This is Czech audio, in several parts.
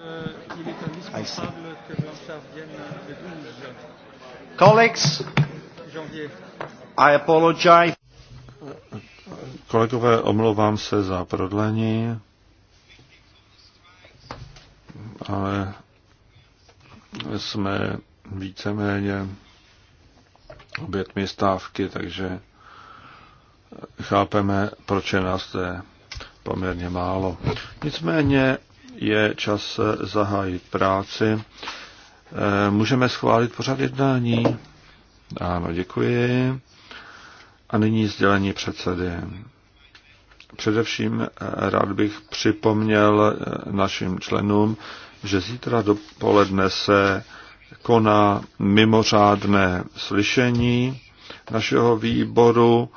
Euh, Colleagues, I apologize. Kolegové, omlouvám se za prodlení, ale jsme víceméně obětmi stávky, takže chápeme, proč je nás zde poměrně málo. Nicméně je čas zahájit práci. Eh, můžeme schválit pořad jednání? Ano, děkuji. A nyní sdělení předsedy. Především eh, rád bych připomněl eh, našim členům, že zítra dopoledne se koná mimořádné slyšení našeho výboru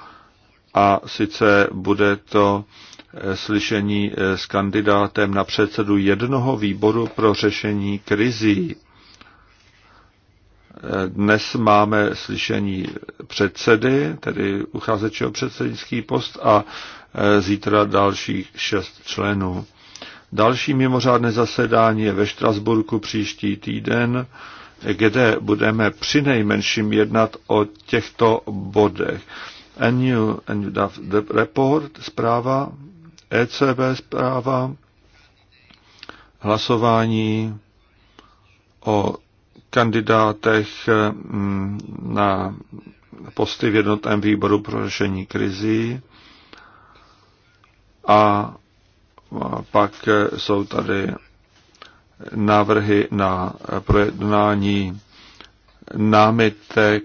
a sice bude to slyšení eh, s kandidátem na předsedu jednoho výboru pro řešení krizí. Eh, dnes máme slyšení předsedy, tedy uchazeče o předsednický post a eh, zítra dalších šest členů. Další mimořádné zasedání je ve Štrasburku příští týden, kde budeme přinejmenším jednat o těchto bodech. Annual, annual report, zpráva ECB zpráva, hlasování o kandidátech mm, na posty v jednotném výboru pro řešení krizí a pak jsou tady návrhy na projednání námitek,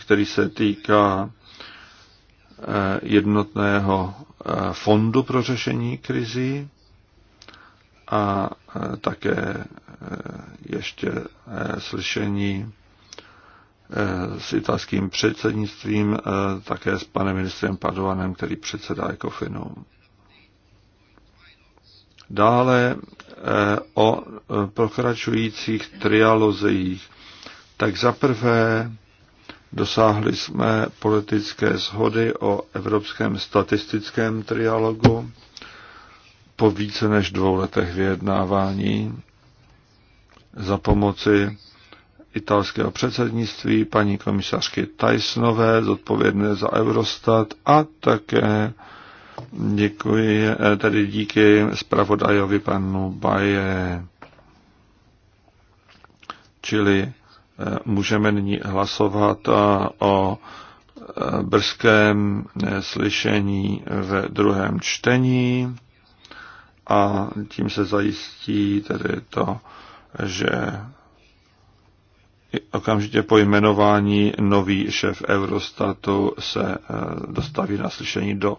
který se týká eh, jednotného Eh, fondu pro řešení krizí a eh, také eh, ještě slyšení s italským předsednictvím, také s panem ministrem Padovanem, který předsedá Ecofinu. Dále o pokračujících trialozích. Tak za prvé Dosáhli jsme politické shody o evropském statistickém trialogu po více než dvou letech vyjednávání za pomoci italského předsednictví, paní komisařky Tysonové, zodpovědné za Eurostat a také děkuji, eh, tedy díky zpravodajovi panu Baje, čili můžeme nyní hlasovat eh, o eh, brzkém eh, slyšení ve druhém čtení a tím se zajistí tedy to, že okamžitě po jmenování nový šéf Eurostatu se dostaví na slyšení do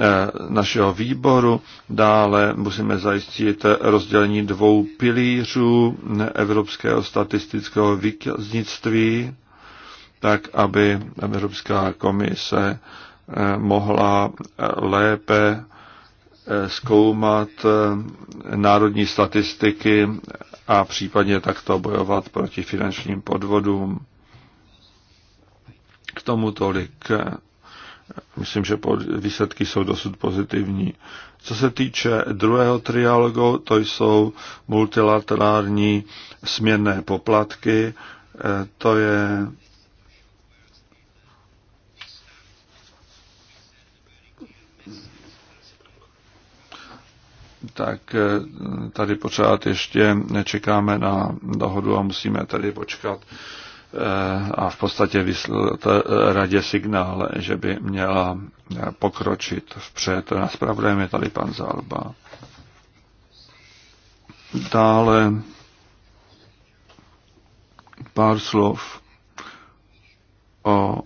Eh, našeho výboru. Dále musíme zajistit rozdělení dvou pilířů evropského statistického výkaznictví, tak aby Evropská komise eh, mohla lépe eh, zkoumat národní statistiky a případně takto bojovat proti finančním podvodům. K tomu tolik Myslím, že výsledky jsou dosud pozitivní. Co se týče druhého trialogu, to jsou multilaterální směrné poplatky. E, to je tak e, tady pořád ještě Nečekáme na dohodu a musíme tady počkat Eh, a v podstatě vyslal eh, radě signál, že by měla eh, pokročit vpřed. Na zpravodajem je tady pan Zalba. Dále pár slov o,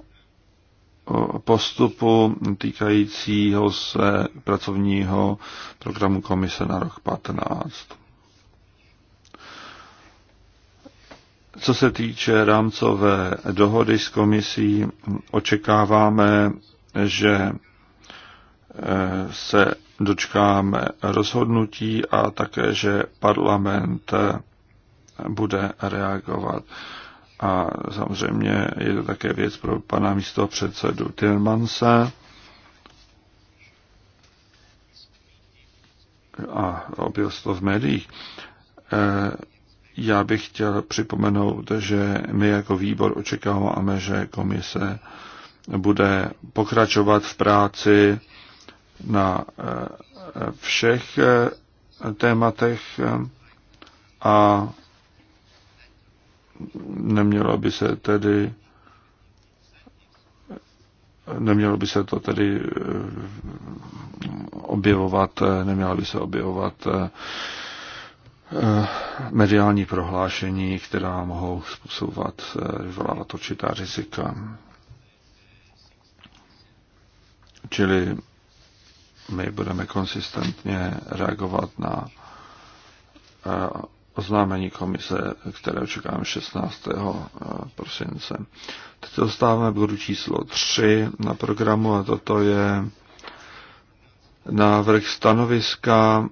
o postupu týkajícího se pracovního programu komise na rok 15. Co se týče rámcové dohody s komisí, očekáváme, že eh, se dočkáme rozhodnutí a také, že parlament eh, bude reagovat. A samozřejmě je to také věc pro pana místo předsedu Tilmanse. A objevilo to v médiích eh, já bych chtěl připomenout, že my jako výbor očekáváme, že komise bude pokračovat v práci na eh, všech eh, tématech eh, a nemělo by se tedy nemělo by se to tedy objevovat, nemělo by se objevovat Eh, mediální prohlášení, která mohou způsobovat, eh, vyvolávat určitá rizika. Čili my budeme konsistentně reagovat na eh, oznámení komise, které očekáváme 16. prosince. Teď dostáváme bodu číslo 3 na programu a toto je návrh stanoviska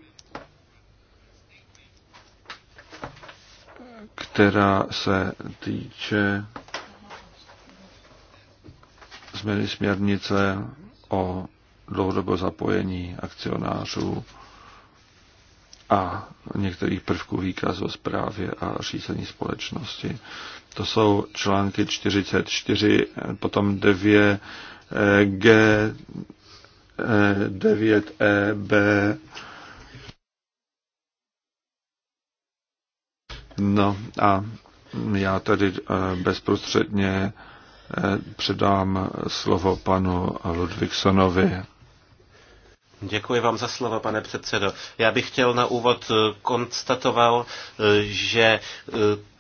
která se týče změny směrnice o dlouhodobo zapojení akcionářů a některých prvků výkazu zprávě a řízení společnosti. To jsou články 44, potom 9, eh, G, 9 eh, EB, No a já tady eh, bezprostředně eh, předám slovo panu Ludvíksonovi. Děkuji vám za slovo, pane předsedo. Já bych chtěl na úvod eh, konstatoval, že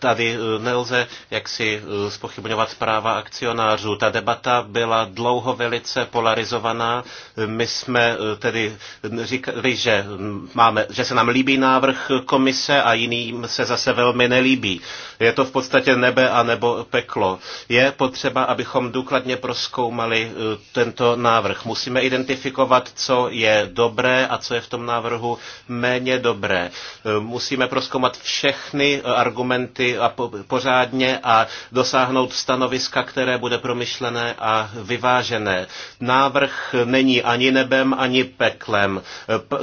tady eh, nelze jaksi eh, spochybňovat práva akcionářů. Ta debata byla dlouho velice polarizovaná. My jsme eh, tedy říkali, že, mm, máme, že se nám líbí návrh komise a jiným se zase velmi nelíbí. Je to v podstatě nebe a nebo peklo. Je potřeba, abychom důkladně proskoumali tento návrh. Musíme identifikovat, co je dobré a co je v tom návrhu méně dobré. Musíme proskoumat všechny argumenty, a a pořádně a dosáhnout stanoviska, které bude promyšlené a vyvážené. Návrh není ani nebem, ani peklem.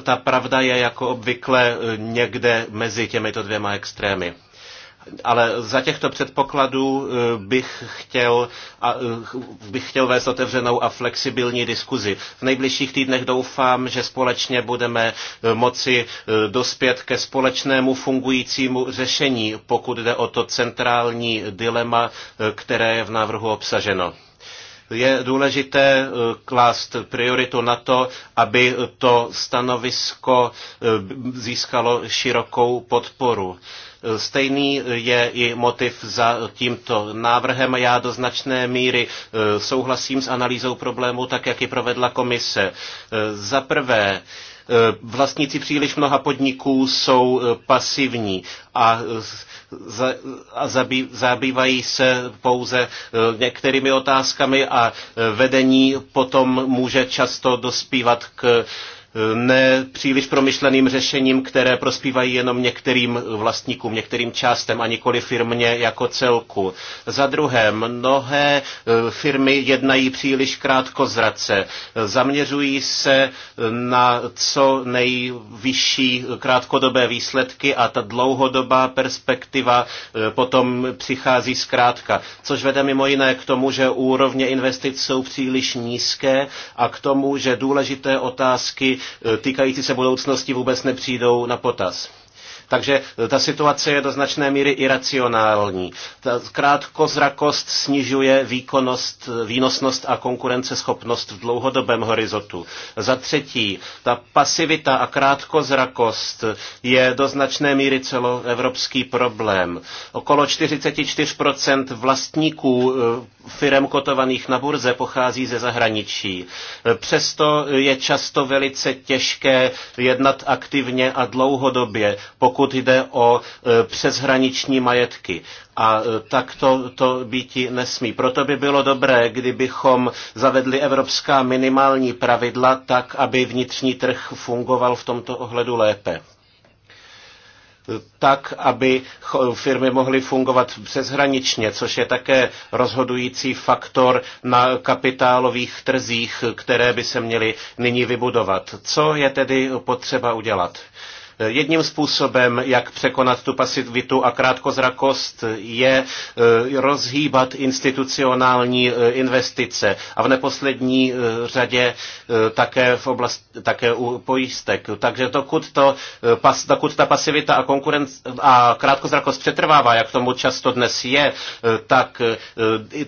Ta pravda je jako obvykle někde mezi těmito dvěma extrémy ale za těchto předpokladů eh, bych chtěl, eh, bych chtěl vést otevřenou a flexibilní diskuzi. V nejbližších týdnech doufám, že společně budeme eh, moci dospět ke společnému fungujícímu řešení, pokud jde o to centrální dilema, které je v návrhu obsaženo je důležité klást prioritu na to, aby to stanovisko získalo širokou podporu. Stejný je i motiv za tímto návrhem. Já do značné míry e, souhlasím s analýzou problému, tak jak ji provedla komise. E, za prvé, e, vlastníci příliš mnoha podniků jsou pasivní a, a zabývají se pouze některými otázkami a vedení potom může často dospívat k nepříliš promyšleným řešením, které prospívají jenom některým vlastníkům, některým částem a nikoli firmě jako celku. Za druhé, mnohé e, firmy jednají příliš zrace. Zaměřují se na co nejvyšší krátkodobé výsledky a ta dlouhodobá perspektiva e, potom přichází zkrátka, což vede mimo jiné k tomu, že úrovně investic jsou příliš nízké a k tomu, že důležité otázky E, týkající se budoucnosti vůbec nepřijdou na potaz. Takže ta situace je do značné míry iracionální. Ta krátkozrakost snižuje výkonnost, výnosnost a konkurenceschopnost v dlouhodobém horizontu. Za třetí, ta pasivita a krátkozrakost je do značné míry celoevropský problém. Okolo 44% vlastníků eh, firem kotovaných na burze pochází ze zahraničí. Eh, přesto je často velice těžké jednat aktivně a dlouhodobě, pokud pokud jde o e, přeshraniční majetky. A e, tak to, to býti nesmí. Proto by bylo dobré, kdybychom zavedli evropská minimální pravidla tak, aby vnitřní trh fungoval v tomto ohledu lépe e, tak, aby firmy mohly fungovat přeshraničně, což je také rozhodující faktor na kapitálových trzích, které by se měly nyní vybudovat. Co je tedy potřeba udělat? Jedním způsobem, jak překonat tu pasivitu a krátkozrakost, je eh, rozhýbat institucionální eh, investice a v neposlední eh, řadě také, v oblast, také u pojistek. Takže dokud, to, dokud ta pasivita a, a krátkozrakost přetrvává, jak tomu často dnes je, tak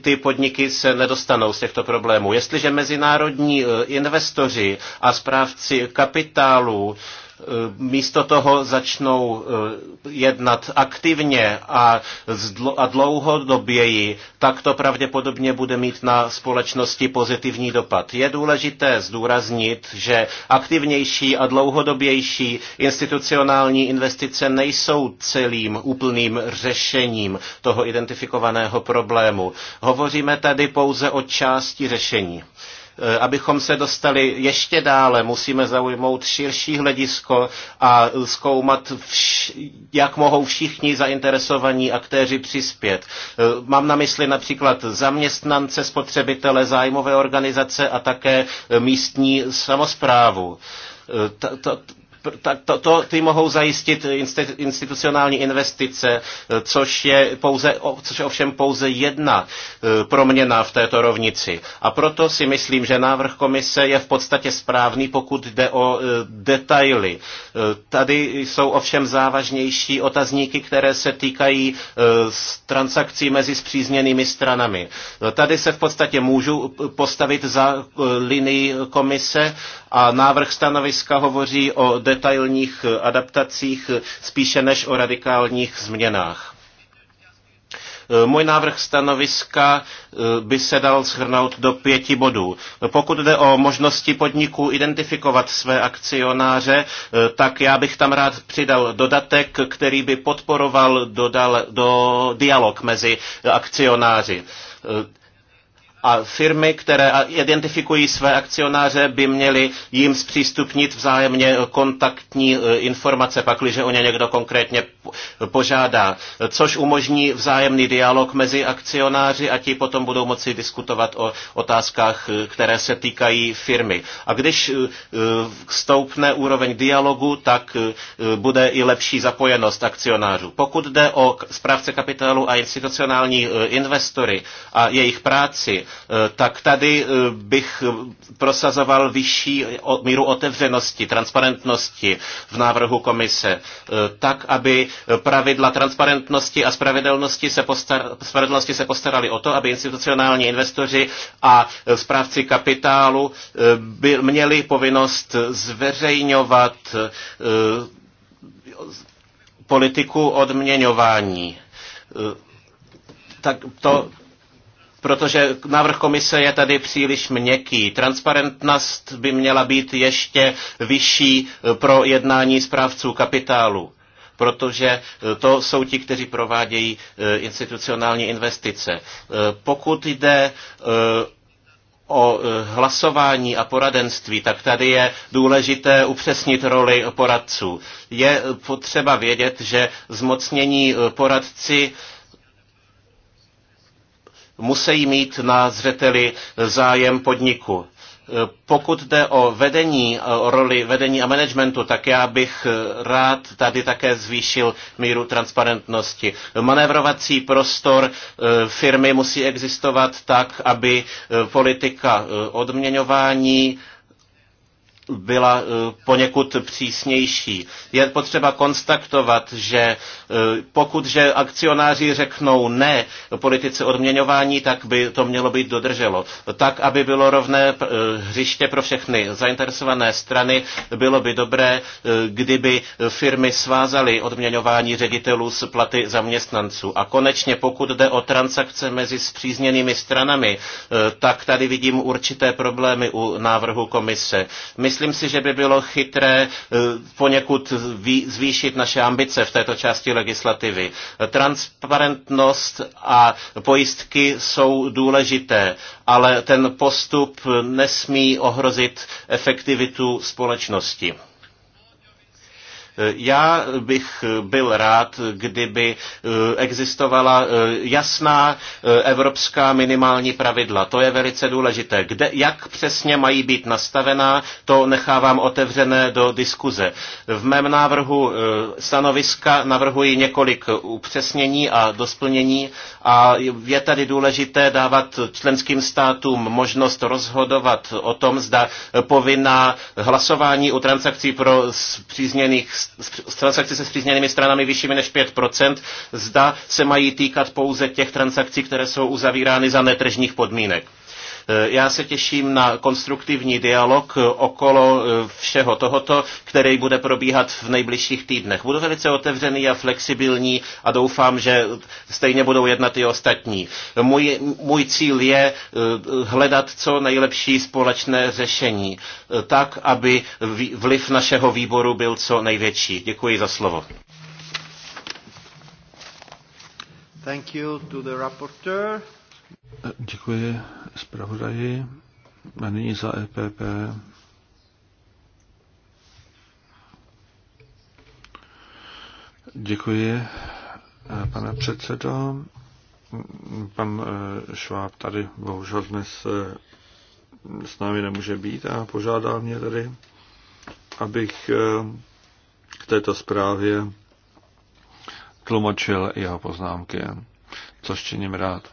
ty podniky se nedostanou z těchto problémů. Jestliže mezinárodní investoři a správci kapitálu Eh, místo toho začnou eh, jednat aktivně a dlouhodoběji, tak to pravděpodobně bude mít na společnosti pozitivní dopad. Je důležité zdůraznit, že aktivnější a dlouhodobější institucionální investice nejsou celým úplným řešením toho identifikovaného problému. Hovoříme tady pouze o části řešení. Eh, abychom se dostali ještě dále, musíme zaujmout širší hledisko a zkoumat, vš- jak mohou všichni zainteresovaní aktéři přispět. Eh, mám na mysli například zaměstnance, spotřebitele, zájmové organizace a také místní samozprávu eh, tak to, to, ty mohou zajistit institucionální investice, eh, což je, pouze, což je ovšem pouze jedna eh, proměna v této rovnici. A proto si myslím, že návrh komise je v podstatě správný, pokud jde o eh, detaily. Tady jsou ovšem závažnější otazníky, které se týkají transakcí mezi zpřízněnými stranami. Tady se v podstatě můžu postavit za linii komise a návrh stanoviska hovoří o detailních adaptacích spíše než o radikálních změnách. Můj návrh stanoviska eh, by se dal shrnout do pěti bodů. Pokud jde o možnosti podniků identifikovat své akcionáře, eh, tak já bych tam rád přidal dodatek, který by podporoval dodal, do dialog mezi akcionáři. Eh, a firmy, které identifikují své akcionáře, by měly jim zpřístupnit vzájemně kontaktní e, informace, pakliže o ně někdo konkrétně požádá, což umožní vzájemný dialog mezi akcionáři a ti potom budou moci diskutovat o otázkách, e, které se týkají firmy. A když e, stoupne úroveň dialogu, tak bude i lepší zapojenost akcionářů. Pokud jde o správce kapitálu a institucionální investory a jejich práci, Eh, tak tady eh, bych eh, prosazoval vyšší míru otevřenosti, transparentnosti v návrhu komise, tak, aby pravidla transparentnosti a spravedlnosti se, postar- spravedlnosti se postarali o to, aby institucionální investoři a správci kapitálu by měli povinnost zveřejňovat politiku odměňování. Tak to protože návrh komise je tady příliš měkký. Transparentnost by měla být ještě vyšší eh, pro jednání správců kapitálu protože eh, to jsou ti, kteří provádějí eh, institucionální investice. Pokud jde o hlasování a poradenství, tak tady je důležité upřesnit roli poradců. Je potřeba vědět, že zmocnění poradci musí mít na zřeteli zájem podniku. Pokud jde o vedení, o roli vedení a managementu, tak já bych rád tady také zvýšil míru transparentnosti. Manevrovací prostor eh, firmy musí existovat tak, aby eh, politika eh, odměňování byla eh, poněkud přísnější. Je potřeba konstatovat, že eh, pokud že akcionáři řeknou ne politice odměňování, tak by to mělo být dodrželo. Tak, aby bylo rovné eh, hřiště pro všechny zainteresované strany, bylo by dobré, kdyby firmy svázaly odměňování ředitelů s platy zaměstnanců. A konečně, pokud jde o transakce mezi spřízněnými stranami, tak tady vidím určité problémy u návrhu komise. Myslím, Myslím si, že by bylo chytré eh, poněkud zvýšit naše ambice v této části legislativy. Transparentnost a pojistky jsou důležité, ale ten postup nesmí ohrozit efektivitu společnosti. Já bych byl rád, kdyby eh, existovala eh, jasná eh, evropská minimální pravidla. To je velice důležité. Kde, jak přesně mají být nastavená, to nechávám otevřené do diskuze. V mém návrhu stanoviska navrhuji několik upřesnění a dosplnění a je tady důležité dávat členským státům možnost rozhodovat o tom, zda povinná hlasování u transakcí pro zpřízněných transakcí se spřízněnými stranami vyššími než 5%, zda se mají týkat pouze těch transakcí, které jsou uzavírány za netržních podmínek. Eh, já se těším na konstruktivní dialog eh, okolo eh, všeho tohoto, který bude probíhat v nejbližších týdnech. Budu velice otevřený a flexibilní a doufám, že stejně budou jednat i ostatní. Můj, můj cíl je hledat co nejlepší společné řešení, tak, aby vliv našeho výboru byl co největší. Děkuji za slovo. Thank you to the rapporteur. Děkuji zpravodaji. A nyní za EPP. Děkuji, eh, pane předsedo. Pan eh, Šváb tady bohužel dnes eh, s námi nemůže být a požádal mě tady, abych k této zprávě tlumočil jeho poznámky, což činím rád.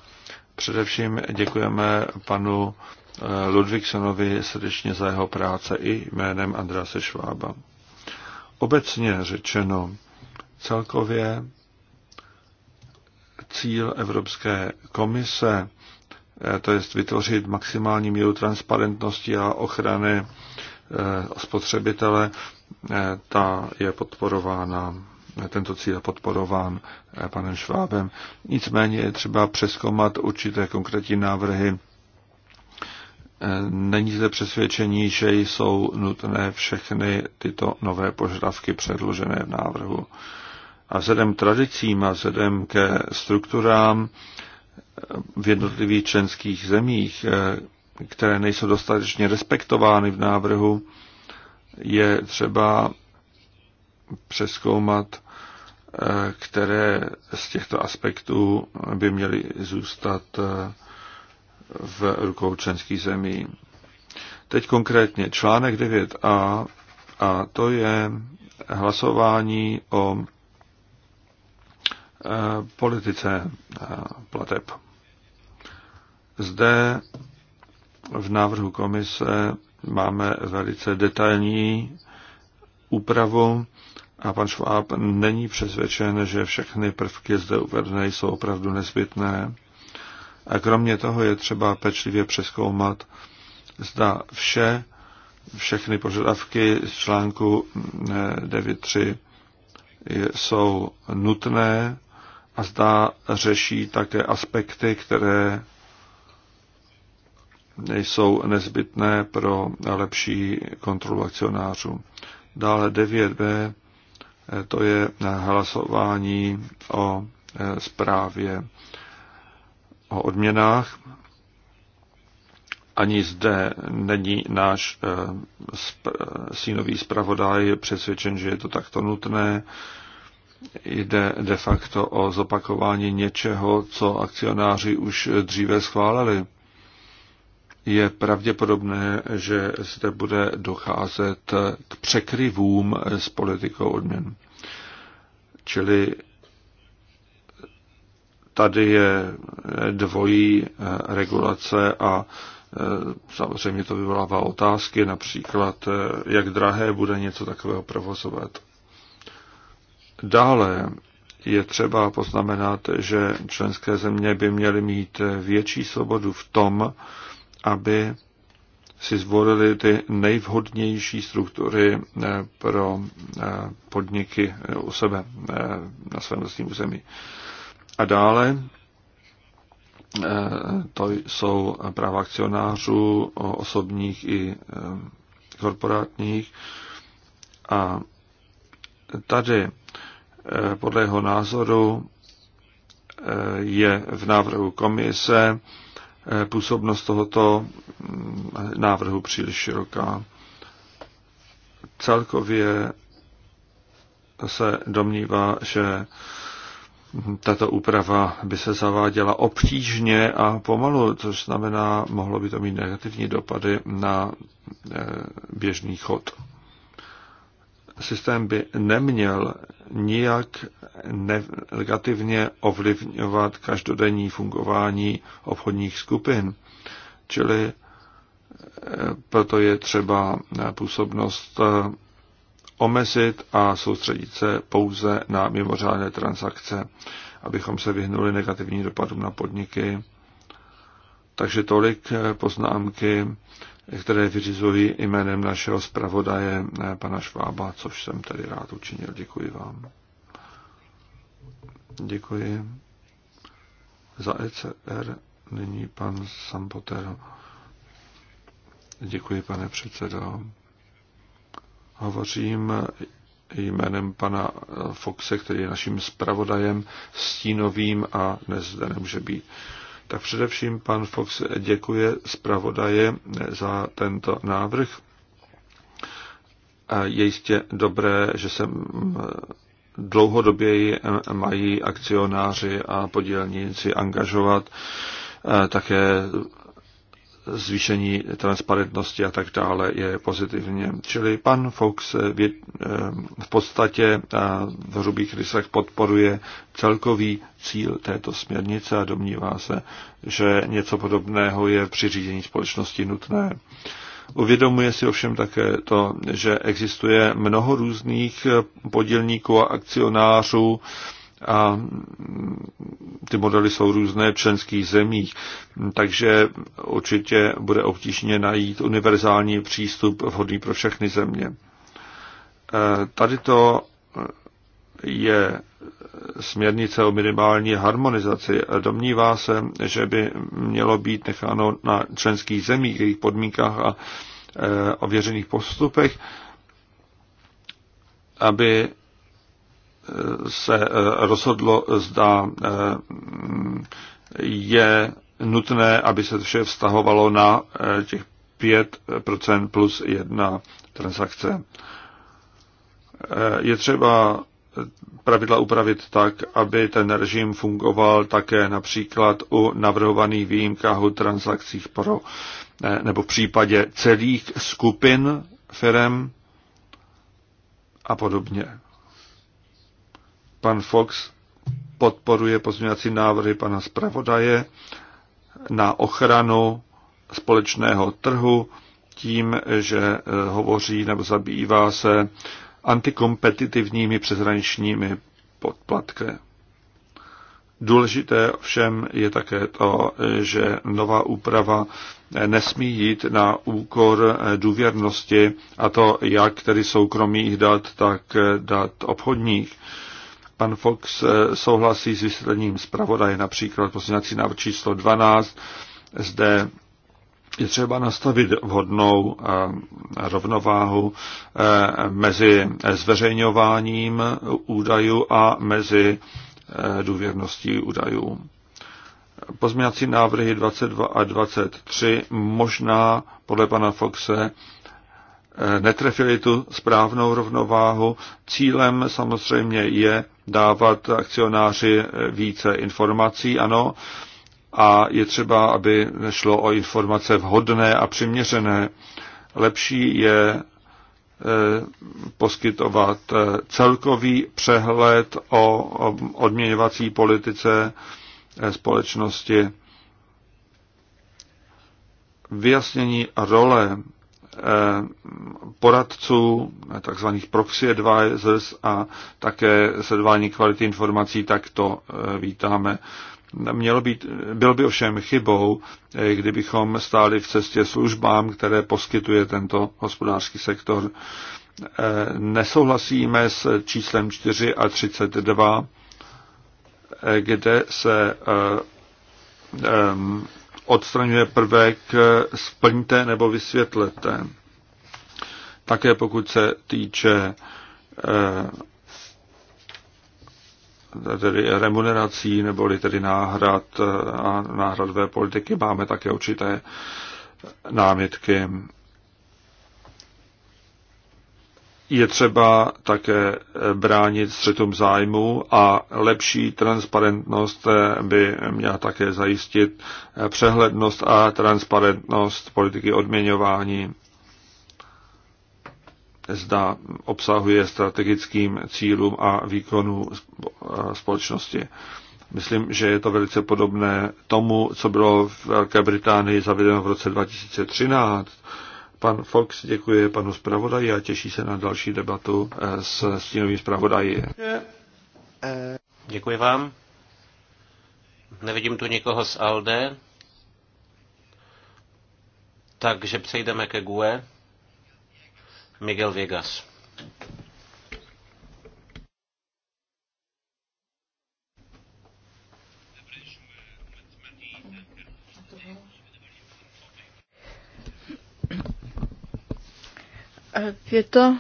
Především děkujeme panu eh, Ludvíksonovi srdečně za jeho práce i jménem Andrase Švába. Obecně řečeno, celkově cíl Evropské komise, eh, to je vytvořit maximální míru transparentnosti a ochrany eh, spotřebitele, ta je podporována tento cíl podporován eh, panem Švábem. Nicméně je třeba přeskomat určité konkrétní návrhy. Eh, Není zde přesvědčení, že jsou nutné všechny tyto nové požadavky předložené v návrhu. A vzhledem tradicím a vzhledem ke strukturám eh, v jednotlivých členských zemích, které nejsou dostatečně respektovány v návrhu, je třeba přeskoumat které z těchto aspektů by měly zůstat eh, v rukou členských zemí. Teď konkrétně článek 9a, a to je hlasování o eh, politice eh, plateb. Zde v návrhu komise máme velice detailní úpravu, a pan Schwab není přesvědčen, že všechny prvky zde uvedené jsou opravdu nezbytné. A kromě toho je třeba pečlivě přeskoumat, zda vše, všechny požadavky z článku 9.3 eh, jsou nutné a zda řeší také aspekty, které jsou nezbytné pro lepší kontrolu akcionářů. Dále 9b to je hlasování o e, zprávě o odměnách. Ani zde není náš e, e, sínový zpravodaj přesvědčen, že je to takto nutné. Jde de facto o zopakování něčeho, co akcionáři už dříve schválili je pravděpodobné, že zde bude docházet k překryvům s politikou odměn. Čili tady je dvojí eh, regulace a eh, samozřejmě to vyvolává otázky, například eh, jak drahé bude něco takového provozovat. Dále je třeba poznamenat, že členské země by měly mít větší svobodu v tom, aby si zvolili ty nejvhodnější struktury eh, pro eh, podniky eh, u sebe na svém vlastním území. A dále to jsou práva akcionářů, osobních i korporátních. A tady podle jeho názoru je v návrhu komise Eh, působnost tohoto mm, návrhu příliš široká. Celkově se domnívá, že tato úprava by se zaváděla obtížně a pomalu, což znamená, mohlo by to mít negativní dopady na eh, běžný chod systém by neměl nijak negativně ovlivňovat každodenní fungování obchodních skupin. Čili eh, proto je třeba působnost eh, omezit a soustředit se pouze na mimořádné transakce, abychom se vyhnuli negativním dopadům na podniky. Takže tolik eh, poznámky které vyřizuji jménem našeho zpravodaje eh, pana Švába, což jsem tady rád učinil. Děkuji vám. Děkuji. Za ECR nyní pan Sampoter. Děkuji, pane předsedo. Hovořím jménem pana Foxe, který je naším zpravodajem, stínovým a dnes zde nemůže být tak především pan Fox děkuje zpravodaje za tento návrh. Je jistě dobré, že se dlouhodoběji mají akcionáři a podílníci angažovat. E, také zvýšení transparentnosti a tak dále je pozitivně. Čili pan Fox v eh, podstatě v hrubých rysech podporuje celkový cíl této směrnice a domnívá se, že něco podobného je při řízení společnosti nutné. Uvědomuje si ovšem také to, že existuje mnoho různých podílníků a akcionářů, a ty modely jsou různé v členských zemích, takže určitě bude obtížně najít univerzální přístup vhodný pro všechny země. E, tady to je směrnice o minimální harmonizaci. Domnívá se, že by mělo být necháno na členských zemích, jejich podmínkách a e, ověřených postupech, aby se eh, rozhodlo, zda eh, je nutné, aby se vše vztahovalo na eh, těch 5% plus jedna transakce. Je třeba pravidla upravit tak, aby ten režim fungoval také například u navrhovaných výjimkách u transakcích pro, nebo v případě celých skupin firm a podobně. Pan Fox podporuje pozměňovací návrhy pana zpravodaje na ochranu společného trhu tím, že eh, hovoří nebo zabývá se antikompetitivními přeshraničními podplatky. Důležité všem je také to, eh, že nová úprava eh, nesmí jít na úkor důvěrnosti, a to jak tedy soukromých dat, tak dat obchodních. Pan Fox eh, souhlasí s vysvětlením zpravodaje, například poslanecí návrh číslo 12. Zde je třeba nastavit vhodnou eh, rovnováhu eh, mezi zveřejňováním údajů a mezi důvěrností údajů. Pozměňovací návrhy 22 a 23 možná podle pana Foxe netrefili tu správnou rovnováhu. Cílem samozřejmě je dávat akcionáři eh, více informací, ano, a je třeba, aby šlo o informace vhodné a přiměřené. Lepší je eh, poskytovat eh, celkový přehled o odměňovací politice společnosti. Vyjasnění role Eh, poradců, takzvaných proxy advisors a také sledování kvality informací, tak to eh, vítáme. Mělo být, byl by ovšem chybou, eh, kdybychom stáli v cestě službám, které poskytuje tento hospodářský sektor. Nesouhlasíme s číslem 4 a 32, kde se odstraňuje prvek splňte nebo vysvětlete. Také pokud se týče eh, tedy remunerací neboli tedy náhrad eh, a náhradové politiky máme také určité námitky. Je třeba také eh, bránit střetům zájmu a lepší transparentnost eh, by měla také zajistit eh, přehlednost a transparentnost politiky odměňování. Zda obsahuje strategickým cílům a výkonu společnosti. Myslím, že je to velice podobné tomu, co bylo v Velké Británii zavedeno v roce 2013 Pan Fox děkuje panu zpravodaji a těší se na další debatu eh, s stínovým zpravodaji. Děkuji vám. Nevidím tu nikoho z ALDE, takže přejdeme ke GUE. Miguel Vegas. Eh, je to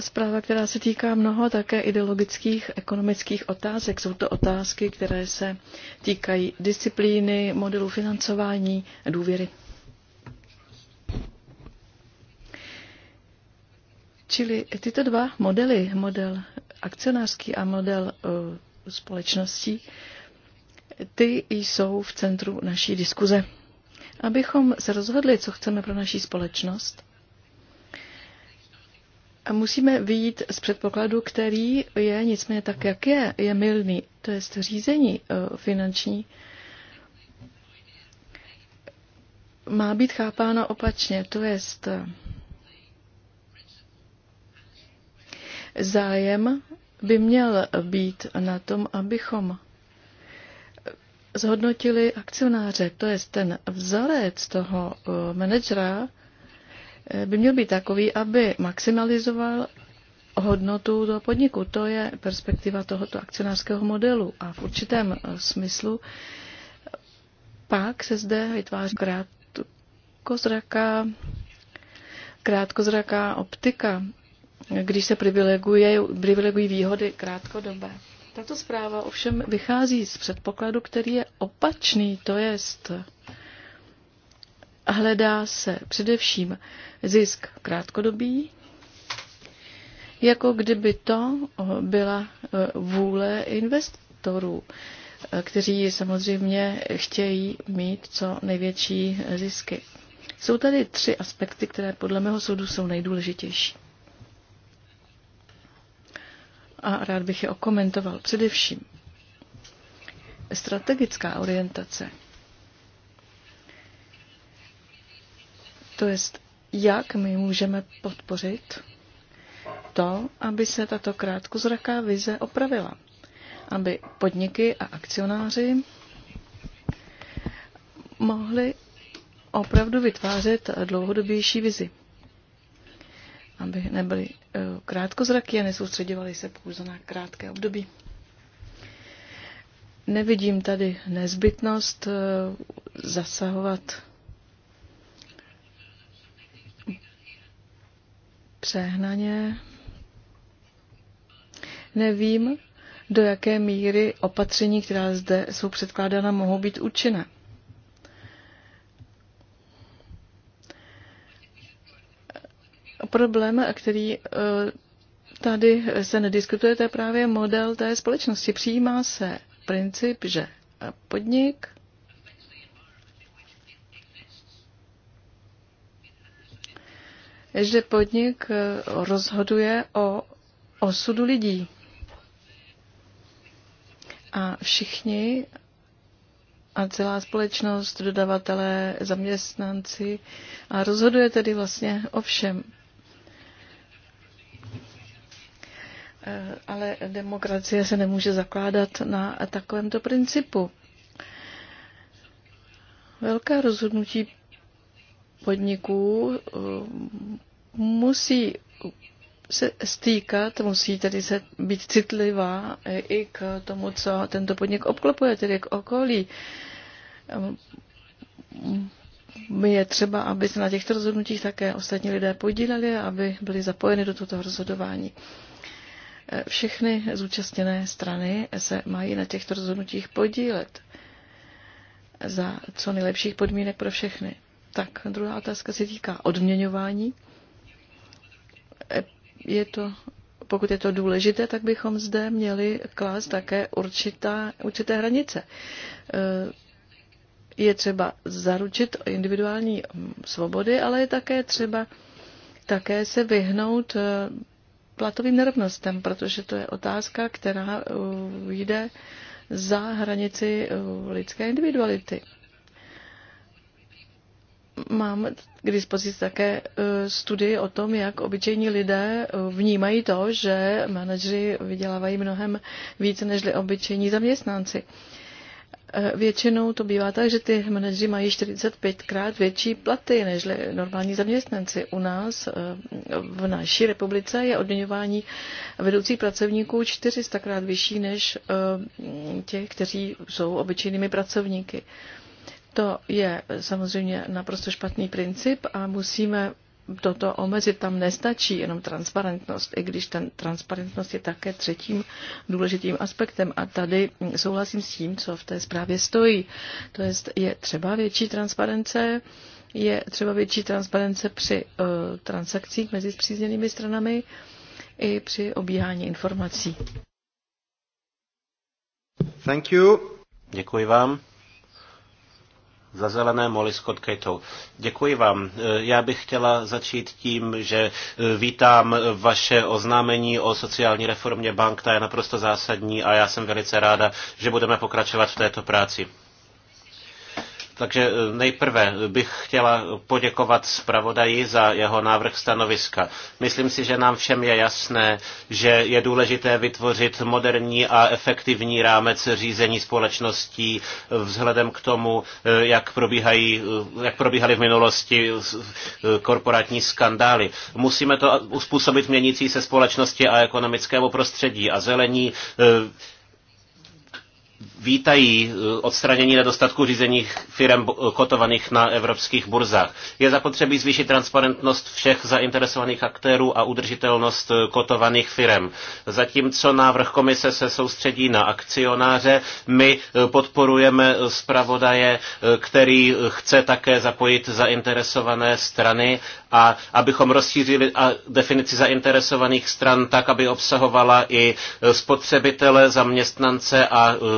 zpráva, která se týká mnoho také ideologických, ekonomických otázek. Jsou to otázky, které se týkají disciplíny, modelu financování a důvěry. Čili tyto dva modely, model akcionářský a model uh, společností, ty jsou v centru naší diskuze. Abychom se rozhodli, co chceme pro naší společnost, Musíme vyjít z předpokladu, který je nicméně tak, jak je, je milný, to je řízení eh, finanční má být chápáno opačně, to jest eh, zájem by měl být na tom, abychom zhodnotili akcionáře, to jest ten vzorec toho eh, manažera, by měl být takový, aby maximalizoval hodnotu toho podniku. To je perspektiva tohoto akcionářského modelu a v určitém eh, smyslu pak se zde vytváří krátkozraká, krátkozraká optika, když se privileguje, privilegují výhody krátkodobé. Tato zpráva ovšem vychází z předpokladu, který je opačný, to jest hledá se především zisk krátkodobý, jako kdyby to eh, byla eh, vůle investorů, eh, kteří samozřejmě chtějí mít co největší zisky. Jsou tady tři aspekty, které podle mého soudu jsou nejdůležitější. A rád bych je okomentoval. Především strategická orientace – To jest, jak my můžeme podpořit to, aby se tato krátkozraká vize opravila, aby podniky a akcionáři mohli opravdu vytvářet dlouhodobější vizi, aby nebyli eh, krátkozraky a nesoustředovali se pouze na krátké období. Nevidím tady nezbytnost eh, zasahovat přehnaně. Nevím, do jaké míry opatření, která zde jsou předkládána, mohou být účinné. Problém, který eh, tady se nediskutuje, to je právě model té společnosti. Přijímá se princip, že podnik že podnik eh, rozhoduje o osudu lidí. A všichni a celá společnost, dodavatelé, zaměstnanci a rozhoduje tedy vlastně o všem. Eh, ale demokracie se nemůže zakládat na takovémto principu. Velká rozhodnutí podniků eh, musí se stýkat, musí tedy se být citlivá i k tomu, co tento podnik obklopuje, tedy k okolí. Je třeba, aby se na těchto rozhodnutích také ostatní lidé podíleli, aby byli zapojeni do tohoto rozhodování. Eh, všechny zúčastněné strany se mají na těchto rozhodnutích podílet za co nejlepších podmínek pro všechny. Tak druhá otázka se týká odměňování. Je to, pokud je to důležité, tak bychom zde měli klást také určitá, určité hranice. Je třeba zaručit individuální svobody, ale je také třeba také se vyhnout eh, platovým nerovnostem, protože to je otázka, která eh, jde za hranici eh, lidské individuality. Mám k dispozici také e, studii o tom, jak obyčejní lidé e, vnímají to, že manažeři vydělávají mnohem více než obyčejní zaměstnanci. E, většinou to bývá tak, že ty manažeři mají 45krát větší platy než normální zaměstnanci. U nás v naší republice je odměňování vedoucích pracovníků 400krát vyšší než těch, kteří jsou obyčejnými pracovníky. To je samozřejmě naprosto špatný princip a musíme toto omezit. Tam nestačí jenom transparentnost, i když ten transparentnost je také třetím důležitým aspektem. A tady souhlasím s tím, co v té zprávě stojí. To je, je třeba větší transparence, je třeba větší transparence při uh, transakcích mezi zpřízněnými stranami i při obíhání informací. Thank you. Děkuji vám. Za zelené Molly Scott Cato. Děkuji vám. E, já bych chtěla začít tím, že e, vítám vaše oznámení o sociální reformě bank, ta je naprosto zásadní a já jsem velice ráda, že budeme pokračovat v této práci. Takže e, nejprve bych chtěla poděkovat zpravodaji za jeho návrh stanoviska. Myslím si, že nám všem je jasné, že je důležité vytvořit moderní a efektivní rámec řízení společností vzhledem k tomu, e, jak, probíhají, e, jak probíhaly v minulosti korporátní skandály. Musíme to uspůsobit měnící se společnosti a ekonomickému prostředí a zelení vítají eh, odstranění nedostatku řízených firm eh, kotovaných na evropských burzách. Je zapotřebí zvýšit transparentnost všech zainteresovaných aktérů a udržitelnost eh, kotovaných firm. Zatímco návrh komise se soustředí na akcionáře, my podporujeme zpravodaje, který chce také zapojit zainteresované strany a abychom rozšířili definici zainteresovaných stran tak, aby obsahovala i spotřebitele, zaměstnance a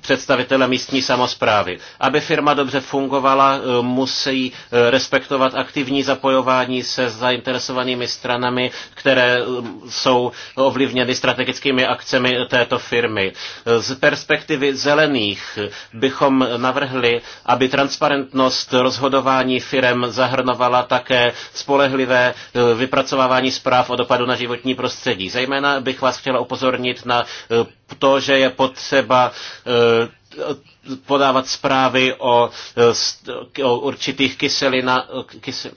představitele místní samozprávy. Aby firma dobře fungovala, eh, musí eh, respektovat aktivní zapojování se zainteresovanými stranami, které eh, jsou ovlivněny strategickými akcemi této firmy. Z perspektivy zelených bychom navrhli, aby transparentnost rozhodování firm zahrnovala také spolehlivé vypracovávání zpráv o dopadu na životní prostředí. Zejména bych vás chtěla upozornit na to, že je potřeba Eh, podávat zprávy o, eh, o určitých kyselina, kysel,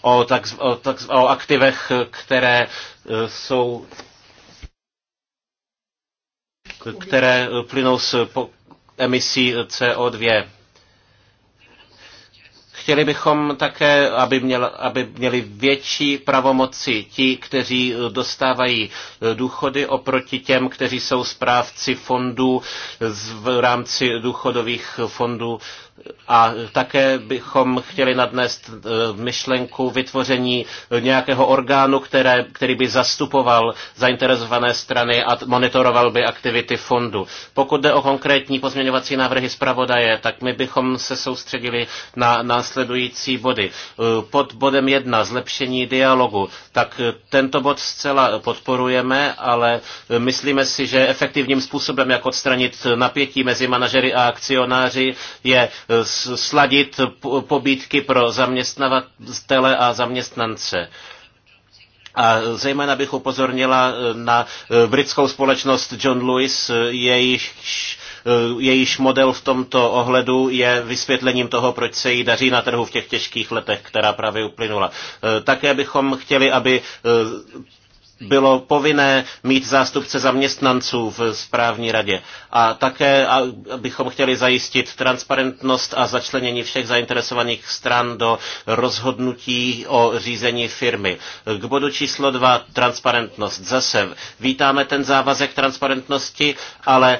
o, tak, o, tak, o aktivech, které eh, jsou které plynou z emisí CO2. Chtěli bychom také, aby, měl, aby měli větší pravomoci ti, kteří eh, dostávají eh, důchody oproti těm, kteří jsou správci fondů v rámci důchodových fondů a také bychom chtěli nadnést eh, myšlenku vytvoření nějakého orgánu, které, který by zastupoval zainteresované strany a monitoroval by aktivity fondu. Pokud jde o konkrétní pozměňovací návrhy zpravodaje, tak my bychom se soustředili na následující body. Eh, pod bodem jedna zlepšení dialogu, tak eh, tento bod zcela podporujeme, ale myslíme si, že efektivním způsobem, jak odstranit napětí mezi manažery a akcionáři, je sladit pobídky pro zaměstnavatele a zaměstnance. A zejména bych upozornila na e, britskou společnost John Lewis, jejich e, jejíž model v tomto ohledu je vysvětlením toho, proč se jí daří na trhu v těch těžkých letech, která právě uplynula. E, také bychom chtěli, aby bylo povinné mít zástupce zaměstnanců v správní radě. A také bychom chtěli zajistit transparentnost a začlenění všech zainteresovaných stran do rozhodnutí o řízení firmy. K bodu číslo dva, transparentnost. Zase vítáme ten závazek transparentnosti, ale e,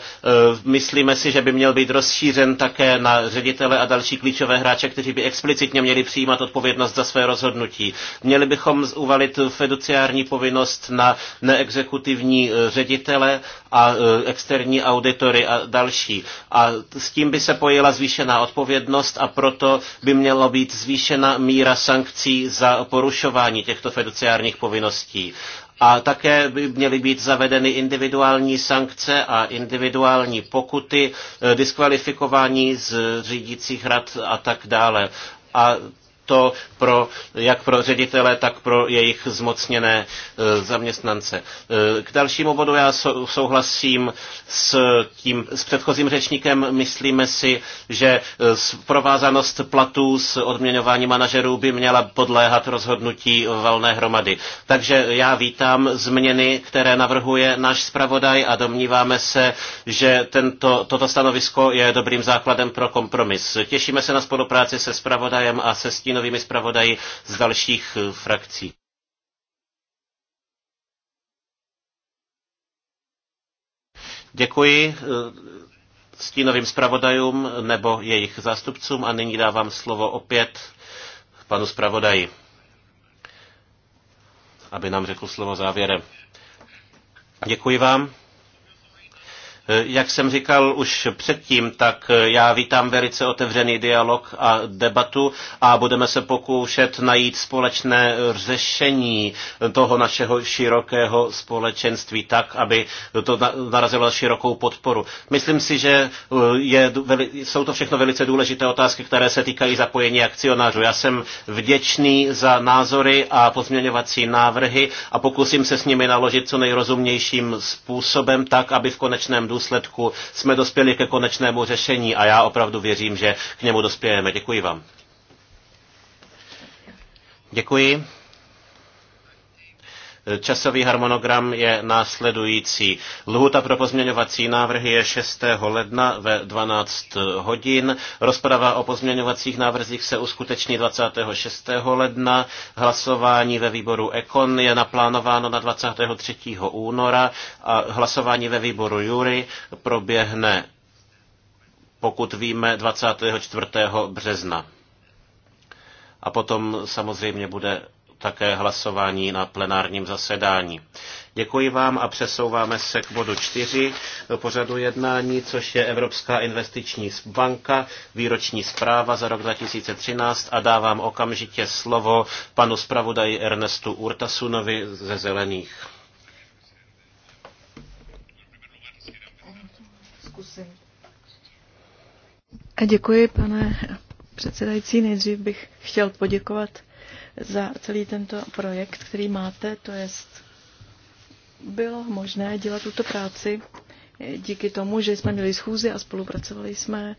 myslíme si, že by měl být rozšířen také na ředitele a další klíčové hráče, kteří by explicitně měli přijímat odpovědnost za své rozhodnutí. Měli bychom uvalit fiduciární povinnost na neexekutivní eh, ředitele a eh, externí auditory a další. A s tím by se pojila zvýšená odpovědnost a proto by měla být zvýšena míra sankcí za porušování těchto fiduciárních povinností. A také by měly být zavedeny individuální sankce a individuální pokuty, eh, diskvalifikování z řídících rad a tak dále. A to pro, jak pro ředitele, tak pro jejich zmocněné eh, zaměstnance. Eh, k dalšímu bodu já souhlasím s, tím, s předchozím řečníkem. Myslíme si, že eh, provázanost platů s odměňováním manažerů by měla podléhat rozhodnutí valné hromady. Takže já vítám změny, které navrhuje náš zpravodaj a domníváme se, že tento, toto stanovisko je dobrým základem pro kompromis. Těšíme se na spolupráci se zpravodajem a se stínem stínovými zpravodaji z dalších eh, frakcí. Děkuji eh, stínovým zpravodajům nebo jejich zástupcům a nyní dávám slovo opět panu zpravodaji, aby nám řekl slovo závěrem. Děkuji vám. Eh, jak jsem říkal už předtím, tak eh, já vítám velice otevřený dialog a debatu a budeme se pokoušet najít společné eh, řešení toho našeho širokého společenství tak, aby to narazilo širokou podporu. Myslím si, že je, jsou to všechno velice důležité otázky, které se týkají zapojení akcionářů. Já jsem vděčný za názory a pozměňovací návrhy a pokusím se s nimi naložit co nejrozumnějším způsobem tak, aby v konečném důsledku důsledku jsme dospěli ke konečnému řešení a já opravdu věřím, že k němu dospějeme. Děkuji vám. Děkuji. Časový harmonogram je následující. Lhuta pro pozměňovací návrhy je 6. ledna ve 12 hodin. Rozprava o pozměňovacích návrzích se uskuteční 26. ledna. Hlasování ve výboru Ekon je naplánováno na 23. února a hlasování ve výboru Jury proběhne, pokud víme, 24. března. A potom samozřejmě bude také hlasování na plenárním zasedání. Děkuji vám a přesouváme se k bodu 4 do pořadu jednání, což je Evropská investiční banka, výroční zpráva za rok 2013 a dávám okamžitě slovo panu zpravodaji Ernestu Urtasunovi ze Zelených. Zkusím. Děkuji, pane předsedající. Nejdřív bych chtěl poděkovat za celý tento projekt, který máte, to jest bylo možné dělat tuto práci díky tomu, že jsme měli schůzi a spolupracovali jsme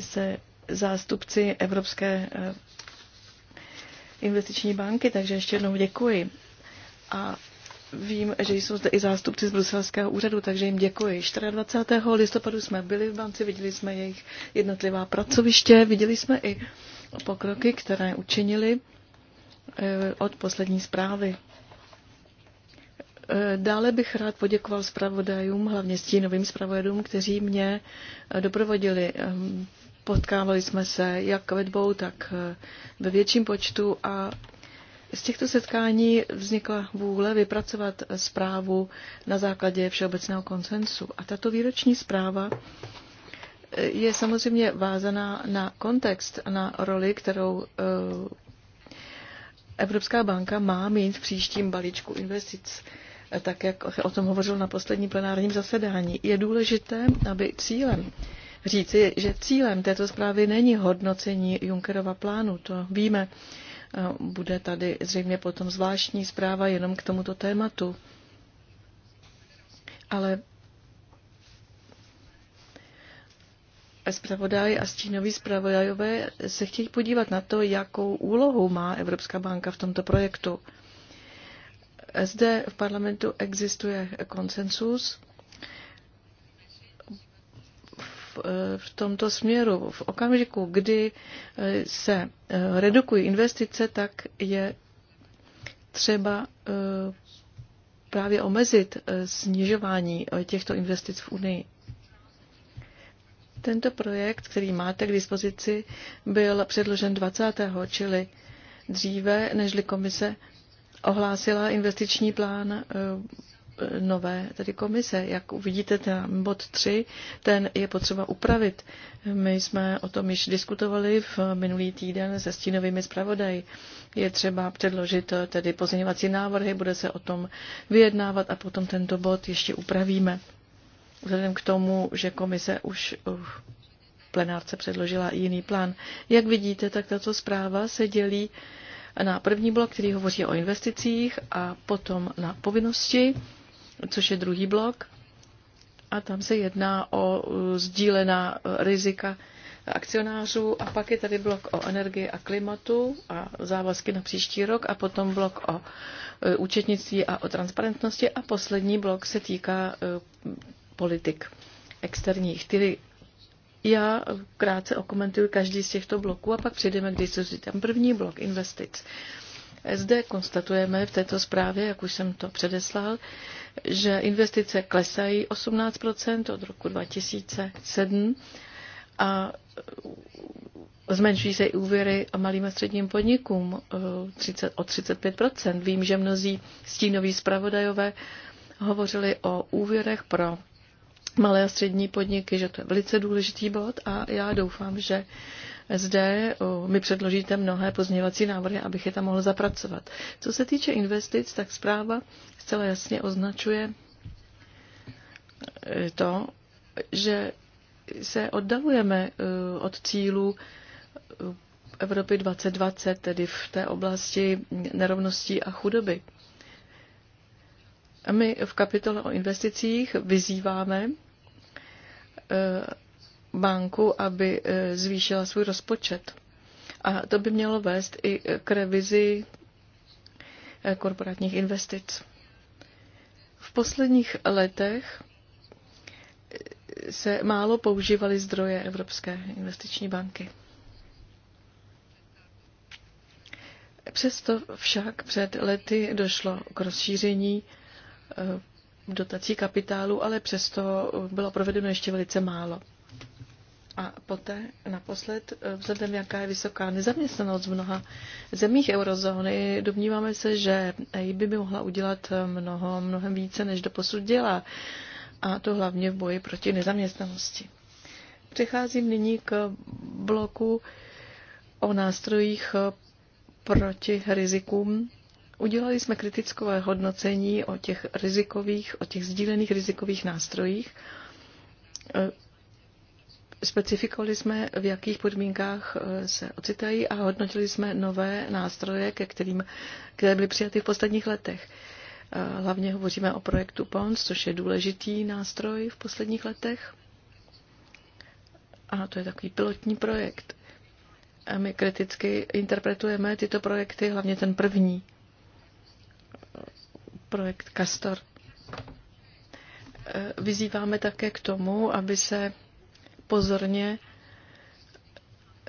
se zástupci Evropské eh, investiční banky, takže ještě jednou děkuji. A vím, že jsou zde i zástupci z Bruselského úřadu, takže jim děkuji. 24. listopadu jsme byli v banci, viděli jsme jejich jednotlivá pracoviště, viděli jsme i pokroky, které učinili. Eh, od poslední zprávy. Eh, dále bych rád poděkoval zpravodajům, hlavně stínovým zpravodajům, kteří mě eh, doprovodili. Potkávali jsme se jak ve dvou, tak ve větším počtu a z těchto setkání vznikla vůle vypracovat zprávu na základě všeobecného konsensu. A tato výroční zpráva je samozřejmě vázaná na kontext, na roli, kterou Evropská banka má mít v příštím balíčku investic, eh, tak jak o tom hovořil na posledním plenárním zasedání. Je důležité, aby cílem říci, že cílem této zprávy není hodnocení Junckerova plánu, to víme. Eh, Bude tady zřejmě potom zvláštní zpráva jenom k tomuto tématu. Ale zpravodaj a stínoví zpravodajové se chtějí podívat na to, jakou úlohu má Evropská banka v tomto projektu. Zde v parlamentu existuje konsensus v tomto směru. V okamžiku, kdy se redukují investice, tak je třeba eh, právě omezit eh, snižování eh, těchto investic v Unii. Tento projekt, který máte k dispozici, byl předložen 20. čili dříve, nežli komise ohlásila investiční plán e, nové tedy komise. Jak uvidíte ten bod 3, ten je potřeba upravit. My jsme o tom již diskutovali v minulý týden se stínovými zpravodaji. Je třeba předložit e, tedy pozměňovací návrhy, bude se o tom vyjednávat a potom tento bod ještě upravíme vzhledem k tomu, že komise už v uh, plenárce předložila jiný plán. Jak vidíte, tak tato zpráva se dělí na první blok, který hovoří o investicích a potom na povinnosti, což je druhý blok. A tam se jedná o uh, sdílená uh, rizika akcionářů a pak je tady blok o energii a klimatu a závazky na příští rok a potom blok o účetnictví a o transparentnosti a poslední blok se týká politik externích. Tedy já krátce okomentuju každý z těchto bloků a pak přejdeme k diskuzi. Tam první blok investic. Zde konstatujeme v této zprávě, jak už jsem to předeslal, že investice klesají 18 od roku 2007 a zmenšují se i úvěry malým a středním podnikům eh, o 35 Vím, že mnozí stínoví zpravodajové hovořili o úvěrech pro malé a střední podniky, že to je velice důležitý bod a já doufám, že zde mi předložíte mnohé pozměňovací návrhy, abych je tam mohl zapracovat. Co se týče investic, tak zpráva zcela jasně označuje e, to, že se oddalujeme e, od cílů e, Evropy 2020, tedy v té oblasti nerovností a chudoby. A my v kapitole o investicích vyzýváme Eh, banku, aby eh, zvýšila svůj rozpočet. A to by mělo vést i k revizi eh, korporátních investic. V posledních letech se málo používaly zdroje Evropské investiční banky. Přesto však před lety došlo k rozšíření dotací kapitálu, ale přesto bylo provedeno ještě velice málo. A poté naposled, vzhledem jaká je vysoká nezaměstnanost v mnoha zemích eurozóny, domníváme se, že EIB by mohla udělat mnoho, mnohem více, než doposud dělá. A to hlavně v boji proti nezaměstnanosti. Přecházím nyní k bloku o nástrojích proti rizikům Udělali jsme kritickové hodnocení o těch rizikových, o těch sdílených rizikových nástrojích. E, specifikovali jsme, v jakých podmínkách e, se ocitají a hodnotili jsme nové nástroje, ke kterým, které byly přijaty v posledních letech. E, hlavně hovoříme o projektu PONS, což je důležitý nástroj v posledních letech. A to je takový pilotní projekt. A my kriticky interpretujeme tyto projekty, hlavně ten první, projekt Castor. E, vyzýváme také k tomu, aby se pozorně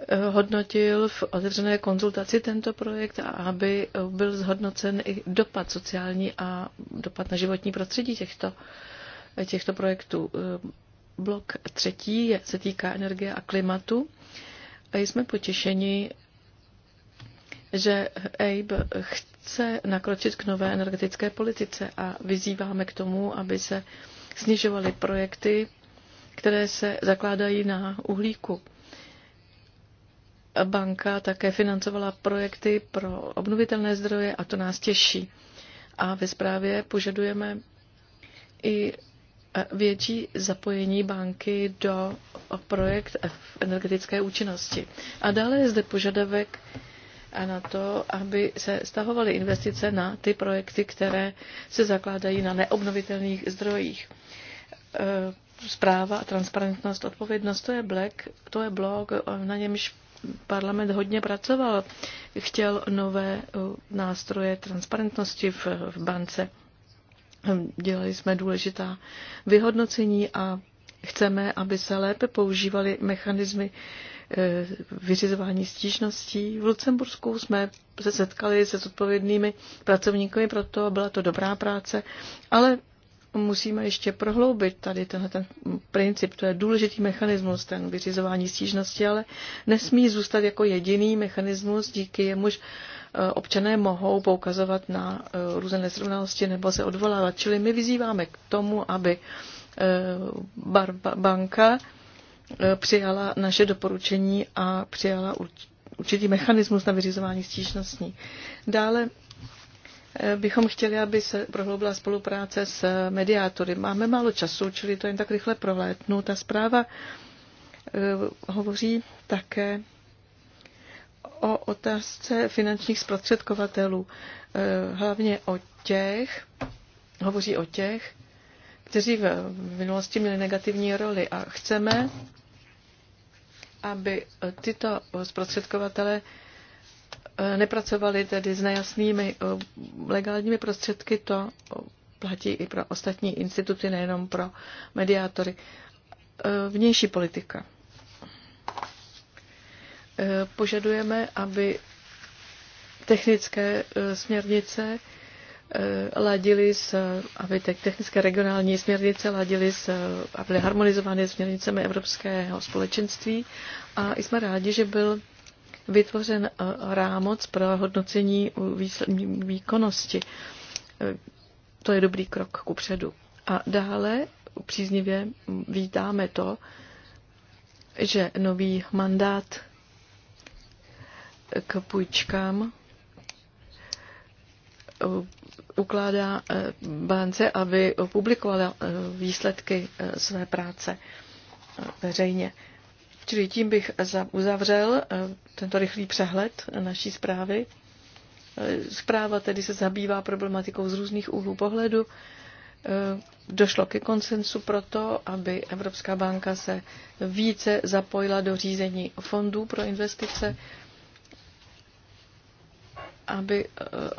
e, hodnotil v otevřené konzultaci tento projekt a aby byl zhodnocen i dopad sociální a dopad na životní prostředí těchto, těchto projektů. E, blok třetí se týká energie a klimatu. Jsme potěšeni, že EIB chce chce nakročit k nové energetické politice a vyzýváme k tomu, aby se snižovaly projekty, které se zakládají na uhlíku. Banka také financovala projekty pro obnovitelné zdroje a to nás těší. A ve zprávě požadujeme i větší zapojení banky do projekt v energetické účinnosti. A dále je zde požadavek na to, aby se stahovaly investice na ty projekty, které se zakládají na neobnovitelných zdrojích. E, zpráva, transparentnost, odpovědnost, to je, black, to je blog, na němž parlament hodně pracoval. Chtěl nové e, nástroje transparentnosti v, v bance. Dělali jsme důležitá vyhodnocení a chceme, aby se lépe používaly mechanismy Eh, vyřizování stížností. V Lucembursku jsme se setkali se zodpovědnými pracovníky pro to, byla to dobrá práce, ale musíme ještě prohloubit tady tenhle ten princip, to je důležitý mechanismus, ten vyřizování stížnosti, ale nesmí zůstat jako jediný mechanismus, díky jemuž eh, občané mohou poukazovat na eh, různé nesrovnalosti nebo se odvolávat. Čili my vyzýváme k tomu, aby banka Eh, přijala naše doporučení a přijala určitý mechanismus na vyřizování stížností. Dále eh, bychom chtěli, aby se prohloubila spolupráce s eh, mediátory. Máme málo času, čili to jen tak rychle prolétnu. Ta zpráva hovoří také o otázce finančních zprostředkovatelů, hlavně o těch, hovoří o těch, kteří v minulosti měli negativní roli a chceme, aby tyto zprostředkovatele eh, nepracovali tedy s nejasnými eh, legálními prostředky, to platí i pro ostatní instituty, nejenom pro mediátory. Eh, vnější politika. Požadujeme, aby technické směrnice Eh, ladili s, aby te technické regionální směrnice ladili s, a byly harmonizovány směrnicemi Evropského společenství. A jsme rádi, že byl vytvořen eh, rámoc pro hodnocení výkonnosti. Eh, to je dobrý krok ku předu. A dále příznivě vítáme to, že nový mandát k půjčkám ukládá eh, bance, aby publikovala eh, výsledky eh, své práce veřejně. Čili tím bych uzavřel tento rychlý přehled naší zprávy. Zpráva tedy se zabývá problematikou z různých úhlů pohledu. Došlo ke konsensu proto, aby Evropská banka se více zapojila do řízení fondů pro investice aby eh,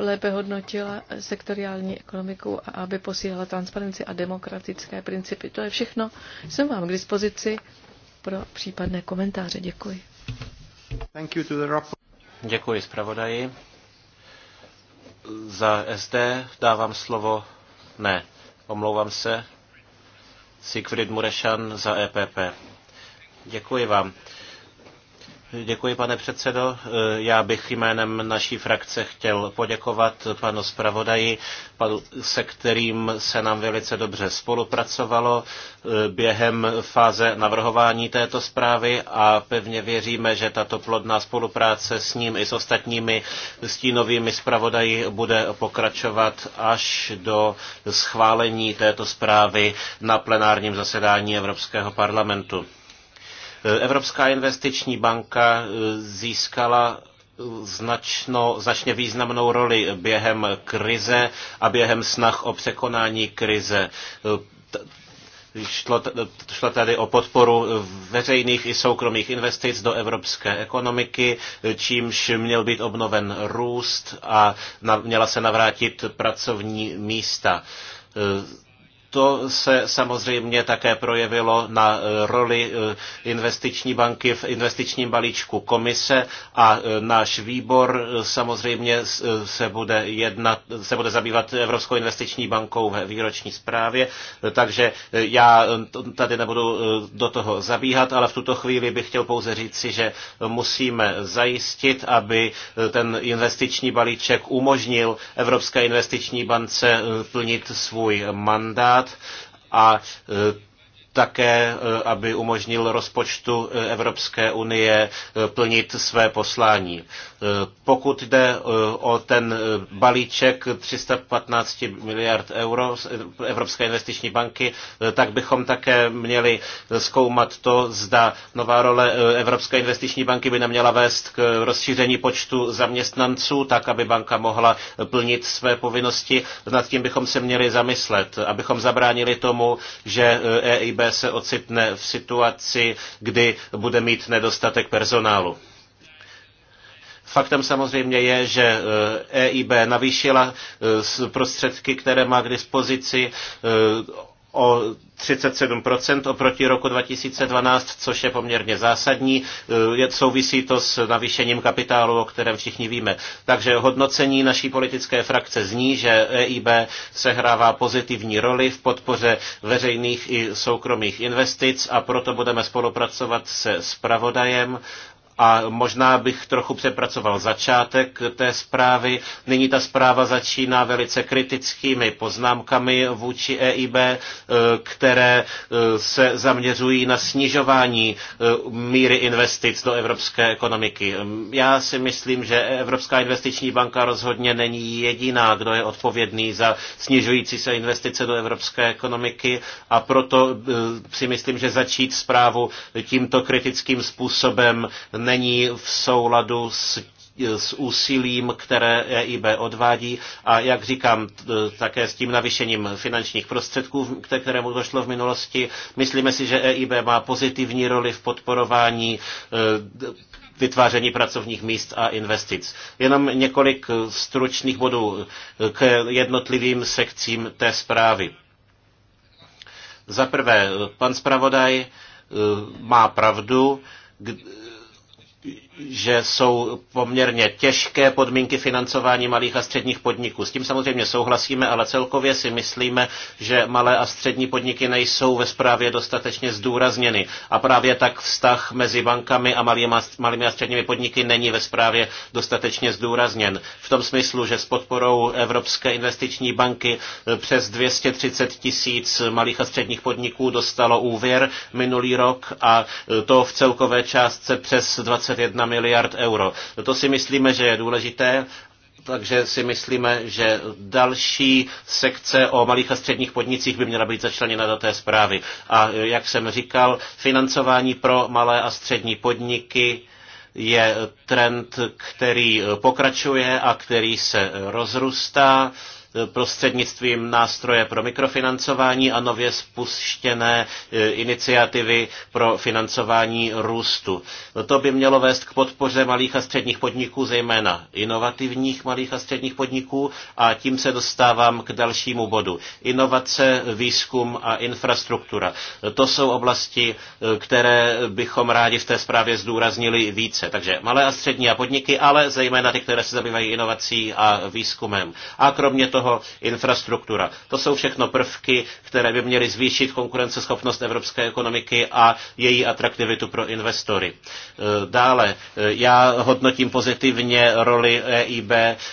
lépe hodnotila sektoriální ekonomiku a aby posílala transparenci a demokratické principy. To je všechno. Jsem vám k dispozici pro případné komentáře. Děkuji. Thank you to the Děkuji zpravodaji. Za SD dávám slovo, ne, omlouvám se, Sigrid Murešan za EPP. Děkuji vám. Děkuji, pane předsedo. Eh, já bych jménem naší frakce chtěl poděkovat panu zpravodaji, se kterým se nám velice dobře spolupracovalo eh, během fáze navrhování této zprávy a pevně věříme, že tato plodná spolupráce s ním i s ostatními stínovými zpravodaji bude pokračovat až do schválení této zprávy na plenárním zasedání Evropského parlamentu. Evropská investiční banka eh, získala eh, značno, značně významnou roli během krize a během snah o překonání krize. Eh, šlo, šlo tady o podporu veřejných i soukromých investic do evropské ekonomiky, čímž měl být obnoven růst a měla se navrátit pracovní místa to se samozřejmě také projevilo na eh, roli eh, investiční banky v investičním balíčku komise a eh, náš výbor samozřejmě se bude, jednat, se bude zabývat Evropskou investiční bankou ve výroční zprávě, takže já tady nebudu do toho zabíhat, ale v tuto chvíli bych chtěl pouze si, že musíme zajistit, aby ten investiční balíček umožnil Evropské investiční bance plnit svůj mandát a e, také, eh, aby umožnil rozpočtu eh, Evropské unie eh, plnit své poslání. Pokud jde o ten balíček 315 miliard euro Evropské investiční banky, tak bychom také měli zkoumat to, zda nová role Evropské investiční banky by neměla vést k rozšíření počtu zaměstnanců, tak aby banka mohla plnit své povinnosti. Nad tím bychom se měli zamyslet, abychom zabránili tomu, že EIB e se ocitne v situaci, kdy bude mít nedostatek personálu. Faktem samozřejmě je, že EIB eh, e navýšila eh, prostředky, které má k dispozici eh, o 37% oproti roku 2012, což je poměrně zásadní. Eh, souvisí to s navýšením kapitálu, o kterém všichni víme. Takže hodnocení naší politické frakce zní, že EIB sehrává pozitivní roli v podpoře veřejných i soukromých investic a proto budeme spolupracovat se spravodajem a možná bych trochu přepracoval začátek té zprávy. Nyní ta zpráva začíná velice kritickými poznámkami vůči EIB, eh, které eh, se zaměřují na snižování eh, míry investic do evropské ekonomiky. Hm, já si myslím, že Evropská investiční banka rozhodně není jediná, kdo je odpovědný za snižující se investice do evropské ekonomiky a proto si myslím, že začít zprávu tímto kritickým způsobem není v souladu s s úsilím, které EIB odvádí a jak říkám, také s tím navyšením finančních prostředků, kterému došlo v minulosti. Myslíme si, že EIB má pozitivní roli v podporování e, vytváření pracovních míst a investic. Jenom několik stručných bodů k jednotlivým sekcím té zprávy. Za prvé, pan zpravodaj e, má pravdu, že jsou poměrně těžké podmínky financování malých a středních podniků. S tím samozřejmě souhlasíme, ale celkově si myslíme, že malé a střední podniky nejsou ve zprávě dostatečně zdůrazněny. A právě tak vztah mezi bankami a malými a středními podniky není ve zprávě dostatečně zdůrazněn. V tom smyslu, že s podporou Evropské investiční banky eh, přes 230 tisíc malých a středních podniků dostalo úvěr minulý rok a eh, to v celkové částce přes 20 21 miliard euro. No to si myslíme, že je důležité takže si myslíme, že další sekce o malých a středních podnicích by měla být začleněna do té zprávy. A e, jak jsem říkal, financování pro malé a střední podniky je trend, který pokračuje a který se rozrůstá prostřednictvím nástroje pro mikrofinancování a nově spuštěné e, iniciativy pro financování růstu. No, to by mělo vést k podpoře malých a středních podniků, zejména inovativních malých a středních podniků a tím se dostávám k dalšímu bodu. Inovace, výzkum a infrastruktura. To jsou oblasti, e, které bychom rádi v té zprávě zdůraznili více. Takže malé a střední a podniky, ale zejména ty, které se zabývají inovací a výzkumem. A kromě toho toho infrastruktura. To jsou všechno prvky, které by měly zvýšit konkurenceschopnost evropské ekonomiky a její atraktivitu pro investory. E, dále, e, já hodnotím pozitivně roli EIB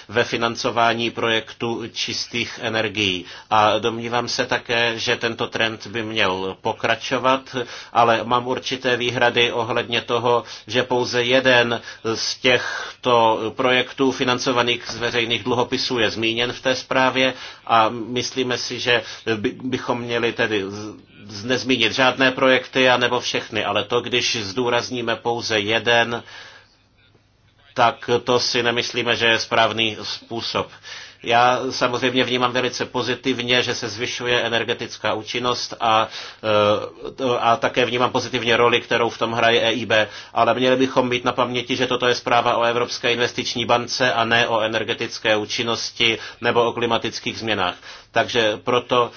ve financování projektu čistých energií a domnívám se také, že tento trend by měl pokračovat, ale mám určité výhrady ohledně toho, že pouze jeden z těchto projektů financovaných z veřejných dluhopisů je zmíněn v té zprávě zprávě a myslíme si, že bychom měli tedy nezmínit žádné projekty anebo všechny, ale to, když zdůrazníme pouze jeden, tak to si nemyslíme, že je správný způsob. Já samozřejmě vnímám velice pozitivně, že se zvyšuje energetická účinnost a, e, a také vnímám pozitivně roli, kterou v tom hraje EIB, ale měli bychom mít na paměti, že toto je zpráva o Evropské investiční bance a ne o energetické účinnosti nebo o klimatických změnách. Takže proto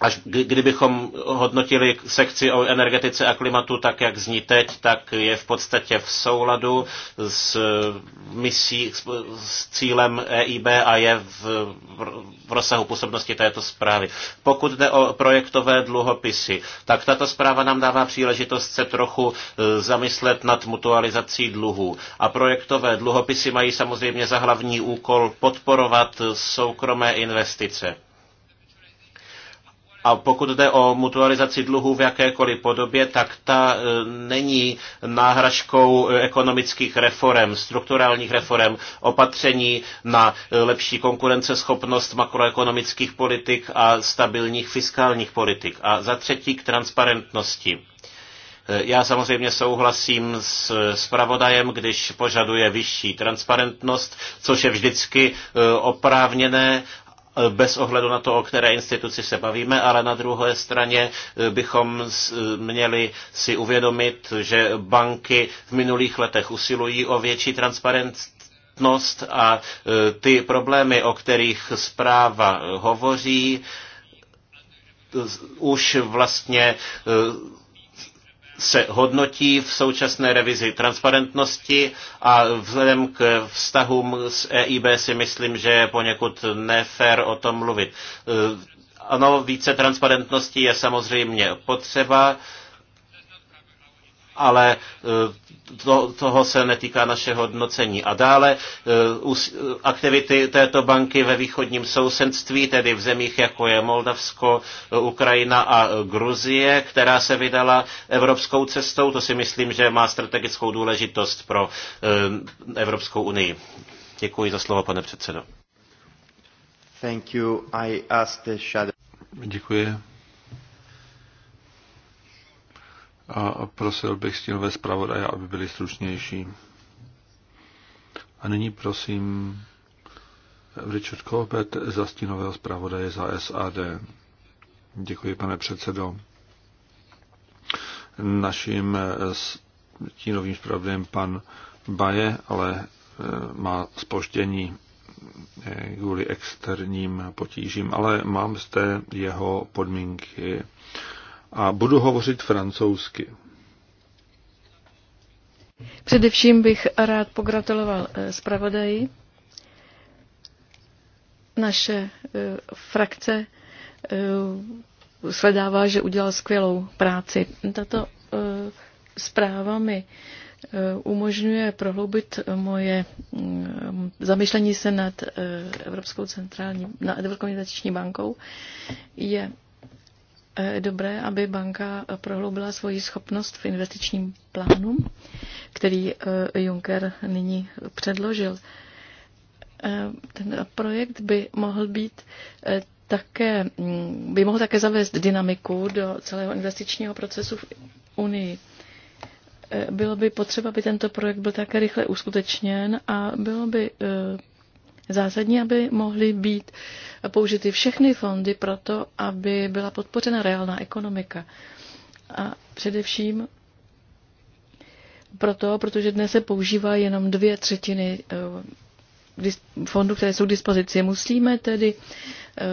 až kdybychom hodnotili sekci o energetice a klimatu tak, jak zní teď, tak je v podstatě v souladu s eh, misí, s cílem EIB a je v, v rozsahu působnosti této zprávy. Pokud jde o projektové dluhopisy, tak tato zpráva nám dává příležitost se trochu eh, zamyslet nad mutualizací dluhů. A projektové dluhopisy mají samozřejmě za hlavní úkol podporovat soukromé investice. A pokud jde o mutualizaci dluhů v jakékoliv podobě, tak ta e, není náhražkou e, ekonomických reform, strukturálních reform, opatření na e, lepší konkurenceschopnost makroekonomických politik a stabilních fiskálních politik. A za třetí k transparentnosti. Já samozřejmě souhlasím s zpravodajem, když požaduje vyšší transparentnost, což je vždycky oprávněné bez ohledu na to, o které instituci se bavíme, ale na druhé straně eh, bychom eh, měli si uvědomit, že banky v minulých letech usilují o větší transparentnost a eh, ty problémy, o kterých zpráva hovoří, už vlastně se hodnotí v současné revizi transparentnosti a vzhledem k vztahům s EIB si myslím, že je poněkud nefér o tom mluvit. E, ano, více transparentnosti je samozřejmě potřeba, ale eh, to, toho se netýká naše hodnocení. A dále eh, eh, aktivity této banky ve východním sousedství, tedy v zemích jako je Moldavsko, Ukrajina a Gruzie, která se vydala evropskou cestou, to si myslím, že má strategickou důležitost pro Evropskou unii. Děkuji za slovo, pane předsedo. Thank you. I the shadow. Děkuji. a prosil bych stínové zpravodaje, aby byli stručnější. A nyní prosím Richard Colbert za stínového zpravodaje za SAD. Děkuji, pane předsedo. Naším stínovým zpravodajem pan Baje, ale eh, má spoždění eh, kvůli externím potížím, ale mám zde jeho podmínky a budu hovořit francouzsky. Především bych rád pogratuloval eh, zpravodaji. Naše eh, frakce eh, sledává, že udělal skvělou práci. Tato zpráva mi umožňuje prohloubit moje mm, zamyšlení se nad Evropskou centrální, nad Evropskou bankou. Je Eh, dobré, aby banka eh, prohloubila svoji schopnost v investičním plánu, který eh, Juncker nyní předložil. Ten projekt by mohl být také, mm, by mohl také zavést dynamiku do celého investičního procesu v Unii. Bylo by potřeba, aby tento projekt byl také rychle uskutečněn a bylo by zásadní, aby mohly být použity všechny fondy pro to, aby byla podpořena reálná ekonomika. A především proto, protože dnes se používá jenom dvě třetiny eh, fondů, které jsou k dispozici. Musíme tedy eh,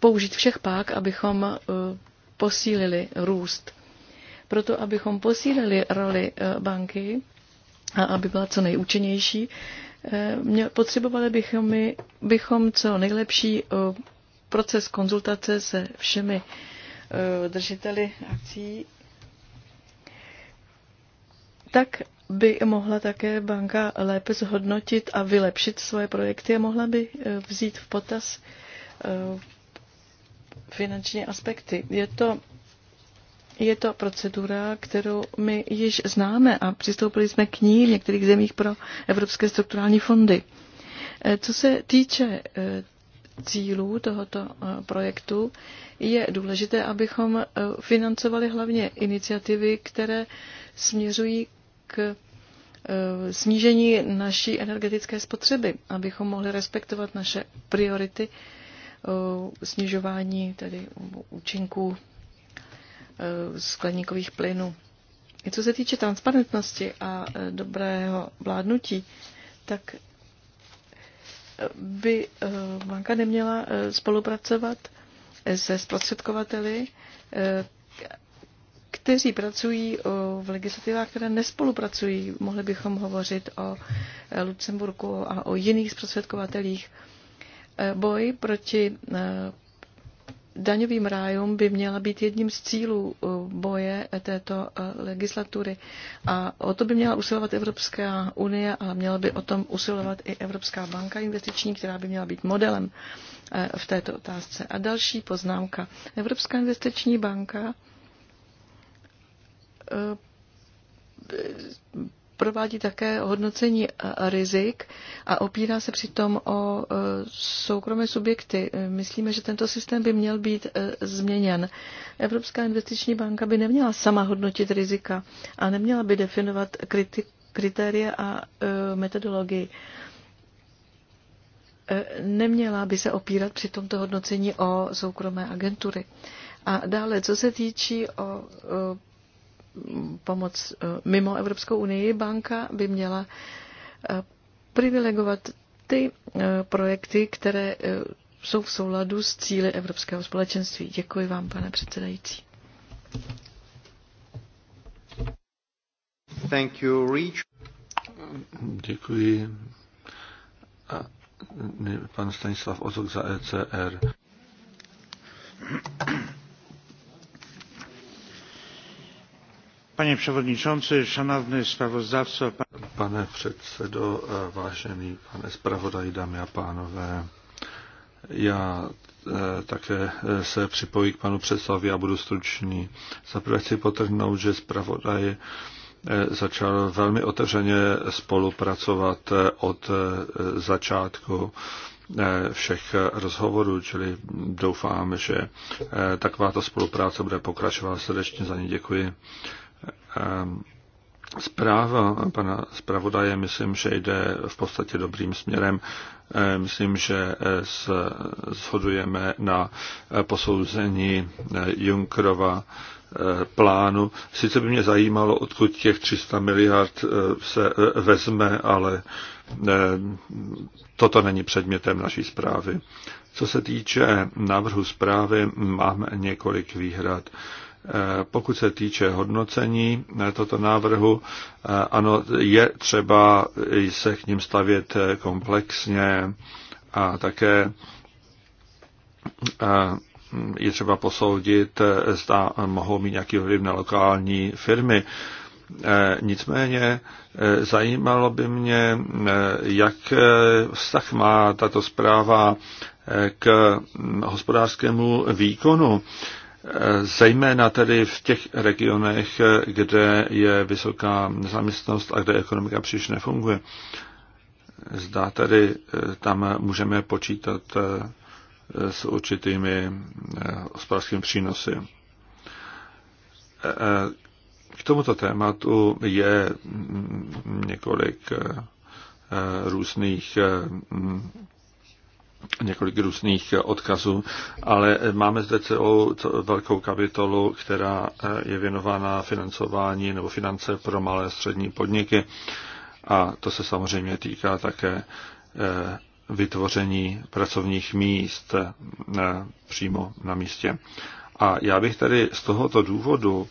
použít všech pák, abychom eh, posílili růst. Proto, abychom posílili roli banky a aby byla co nejúčinnější, Eh, potřebovali bychom, my, bychom co nejlepší eh, proces konzultace se všemi eh, držiteli akcí, tak by mohla také banka lépe zhodnotit a vylepšit svoje projekty a mohla by vzít v potaz finanční aspekty. Je to je to procedura, kterou my již známe a přistoupili jsme k ní v některých zemích pro evropské strukturální fondy. Eh, co se týče eh, cílů tohoto eh, projektu, je důležité, abychom financovali hlavně iniciativy, které směřují k snížení naší energetické spotřeby, abychom mohli respektovat naše priority snižování tedy účinků Eh, skleníkových plynů. I co se týče transparentnosti a eh, dobrého vládnutí, tak eh, by banka neměla spolupracovat se zprostředkovateli, kteří pracují v legislativách, které nespolupracují. Mohli bychom hovořit o Lucemburku a o jiných zprostředkovatelích. Boj proti daňovým rájům by měla být jedním z cílů uh, boje eh, této eh, legislatury. A o to by měla usilovat Evropská unie, ale měla by o tom usilovat i Evropská banka investiční, která by měla být modelem eh, v této otázce. A další poznámka. Evropská investiční banka provádí také hodnocení eh, rizik a opírá se přitom o eh, soukromé subjekty. Myslíme, že tento systém by měl být eh, změněn. Evropská investiční banka by neměla sama hodnotit rizika a neměla by definovat kriti- kritéria a metodologii. Neměla by se opírat při tomto hodnocení o soukromé agentury. A dále, co se týče o pomoc eh, mimo Evropskou unii, banka by měla eh, privilegovat ty eh, projekty, které jsou v souladu s cíly Evropského společenství. Děkuji vám, pane předsedající. Thank you, Rich. Děkuji. A pan Stanislav Ozok za ECR. Pane předsedající, šanovný zpravodajce. Pane předsedo, vážený pane zpravodaj, dámy a pánové, já eh, také eh, se připojí k panu představě a budu stručný. Zaprvé chci potrhnout, že zpravodaj eh, začal velmi otevřeně spolupracovat od začátku všech rozhovorů, čili doufám, že takováto spolupráce bude pokračovat. Srdečně za ní děkuji. Ehm, zpráva pana zpravodaje, myslím, že jde v podstatě dobrým směrem. Ehm, myslím, že eh, shodujeme na eh, posouzení eh, Junkrova plánu. Sice by mě zajímalo, odkud těch 300 miliard se vezme, ale toto není předmětem naší zprávy. Co se týče návrhu zprávy, máme několik výhrad. Eh, pokud se týče hodnocení eh, toto návrhu, eh, ano, je třeba se k ním stavět komplexně a také je třeba posoudit, zda mohou mít nějaký vliv na lokální firmy. Nicméně zajímalo by mě, jak vztah má tato zpráva k hm, hospodářskému výkonu zejména tedy v těch regionech, kde je vysoká nezaměstnanost a kde ekonomika příliš nefunguje. Zdá tedy, eh, tam můžeme počítat eh, s určitými eh, hospodářskými přínosy. K tomuto tématu je mm, několik různých mm, několik různých eh, odkazů, ale eh, máme zde celou velkou kapitolu, která eh, je věnována financování nebo finance pro malé a střední podniky a to se samozřejmě týká také vytvoření pracovních míst přímo na místě. A já bych tady z tohoto důvodu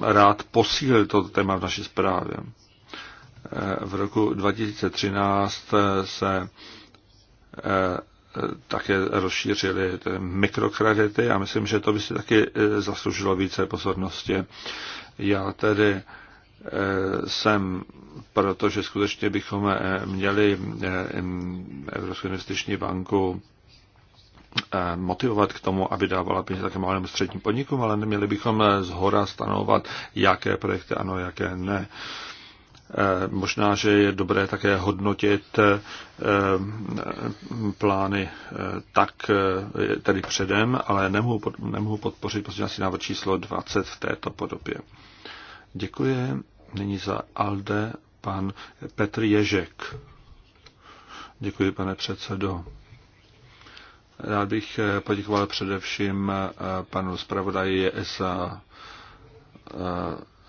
rád posílil to téma v naší zprávě. V roku 2013 se Eh, také rozšířili mikrokredity. a myslím, že to by si taky eh, zasloužilo více pozornosti. Já tedy eh, jsem, protože skutečně bychom měli Evropskou investiční banku motivovat k tomu, aby dávala peníze také malým středním podnikům, ale neměli bychom z hora stanovat, jaké projekty ano, jaké ne. Eh, možná, že je dobré také hodnotit eh, plány eh, tak tedy předem, ale nemohu, podpořit pozdělací návrh číslo 20 v této podobě. Děkuji. Nyní za ALDE pan Petr Ježek. Děkuji, pane předsedo. Rád bych poděkoval především panu zpravodaji za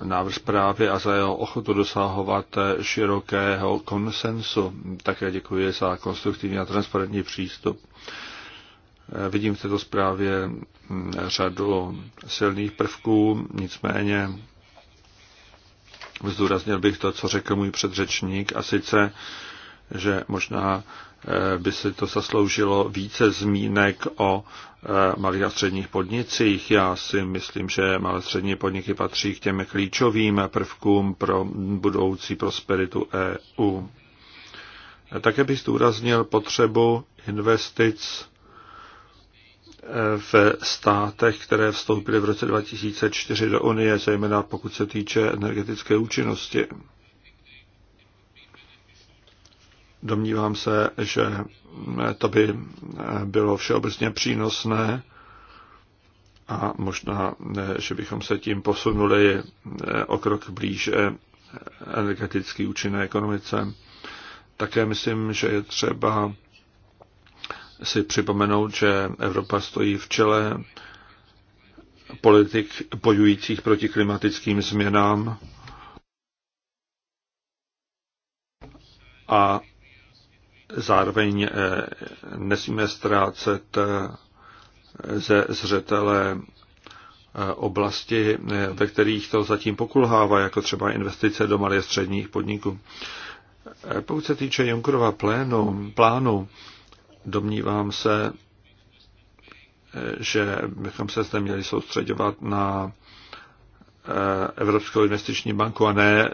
návrh zprávy a za jeho ochotu dosahovat širokého konsensu. Také děkuji za konstruktivní a transparentní přístup. Vidím v této zprávě mm, řadu silných prvků, nicméně zdůraznil bych to, co řekl můj předřečník, a sice, že možná Eh, by se to zasloužilo více zmínek o eh, malých a středních podnicích. Já si myslím, že malé střední podniky patří k těm klíčovým prvkům pro budoucí prosperitu EU. Eh, také bych zdůraznil potřebu investic v státech, které vstoupily v roce 2004 do Unie, zejména pokud se týče energetické účinnosti. Domnívám se, že to by bylo všeobecně přínosné a možná, že bychom se tím posunuli o krok blíže energeticky účinné ekonomice. Také myslím, že je třeba si připomenout, že Evropa stojí v čele politik bojujících proti klimatickým změnám a Zároveň eh, nesmíme ztrácet eh, ze zřetele eh, oblasti, ve kterých to zatím pokulhává, jako třeba investice do malých středních podniků. Pokud se týče Junkerova plénu, plánu, domnívám se, že bychom se zde měli soustředovat na Evropskou investiční banku a ne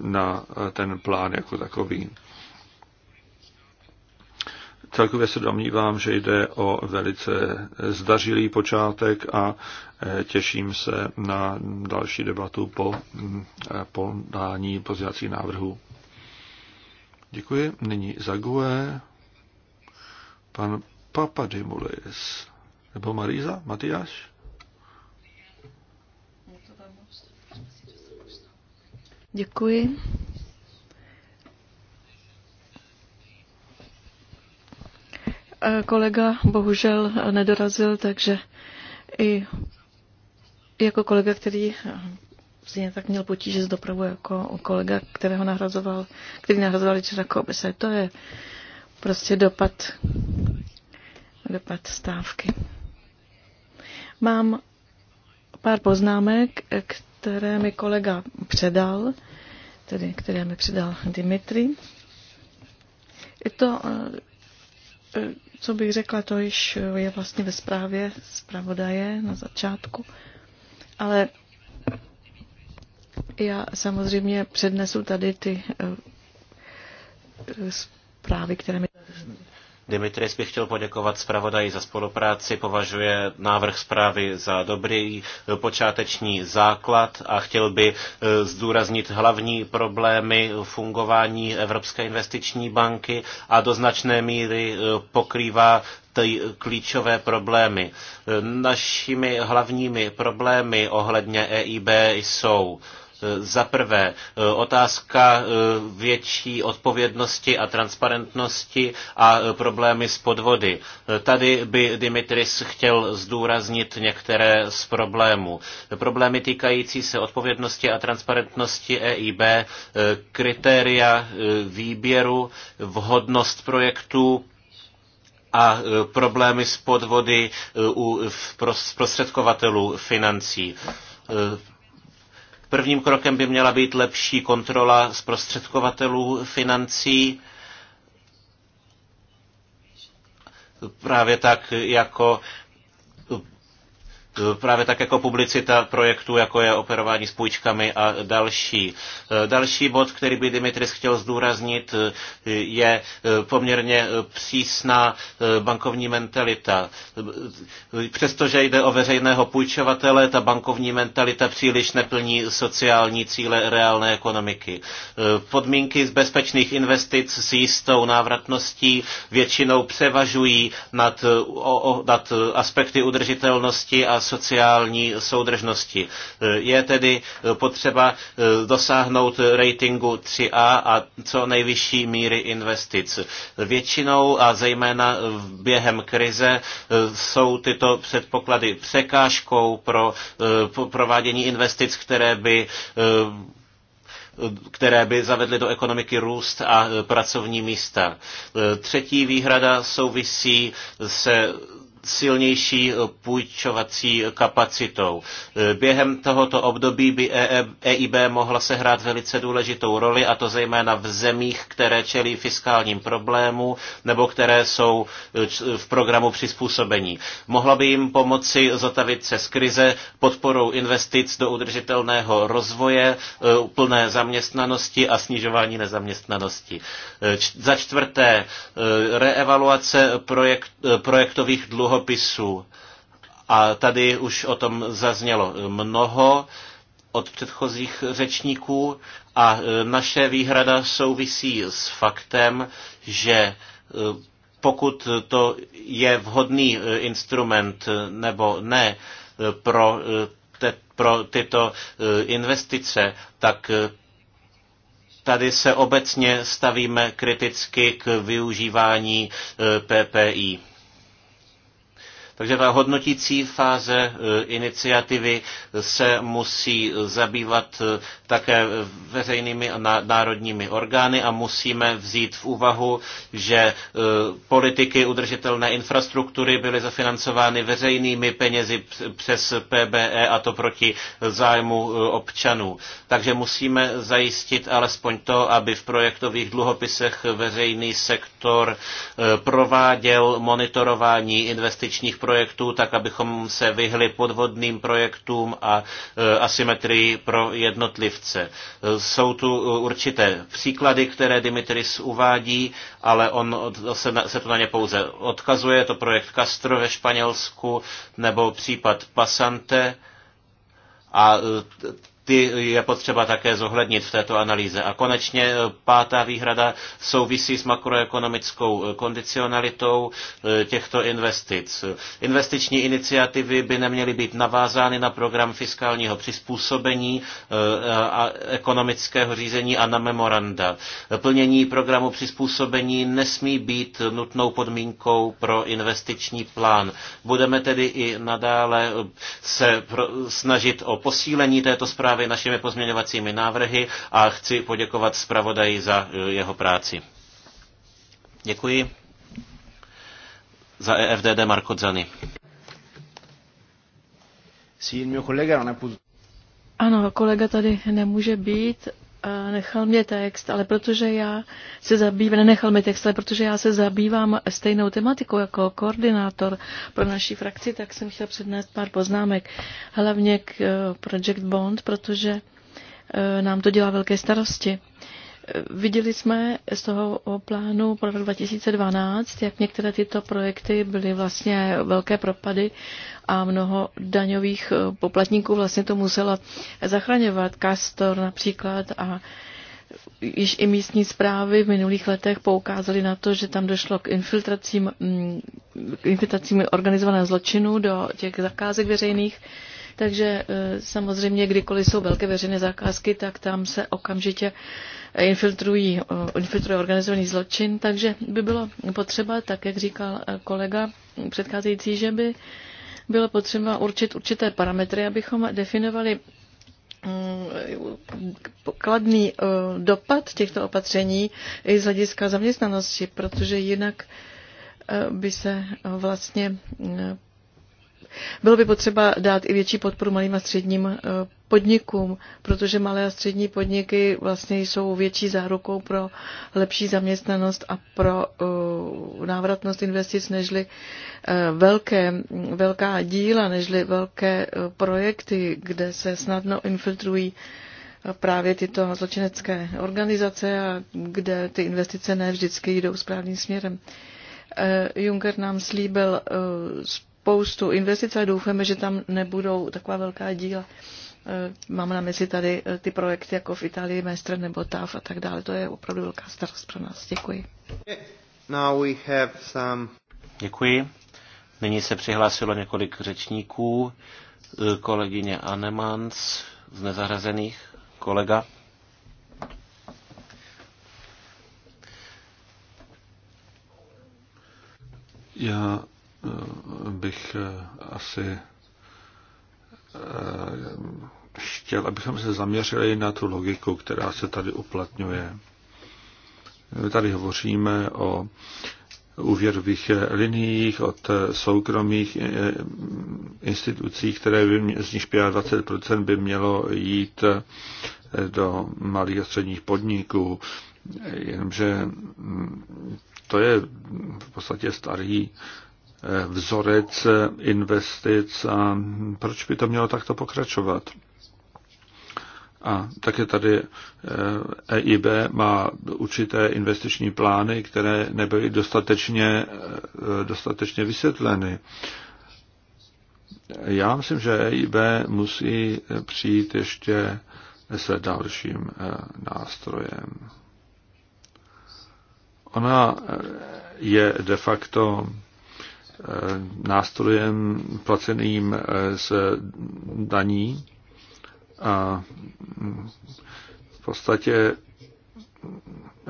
na ten plán jako takový. Celkově se domnívám, že jde o velice zdařilý počátek a e, těším se na další debatu po e, podání pozdějacích návrhů. Děkuji. Nyní Zague, pan Papadimulis, nebo Marisa, Matyáš? Děkuji. Kolega bohužel nedorazil, takže i jako kolega, který stejně tak měl potíže s dopravou jako kolega, kterého nahrazoval, který nahrazoval Richarda Kobese. To je prostě dopad, dopad stávky. Mám pár poznámek, které mi kolega předal, tedy které mi předal Dimitri. Je to Eh, co bych řekla, to již je vlastně ve zprávě zpravodaje na začátku, ale já samozřejmě přednesu tady ty eh, eh, zprávy, které mi Dimitris bych chtěl poděkovat zpravodaji za spolupráci, považuje návrh zprávy za dobrý počáteční základ a chtěl by eh, zdůraznit hlavní problémy fungování Evropské investiční banky a do značné míry eh, pokrývá ty klíčové problémy. Eh, našimi hlavními problémy ohledně EIB jsou Eh, za prvé, eh, otázka eh, větší odpovědnosti a transparentnosti a problémy s podvody. Tady by Dimitris chtěl zdůraznit některé z problémů. Problémy týkající se odpovědnosti a transparentnosti EIB, kritéria výběru, vhodnost projektů, a problémy s podvody u prostředkovatelů financí. Prvním krokem by měla být lepší kontrola zprostředkovatelů financí, právě tak jako Právě tak jako publicita projektů, jako je operování s půjčkami a další. E, další bod, který by Dimitris chtěl zdůraznit, e, je e, poměrně přísná bankovní mentalita. Přestože jde o veřejného půjčovatele, ta bankovní mentalita příliš neplní sociální cíle reálné ekonomiky. Podmínky z bezpečných investic s jistou návratností většinou převažují nad, o, o, nad aspekty udržitelnosti a sociální soudržnosti. Je tedy potřeba eh, dosáhnout ratingu 3A a co nejvyšší míry investic. Většinou a zejména během krize eh, jsou tyto předpoklady překážkou pro eh, provádění investic, které by které by zavedly do ekonomiky růst a pracovní místa. Třetí výhrada souvisí se silnější eh, půjčovací kapacitou. Eh, Během tohoto období by EIB e e mohla sehrát velice důležitou roli, a to zejména v zemích, které čelí fiskálním problému nebo které jsou eh, v programu přizpůsobení. Mohla by jim pomoci zotavit se z krize podporou investic do udržitelného rozvoje, plné zaměstnanosti a snižování nezaměstnanosti. Za čtvrté, reevaluace projekt, projektových dluhov rukopisů. A tady už o tom zaznělo mnoho od předchozích řečníků a e, naše výhrada souvisí s faktem, že e, pokud to je vhodný e, instrument nebo ne pro, te, pro tyto investice, tak tady se obecně stavíme kriticky k využívání PPI. Takže ta hodnotící fáze e, iniciativy se musí zabývat e, také veřejnými a národními orgány a musíme vzít v úvahu, že e, politiky udržitelné infrastruktury byly zafinancovány veřejnými penězi přes PBE a to proti zájmu občanů. Takže musíme zajistit alespoň to, aby v projektových dluhopisech veřejný sektor prováděl monitorování investičních projektů projektů, tak abychom se vyhli podvodným projektům a e, asymetrii pro jednotlivce. Jsou tu e, určité příklady, které Dimitris uvádí, ale on se, to na ně pouze odkazuje. Je to projekt Castro ve Španělsku nebo případ Passante. A e, ty je potřeba také zohlednit v této analýze. A konečně eh, pátá výhrada souvisí s makroekonomickou eh, kondicionalitou eh, těchto investic. Investiční iniciativy by neměly být navázány na program fiskálního přizpůsobení a ekonomického řízení a na memoranda. Plnění programu přizpůsobení nesmí být nutnou podmínkou pro investiční plán. Budeme tedy i nadále se snažit o posílení této zprávy právě našimi pozměňovacími návrhy a chci poděkovat zpravodaji za eh, jeho práci. Děkuji. Za EFDD Marko Zany. Ano, kolega tady nemůže být nechal mě text, ale protože já se zabývám, nenechal mi text, ale protože já se zabývám stejnou tematikou jako koordinátor pro naší frakci, tak jsem chtěla přednést pár poznámek, hlavně k eh, Project Bond, protože eh, nám to dělá velké starosti. Viděli jsme z toho plánu pro rok 2012, jak některé tyto projekty byly vlastně velké propady a mnoho daňových eh, poplatníků vlastně to muselo zachraňovat. Castor například a již i místní zprávy v minulých letech poukázaly na to, že tam došlo k infiltracím, mm, k infiltracím organizovaného zločinu do těch zakázek veřejných takže e, samozřejmě, kdykoliv jsou velké veřejné zakázky, tak tam se okamžitě infiltrují, e, infiltruje organizovaný zločin, takže by bylo potřeba, tak jak říkal e, kolega předcházející, že by bylo potřeba určit určité parametry, abychom definovali mm, kladný dopad těchto opatření i z hlediska zaměstnanosti, protože jinak by se vlastně bylo by potřeba dát i větší podporu malým a středním eh, podnikům, protože malé a střední podniky vlastně jsou větší zárukou pro lepší zaměstnanost a pro eh, návratnost investic nežli eh, velké, velká díla, nežli velké projekty, kde se snadno infiltrují právě tyto zločinecké organizace a kde ty investice ne vždycky jdou správným směrem. Juncker nám slíbil spoustu investic ale doufáme, že tam nebudou taková velká díla. Eh, mám na mysli tady eh, ty projekty jako v Itálii, Mestr nebo TAF a tak dále. To je opravdu velká starost pro nás. Děkuji. Now we have some... Děkuji. Nyní se přihlásilo několik řečníků. Eh, kolegyně Anemans z nezahrazených. kolega. Já bych eh, asi eh, chtěl, abychom se zaměřili na tu logiku, která se tady uplatňuje. My tady hovoříme o úvěrových liniích od soukromých eh, institucí, které by, z nich 25% by mělo jít do malých a středních podniků. Jenomže hm, to je v podstatě starý vzorec investic a proč by to mělo takto pokračovat. A také tady EIB eh, e má určité investiční plány, které nebyly dostatečně, eh, dostatečně vysvětleny. Já myslím, že EIB musí přijít ještě se dalším eh, nástrojem. Ona je de facto nástrojem placeným eh, z daní a mm, v podstatě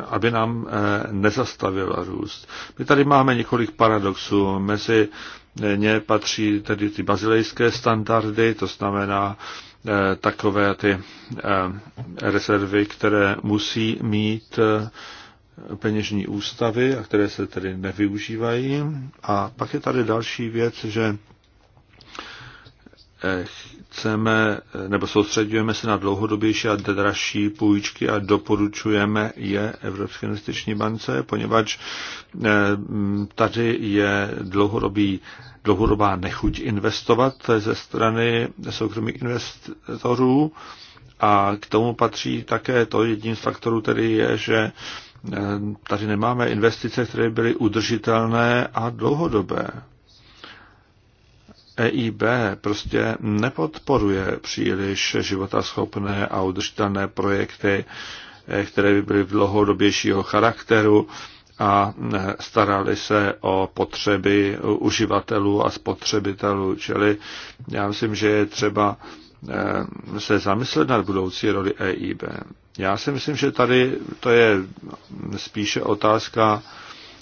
aby nám eh, nezastavila růst. My tady máme několik paradoxů. Mezi ně patří tedy ty bazilejské standardy, to znamená eh, takové ty rezervy, které musí mít peněžní ústavy, a které se tedy nevyužívají. A pak je tady další věc, že eh, chceme eh, nebo soustředujeme se na dlouhodobější a dražší půjčky a doporučujeme je Evropské investiční bance, poněvadž eh, tady je dlouhodobý, dlouhodobá nechuť investovat ze strany soukromých investorů a k tomu patří také to, jedním z faktorů tedy je, že Eh, tady nemáme investice, které byly udržitelné a dlouhodobé. EIB prostě nepodporuje příliš životaschopné a udržitelné projekty, eh, které by byly v dlouhodobějšího charakteru a eh, starali se o potřeby uživatelů a spotřebitelů. Čili já myslím, že je třeba se zamyslet nad budoucí roli EIB. Já si myslím, že tady to je spíše otázka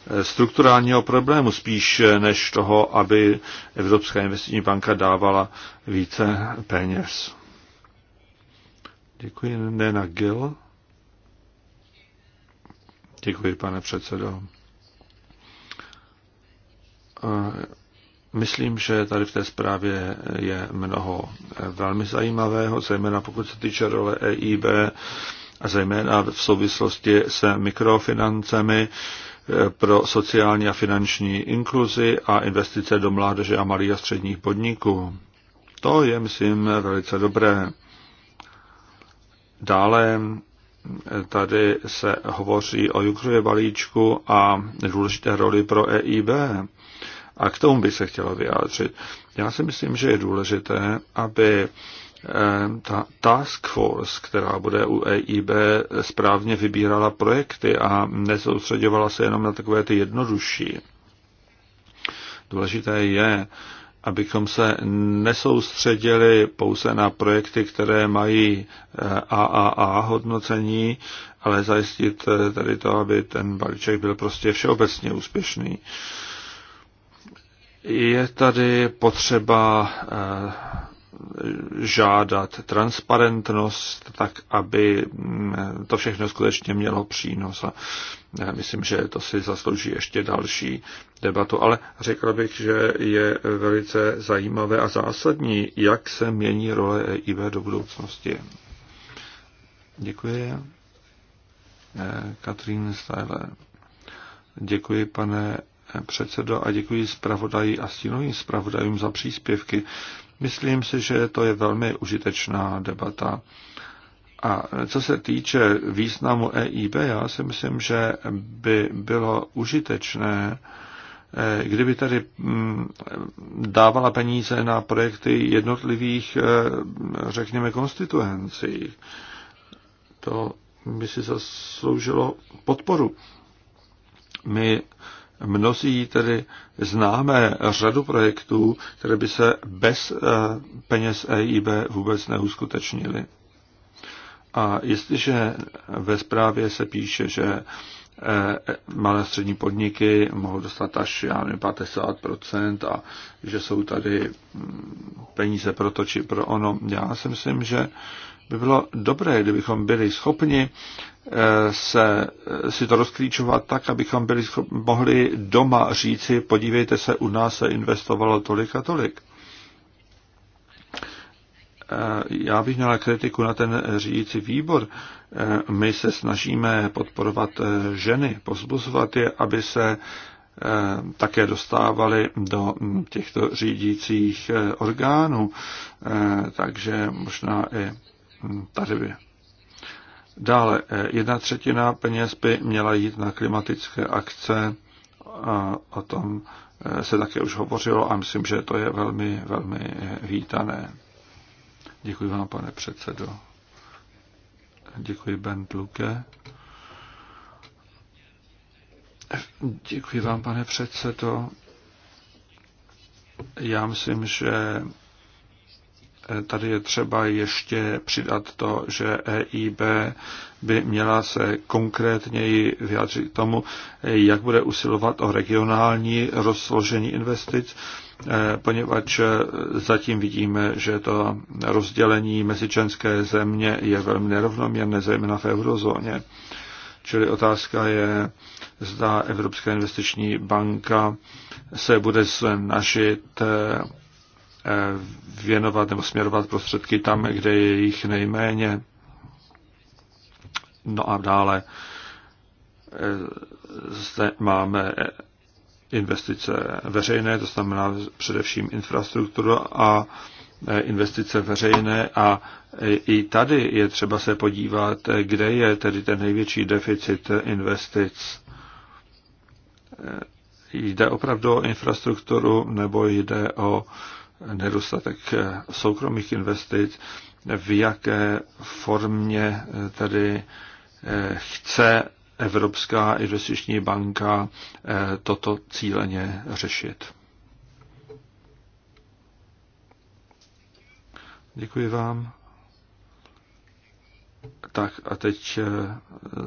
eh, strukturálního problému, spíš eh, než toho, aby Evropská investiční banka dávala více peněz. Děkuji, Nena Gill. Děkuji, pane předsedo. Eh, myslím, že tady v té zprávě je mnoho velmi zajímavého, zejména pokud se týče role EIB zejména v souvislosti se mikrofinancemi eh, pro sociální a finanční inkluzi a investice do mládeže a malých a středních podniků. To je, myslím, velice dobré. Dále eh, tady se hovoří o Junckerově balíčku a důležité roli pro EIB. A k tomu bych se chtěla vyjádřit. Já si myslím, že je důležité, aby Eh, ta task force, která bude u EIB, správně vybírala projekty a nesoustředovala se jenom na takové ty jednodušší. Důležité je, abychom se nesoustředili pouze na projekty, které mají AAA eh, hodnocení, ale zajistit eh, tady to, aby ten balíček byl prostě všeobecně úspěšný. Je tady potřeba žádat transparentnost, tak aby mm, to všechno skutečně mělo přínos. A myslím, že to si zaslouží ještě další debatu. Ale řekl bych, že je velice zajímavé a zásadní, jak se mění role EIB do budoucnosti. Děkuji. Eh, Katrín Stajle. Děkuji, pane předsedo, a děkuji zpravodaji a stínovým zpravodajům za příspěvky. Myslím si, že to je velmi užitečná debata. A co se týče významu EIB, já si myslím, že by bylo užitečné, eh, kdyby tady mm, dávala peníze na projekty jednotlivých, eh, řekněme, konstituencí. To by si zasloužilo podporu. My Mnozí tedy známe řadu projektů, které by se bez eh, peněz EIB vůbec neuskutečnily. A jestliže ve zprávě se píše, že eh, malé střední podniky mohou dostat až já nevím, 50% a že jsou tady hm, peníze pro to či pro ono. Já si myslím, že by bylo dobré, kdybychom byli schopni eh, se, eh, si to rozklíčovat tak, abychom byli schopni, mohli doma říci, podívejte se, u nás se investovalo tolik a tolik. Eh, já bych měla kritiku na ten řídící výbor. My se snažíme podporovat ženy, pozbuzovat je, aby se také dostávali do těchto řídících orgánů. Takže možná i by. Mm, Dále, eh, jedna třetina peněz by měla jít na klimatické akce. A o tom eh, se také už hovořilo a myslím, že to je velmi, velmi eh, vítané. Děkuji vám, pane předsedo. Děkuji, Ben Luke. Děkuji vám, pane předsedo. Já myslím, že tady je třeba ještě přidat to, že EIB by měla se konkrétněji vyjádřit tomu, jak bude usilovat o regionální rozložení investic, eh, poněvadž zatím vidíme, že to rozdělení mezi členské země je velmi nerovnoměrné, zejména v eurozóně. Čili otázka je, zda Evropská investiční banka se bude snažit eh, věnovat nebo směrovat prostředky tam, kde je jich nejméně. No a dále e, zde máme investice veřejné, to znamená především infrastrukturu a e, investice veřejné a e, i tady je třeba se podívat, kde je tedy ten největší deficit investic. Jde opravdu o infrastrukturu nebo jde o nedostatek eh, soukromých investic, v jaké formě eh, tedy eh, chce Evropská investiční banka toto cíleně řešit. Děkuji vám. Tak a teď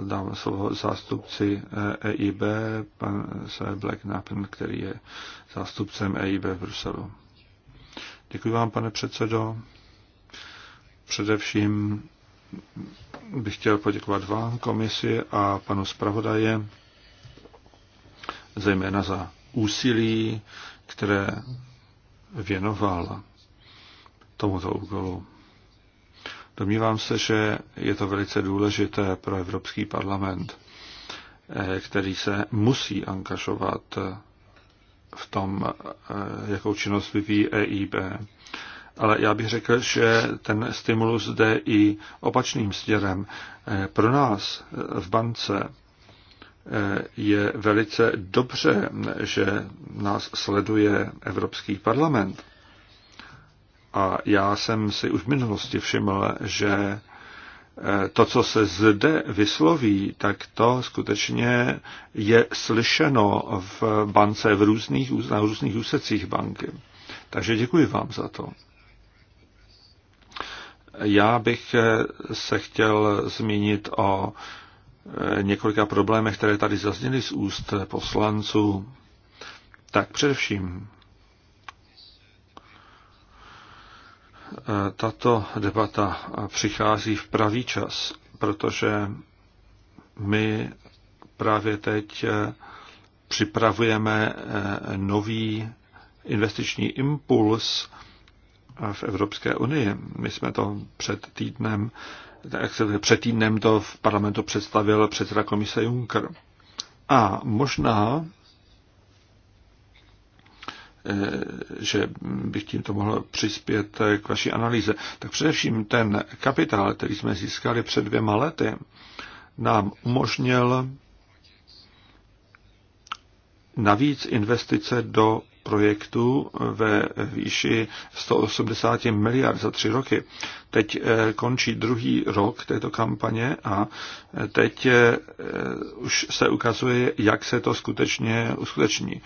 dám slovo zástupci EIB, e pan Black Napen, který je zástupcem EIB v Bruselu. Děkuji vám, pane předsedo. Především bych chtěl poděkovat vám, komisi a panu zpravodaje, zejména za úsilí, které věnoval tomuto úkolu. Domnívám se, že je to velice důležité pro Evropský parlament, eh, který se musí angažovat v tom, eh, jakou činnost vyvíjí EIB. Ale já bych řekl, že ten stimulus jde i opačným směrem. Eh, pro nás eh, v bance je velice dobře, že nás sleduje Evropský parlament. A já jsem si už v minulosti všiml, že Eh, to, co se zde vysloví, tak to skutečně je slyšeno v bance v různých, na různých úsecích banky. Takže děkuji vám za to. Já bych eh, se chtěl zmínit o eh, několika problémech, které tady zazněly z úst poslanců. Tak především E, tato debata přichází v pravý čas, protože my právě teď e, připravujeme e, nový investiční impuls v Evropské unii. My jsme to před týdnem, tak se před týdnem to v parlamentu představil předseda komise Juncker. A možná Eh, že bych tímto mohl přispět eh, k vaší analýze. Tak především ten kapitál, který jsme získali před dvěma lety, nám umožnil navíc investice do projektů ve výši 180 miliard za tři roky. Teď eh, končí druhý rok této kampaně a eh, teď eh, už se ukazuje, jak se to skutečně uskuteční.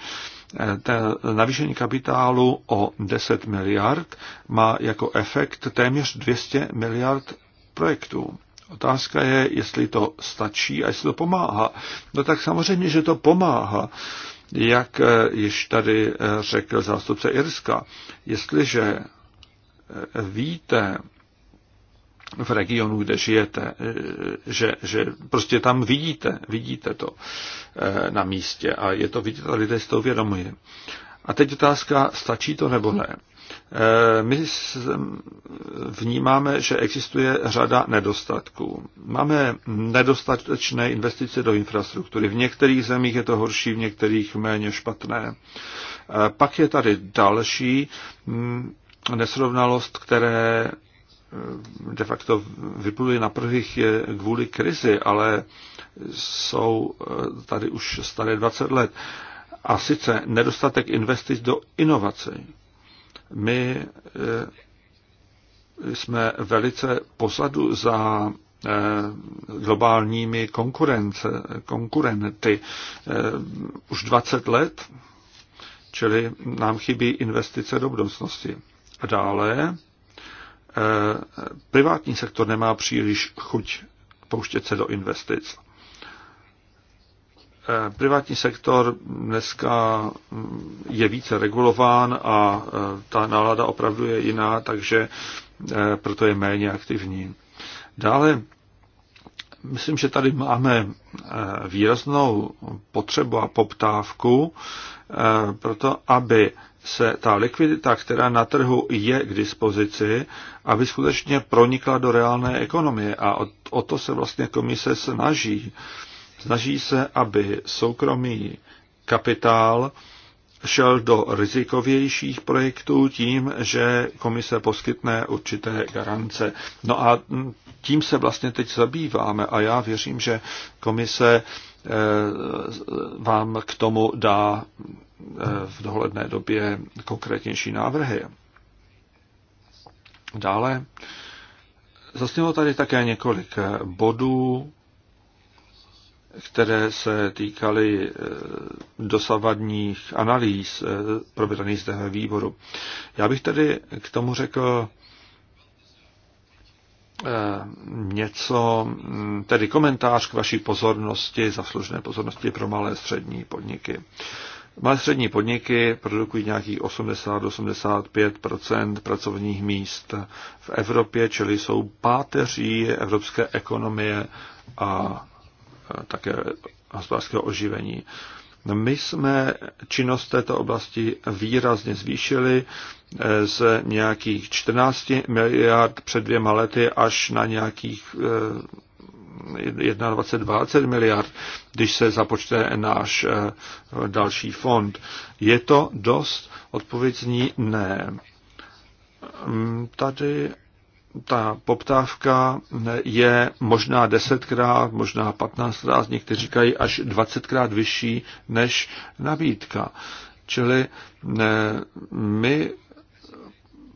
Navýšení kapitálu o 10 miliard má jako efekt téměř 200 miliard projektů. Otázka je, jestli to stačí a jestli to pomáhá. No tak samozřejmě, že to pomáhá. Jak eh, již tady eh, řekl zástupce Irska, jestliže eh, víte v regionu, kde žijete, že, že prostě tam vidíte, vidíte to na místě a je to vidět a lidé si to uvědomují. A teď otázka, stačí to nebo ne? Eh, my vnímáme, že existuje řada nedostatků. Máme nedostatečné investice do infrastruktury. V některých zemích je to horší, v některých méně špatné. Eh, pak je tady další hm, nesrovnalost, které eh, de facto vypluly na prvých kvůli krizi, ale jsou tady už staré 20 let. A sice nedostatek investic do inovací my eh, jsme velice pozadu za eh, globálními konkurence, konkurenty eh, už 20 let, čili nám chybí investice do budoucnosti. A dále privátní sektor nemá příliš chuť pouštět se do investic. Eh, privátní sektor dneska je více regulován a eh, ta nálada opravdu je jiná, takže eh, proto je méně aktivní. Dále, myslím, že tady máme výraznou potřebu a poptávku proto, aby se ta likvidita, která na trhu je k dispozici, aby skutečně pronikla do reálné ekonomie. A o, to se vlastně komise snaží. Uh, Snaží se, aby soukromý kapitál šel do rizikovějších projektů tím, že komise poskytne určité garance. No a tím se vlastně teď zabýváme a já věřím, že komise eh, vám k tomu dá eh, v dohledné době konkrétnější návrhy. Dále zasnělo tady také několik bodů které se týkaly eh, dosavadních analýz eh, provedených zde ve výboru. Já bych tedy k tomu řekl eh, něco, mm, tedy komentář k vaší pozornosti, zaslužné pozornosti pro malé střední podniky. Malé střední podniky produkují nějakých 80-85 pracovních míst v Evropě, čili jsou páteří evropské ekonomie a také hospodářského oživení. My jsme činnost této oblasti výrazně zvýšili eh, z nějakých 14 miliard před dvěma lety až na nějakých 21-20 eh, miliard, když se započte náš eh, další fond. Je to dost? Odpověď zní ne. Tady ta poptávka je možná desetkrát, možná patnáctkrát, někteří říkají až dvacetkrát vyšší než nabídka. Čili eh, my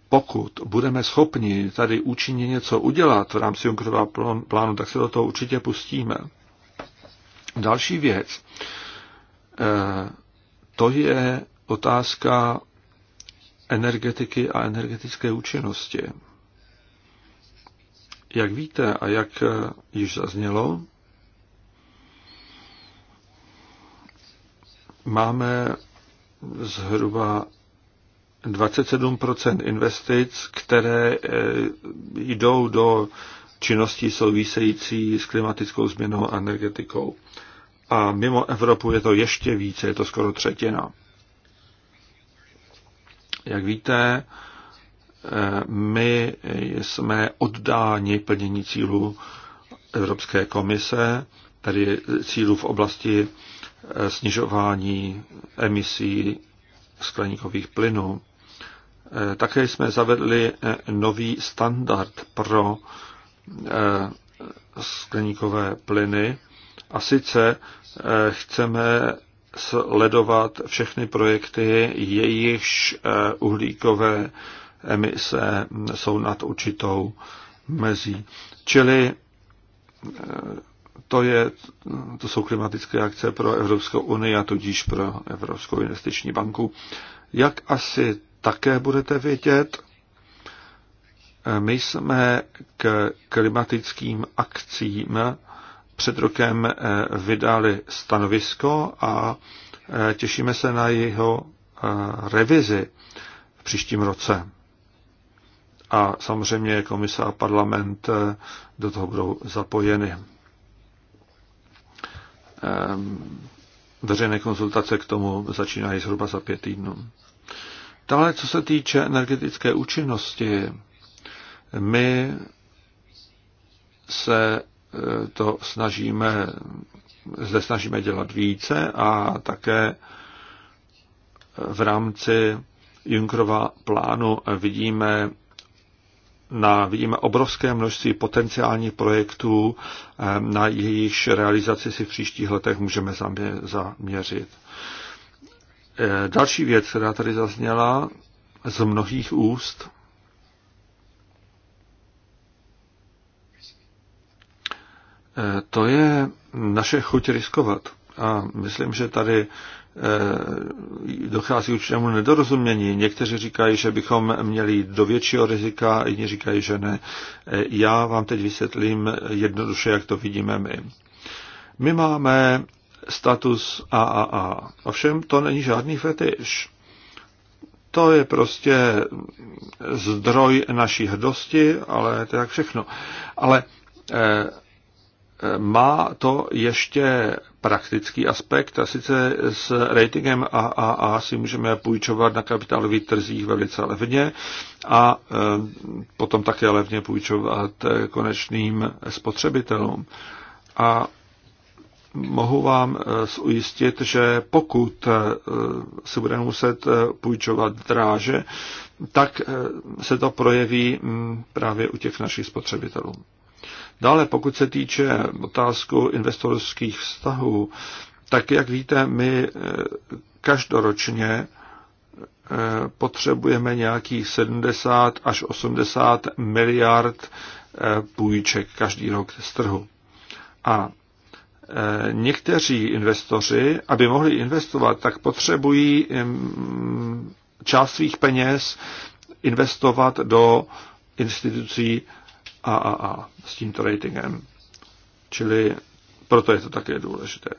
pokud budeme schopni tady účinně něco udělat v rámci Junckerova plánu, tak se do toho určitě pustíme. Další věc, eh, to je otázka energetiky a energetické účinnosti. Jak víte a jak eh, již zaznělo, máme zhruba 27 investic, které eh, jdou do činností související s klimatickou změnou a energetikou. A mimo Evropu je to ještě více, je to skoro třetina. Jak víte, my jsme oddáni plnění cílů Evropské komise, tedy cílů v oblasti eh, snižování emisí skleníkových plynů. Eh, také jsme zavedli eh, nový standard pro skleníkové plyny a sice chceme sledovat všechny projekty, jejichž uhlíkové emise jsou nad určitou mezí. Čili eh, to, je, to jsou klimatické akce pro Evropskou unii a tudíž pro Evropskou investiční banku. Jak asi také budete vědět, eh, my jsme k klimatickým akcím před rokem eh, vydali stanovisko a těšíme se na jeho revizi v příštím roce a samozřejmě komise a parlament eh, do toho budou zapojeny. Ehm, veřejné konzultace k tomu začínají zhruba za pět týdnů. Dále, co se týče energetické účinnosti, my se eh, to snažíme, zde snažíme dělat více a také v rámci Junkrova plánu vidíme na, vidíme obrovské množství potenciálních projektů, eh, na jejichž realizaci si v příštích letech můžeme zaměřit. Eh, další věc, která tady zazněla z mnohých úst, eh, to je naše chuť riskovat. A myslím, že tady Eh, dochází k určitému nedorozumění. Někteří říkají, že bychom měli jít do většího rizika, jiní říkají, že ne. Eh, já vám teď vysvětlím jednoduše, jak to vidíme my. My máme status AAA. Ovšem to není žádný fetiš. To je prostě zdroj naší hrdosti, ale to je jak všechno. Ale eh, má to ještě praktický aspekt a sice s ratingem AAA si můžeme půjčovat na kapitálových trzích velice levně a eh, potom také levně půjčovat eh, konečným spotřebitelům. A mohu vám eh, ujistit, že pokud si budeme muset půjčovat dráže, tak se to projeví mm, právě u těch našich spotřebitelů. Dále, pokud se týče otázku investorských vztahů, tak jak víte, my eh, každoročně eh, potřebujeme nějakých 70 až 80 miliard eh, půjček každý rok z trhu. A někteří investoři, aby mohli investovat, tak potřebují část svých peněz investovat do institucí AAA s tímto ratingem. Čili proto je to také důležité.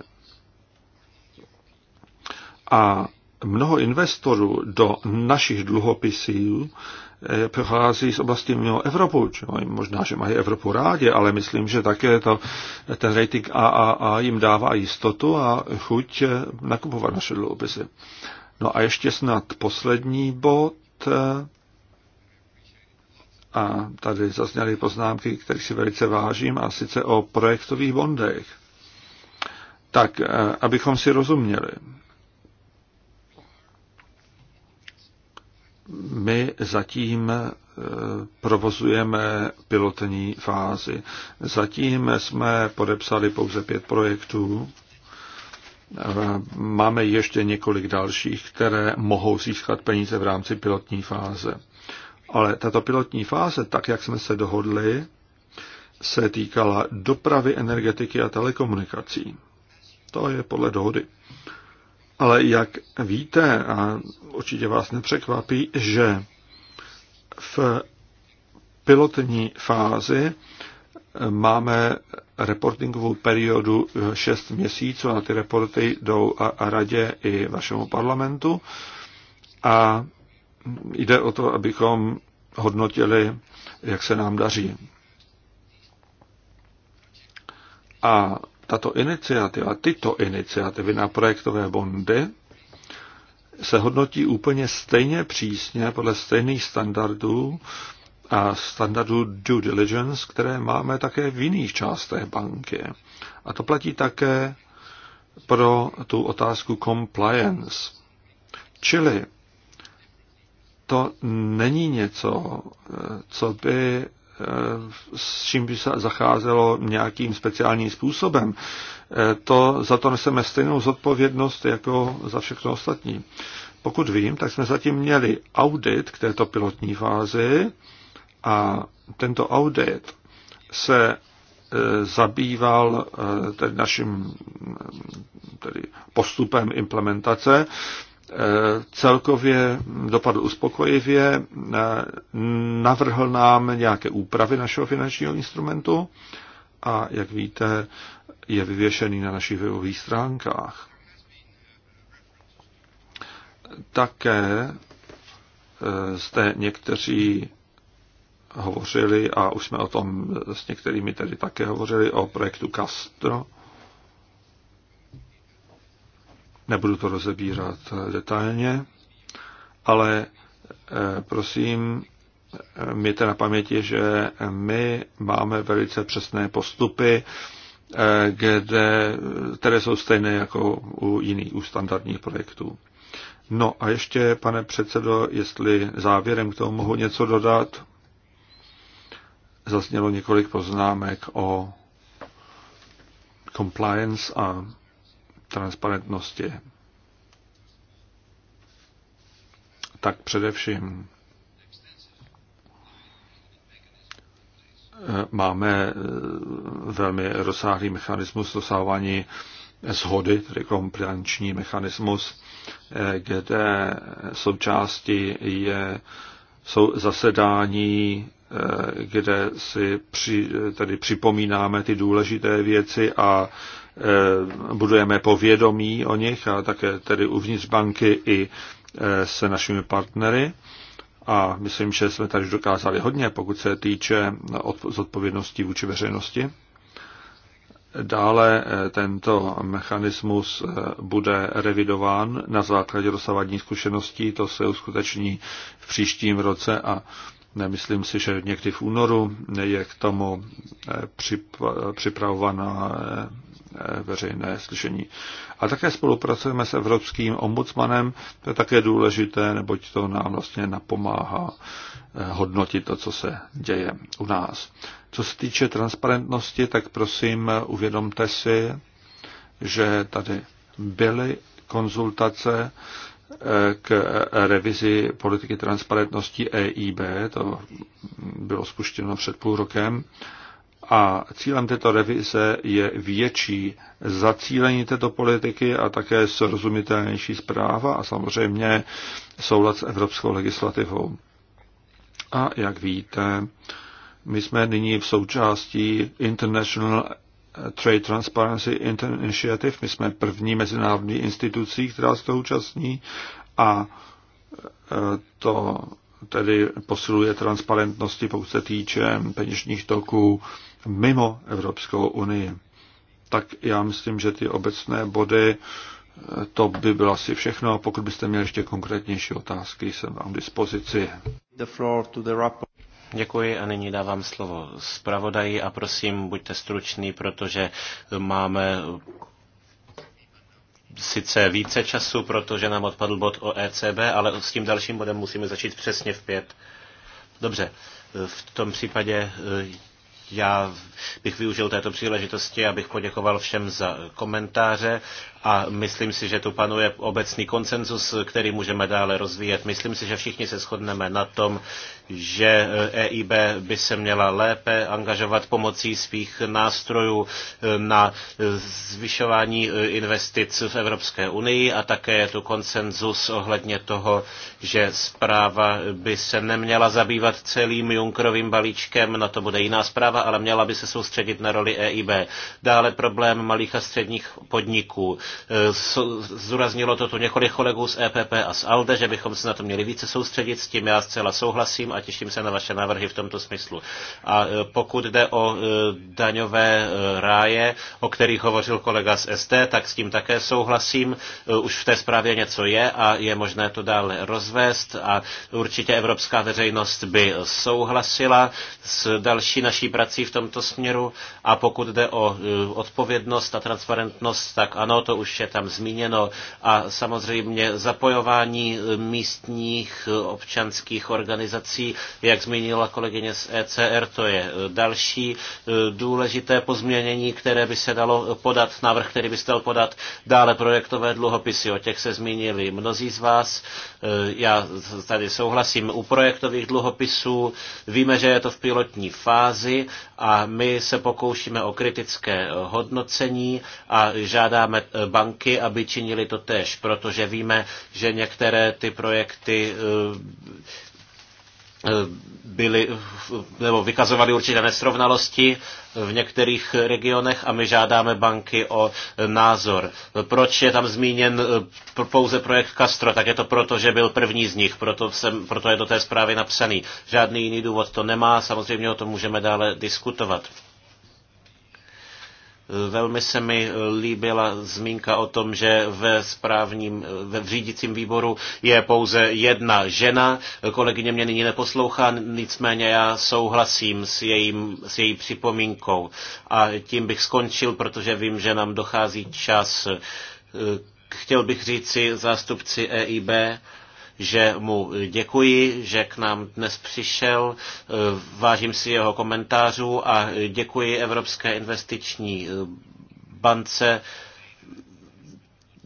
A mnoho investorů do našich dluhopisů eh, prochází z oblasti mimo Evropu. Možná, že mají Evropu rádi, ale myslím, že také to, ten rating AAA jim dává jistotu a chuť eh, nakupovat naše dluhopisy. No a ještě snad poslední bod, eh, a tady zazněly poznámky, kterých si velice vážím, a sice o projektových bondech. Tak, eh, abychom si rozuměli. My zatím eh, provozujeme pilotní fázi. Zatím jsme podepsali pouze pět projektů. Eh, máme ještě několik dalších, které mohou získat peníze v rámci pilotní fáze. Ale tato pilotní fáze, tak jak jsme se dohodli, se týkala dopravy, energetiky a telekomunikací. To je podle dohody. Ale jak víte, a určitě vás nepřekvapí, že v pilotní fázi máme reportingovou periodu 6 měsíců a ty reporty jdou a radě i vašemu parlamentu. A jde o to, abychom hodnotili, jak se nám daří. A tato iniciativa, tyto iniciativy na projektové bondy se hodnotí úplně stejně přísně podle stejných standardů a standardů due diligence, které máme také v jiných částech banky. A to platí také pro tu otázku compliance. Čili to není něco, co by s čím by se zacházelo nějakým speciálním způsobem. To, za to neseme stejnou zodpovědnost jako za všechno ostatní. Pokud vím, tak jsme zatím měli audit k této pilotní fázi a tento audit se e, zabýval e, tedy naším e, tedy postupem implementace celkově dopadl uspokojivě, navrhl nám nějaké úpravy našeho finančního instrumentu a, jak víte, je vyvěšený na našich webových stránkách. Také eh, jste někteří hovořili, a už jsme o tom s některými tedy také hovořili, o projektu Castro, Nebudu to rozebírat eh, detailně, ale eh, prosím, eh, mějte na paměti, že my máme velice přesné postupy, kde, které jsou stejné jako u jiných, u standardních projektů. No a ještě, pane předsedo, jestli závěrem k tomu mohu něco dodat. Zaznělo několik poznámek o compliance a transparentnosti. Tak především eh, máme eh, velmi rozsáhlý mechanismus dosávání shody, tedy komplianční mechanismus, eh, kde součástí je, jsou zasedání, kde si při, tedy připomínáme ty důležité věci a Eh, budujeme povědomí o nich a také tedy uvnitř banky i eh, se našimi partnery. A myslím, že jsme tady dokázali hodně, pokud se týče eh, zodpovědnosti vůči veřejnosti. Dále tento mechanismus bude revidován na základě dosavadních zkušeností. To se uskuteční v příštím roce a Nemyslím si, že někdy v únoru je k tomu připravovaná Eh, veřejné slyšení. A také spolupracujeme s evropským ombudsmanem, to je také důležité, neboť to nám vlastně napomáhá eh, hodnotit to, co se děje u nás. Co se týče transparentnosti, tak prosím eh, uvědomte si, že tady byly konzultace k revizi politiky transparentnosti EIB, to bylo spuštěno před půl rokem, a cílem této revize je větší zacílení této politiky a také srozumitelnější zpráva a samozřejmě soulad s evropskou legislativou. A jak víte, my jsme nyní v součástí International Trade Transparency Initiative. My jsme první mezinárodní institucí, která se to účastní a e, to tedy posiluje transparentnosti, pokud se týče peněžních toků, mimo Evropskou unii. Tak já myslím, že ty obecné body, eh, to by bylo asi všechno. Pokud byste měli ještě konkrétnější otázky, jsem vám k dispozici. The floor to the Děkuji a nyní dávám slovo zpravodaji a prosím, buďte stručný, protože máme sice více času, protože nám odpadl bod o ECB, ale s tím dalším bodem musíme začít přesně v pět. Dobře, v tom případě eh, já bych využil této příležitosti, abych poděkoval všem za komentáře a myslím si, že tu panuje obecný konsenzus, který můžeme dále rozvíjet. Myslím si, že všichni se shodneme na tom, že EIB eh, e by se měla lépe angažovat pomocí svých nástrojů eh, na eh, zvyšování investic v Evropské unii a také je tu konsenzus ohledně toho, že zpráva by se neměla zabývat celým Junkrovým balíčkem, na to bude jiná zpráva, ale měla by se soustředit na roli EIB. Dále problém malých a středních podniků. Eh, zúraznilo to tu několik kolegů z EPP a z ALDE, že bychom se na to měli více soustředit, s tím já zcela souhlasím a těším se na vaše návrhy v tomto smyslu. A eh, pokud jde o eh, daňové ráje, o kterých hovořil kolega z ST, tak s tím také souhlasím. Už v té zprávě něco je a je možné to dále rozvést a určitě evropská veřejnost by souhlasila s další naší prací v tomto směru. A pokud jde o odpovědnost a transparentnost, tak ano, to už je tam zmíněno, a samozřejmě zapojování eh, místních eh, občanských organizací, jak zmínila kolegyně z ECR, to je eh, další důležité pozměnění, které by se dalo podat, návrh, který by se dal podat, dále projektové dluhopisy, o těch se zmínili mnozí z vás, já tady souhlasím, u projektových dluhopisů víme, že je to v pilotní fázi a my se pokoušíme o kritické hodnocení a žádáme banky, aby činili to tež, protože víme, že některé ty projekty eh, eh, byly, nebo vykazovaly určité nesrovnalosti v některých regionech a my žádáme banky o názor. Proč je tam zmíněn eh, pouze projekt Castro? Tak je to proto, že byl první z nich, proto, jsem, proto je do té zprávy napsaný. Žádný jiný důvod to nemá, samozřejmě o tom můžeme dále diskutovat. Velmi se mi líbila zmínka o tom, že ve správním, ve řídícím výboru je pouze jedna žena. Kolegyně mě nyní neposlouchá, nicméně já souhlasím s, jejím, s její připomínkou. A tím bych skončil, protože vím, že nám dochází čas. Chtěl bych říci zástupci EIB, že mu děkuji, že k nám dnes přišel. Eh, vážím si jeho komentářů a děkuji Evropské investiční eh, bance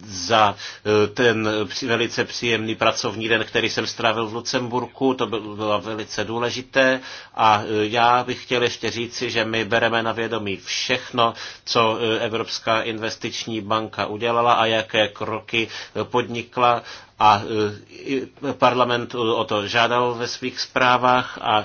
za eh, ten velice příjemný pracovní den, který jsem strávil v Lucemburku. To bylo velice důležité a já bych chtěl ještě říci, že my bereme na vědomí všechno, co Evropská investiční banka udělala a jaké kroky podnikla a e, parlament o to žádal ve svých zprávách a e,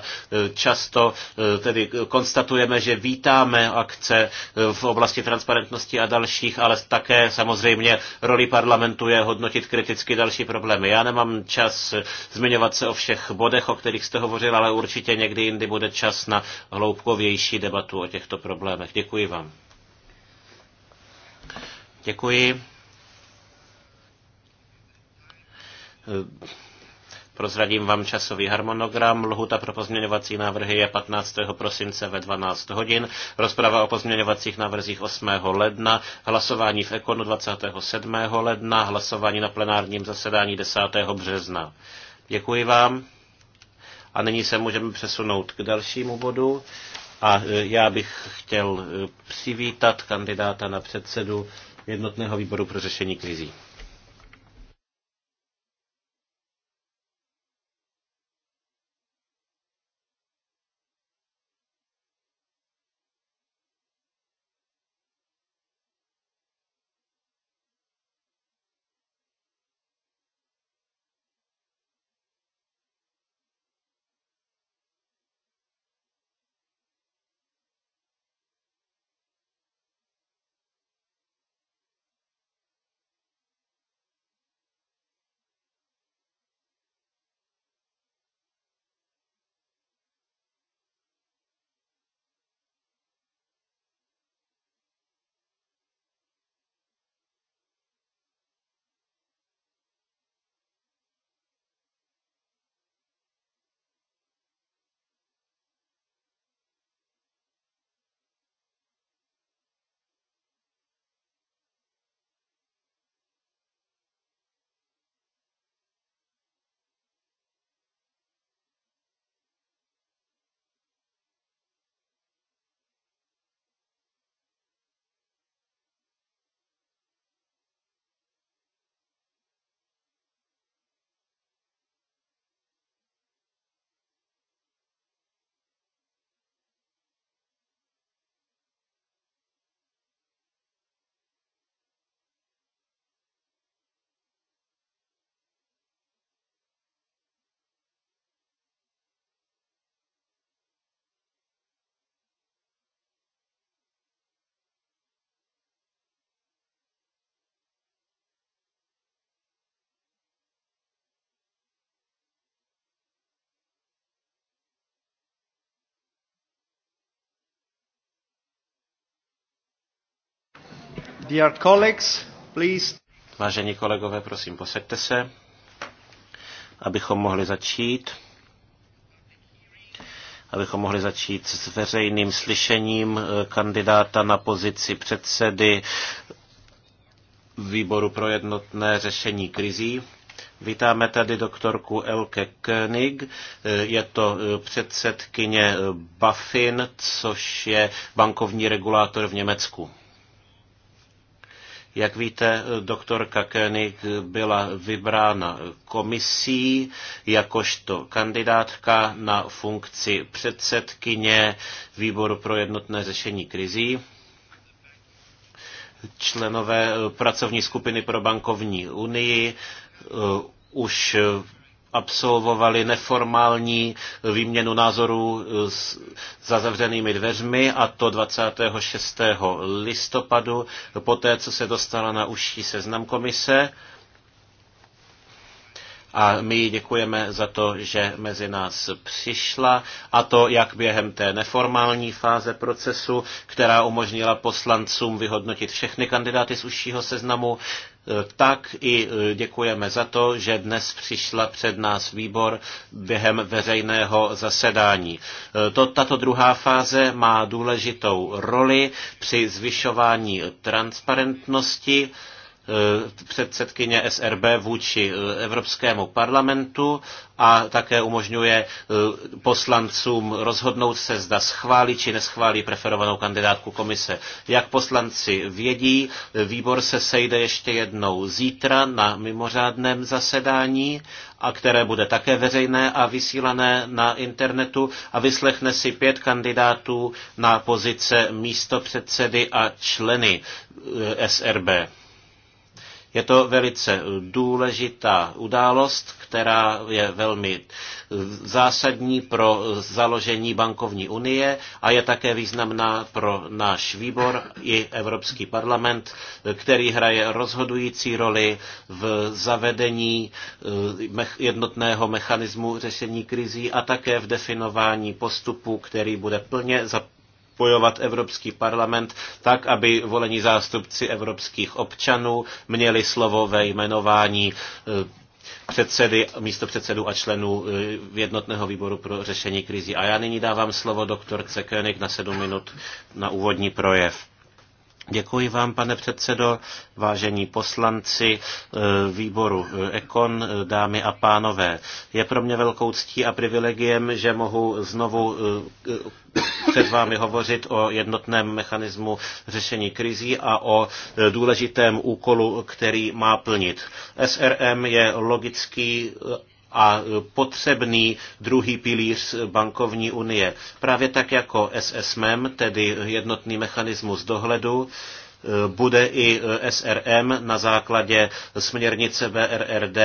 často e, tedy konstatujeme, že vítáme akce v oblasti transparentnosti a dalších, ale také samozřejmě roli parlamentu je hodnotit kriticky další problémy. Já nemám čas zmiňovat se o všech bodech, o kterých jste hovořil, ale určitě někdy jindy bude čas na hloubkovější debatu o těchto problémech. Děkuji vám. Děkuji. Eh, prozradím vám časový harmonogram. Lhuta pro pozměňovací návrhy je 15. prosince ve 12 hodin. Rozprava o pozměňovacích návrzích 8. ledna. Hlasování v Ekonu 27. ledna. Hlasování na plenárním zasedání 10. března. Děkuji vám. A nyní se můžeme přesunout k dalšímu bodu. A eh, já bych chtěl eh, přivítat kandidáta na předsedu jednotného výboru pro řešení krizí. Dear colleagues, please. Vážení kolegové, prosím, posaďte se, abychom mohli začít abychom mohli začít s veřejným slyšením eh, kandidáta na pozici předsedy výboru pro jednotné řešení krizí. Vítáme tady doktorku Elke König, eh, je to eh, předsedkyně BaFin, což je bankovní regulátor v Německu. Jak víte, doktorka Koenig byla vybrána komisí jakožto kandidátka na funkci předsedkyně výboru pro jednotné řešení krizí členové pracovní skupiny pro bankovní unii eh, už absolvovali neformální výměnu názorů eh, s, za zavřenými dveřmi a to 26. listopadu, poté co se dostala na užší seznam komise. A my děkujeme za to, že mezi nás přišla a to jak během té neformální fáze procesu, která umožnila poslancům vyhodnotit všechny kandidáty z užšího seznamu, tak i e, děkujeme za to, že dnes přišla před nás výbor během veřejného zasedání. E, to, tato druhá fáze má důležitou roli při zvyšování transparentnosti, Eh, předsedkyně SRB vůči eh, Evropskému parlamentu a také umožňuje eh, poslancům rozhodnout se, zda schválí či neschválí preferovanou kandidátku komise. Jak poslanci vědí, výbor se sejde ještě jednou zítra na mimořádném zasedání, a které bude také veřejné a vysílané na internetu a vyslechne si pět kandidátů na pozice místopředsedy a členy SRB. Je to velice důležitá událost, která je velmi zásadní pro založení bankovní unie a je také významná pro náš výbor i Evropský parlament, který hraje rozhodující roli v zavedení eh, jednotného mechanismu řešení krizí a také v definování postupu, který bude plně Spojovat Evropský parlament tak, aby volení zástupci evropských občanů měli slovo ve jmenování eh, předsedy, místo předsedu a členů eh, jednotného výboru pro řešení krizi. A já nyní dávám slovo doktorce König na sedm minut na úvodní projev. Děkuji vám, pane předsedo, vážení poslanci eh, výboru Ekon, eh, eh, dámy a pánové. Je pro mě velkou ctí a privilegiem, že mohu znovu před vámi hovořit o jednotném mechanismu řešení krizí a o důležitém úkolu, který má plnit. SRM je logický a potřebný druhý pilíř bankovní unie. Právě tak jako SSMM, tedy jednotný mechanismus dohledu, eh, bude i eh, SRM na základě směrnice BRRD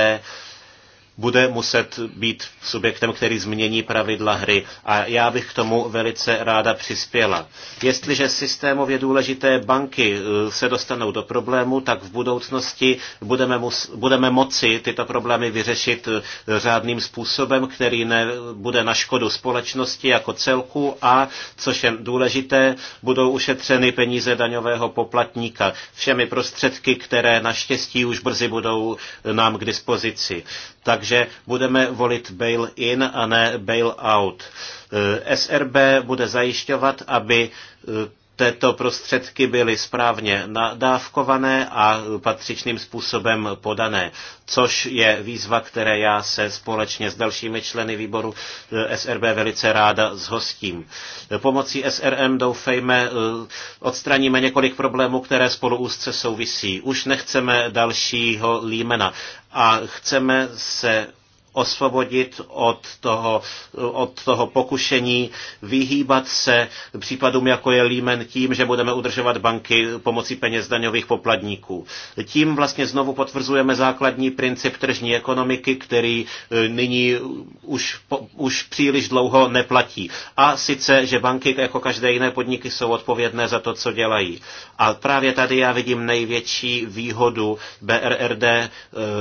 bude muset být subjektem, který změní pravidla hry a já bych k tomu velice ráda přispěla. Jestliže systémově důležité banky eh, se dostanou do problému, tak v budoucnosti budeme, mus, budeme moci tyto problémy vyřešit eh, řádným způsobem, který ne, bude na škodu společnosti jako celku a, což je důležité, budou ušetřeny peníze daňového poplatníka všemi prostředky, které naštěstí už brzy budou eh, nám k dispozici. Tak takže budeme volit bail-in a ne bail-out. Eh, SRB bude zajišťovat, aby eh, této prostředky byly správně nadávkované a patřičným způsobem podané, což je výzva, které já se společně s dalšími členy výboru eh, SRB velice ráda zhostím. Pomocí SRM doufejme eh, odstraníme několik problémů, které spolu úzce souvisí. Už nechceme dalšího límena a chceme se osvobodit od toho, od toho pokušení vyhýbat se případům, jako je Lehman, tím, že budeme udržovat banky pomocí peněz daňových poplatníků. Tím vlastně znovu potvrzujeme základní princip tržní ekonomiky, který e, nyní už, už příliš dlouho neplatí. A sice, že banky jako každé jiné podniky jsou odpovědné za to, co dělají. A právě tady já vidím největší výhodu BRRD e,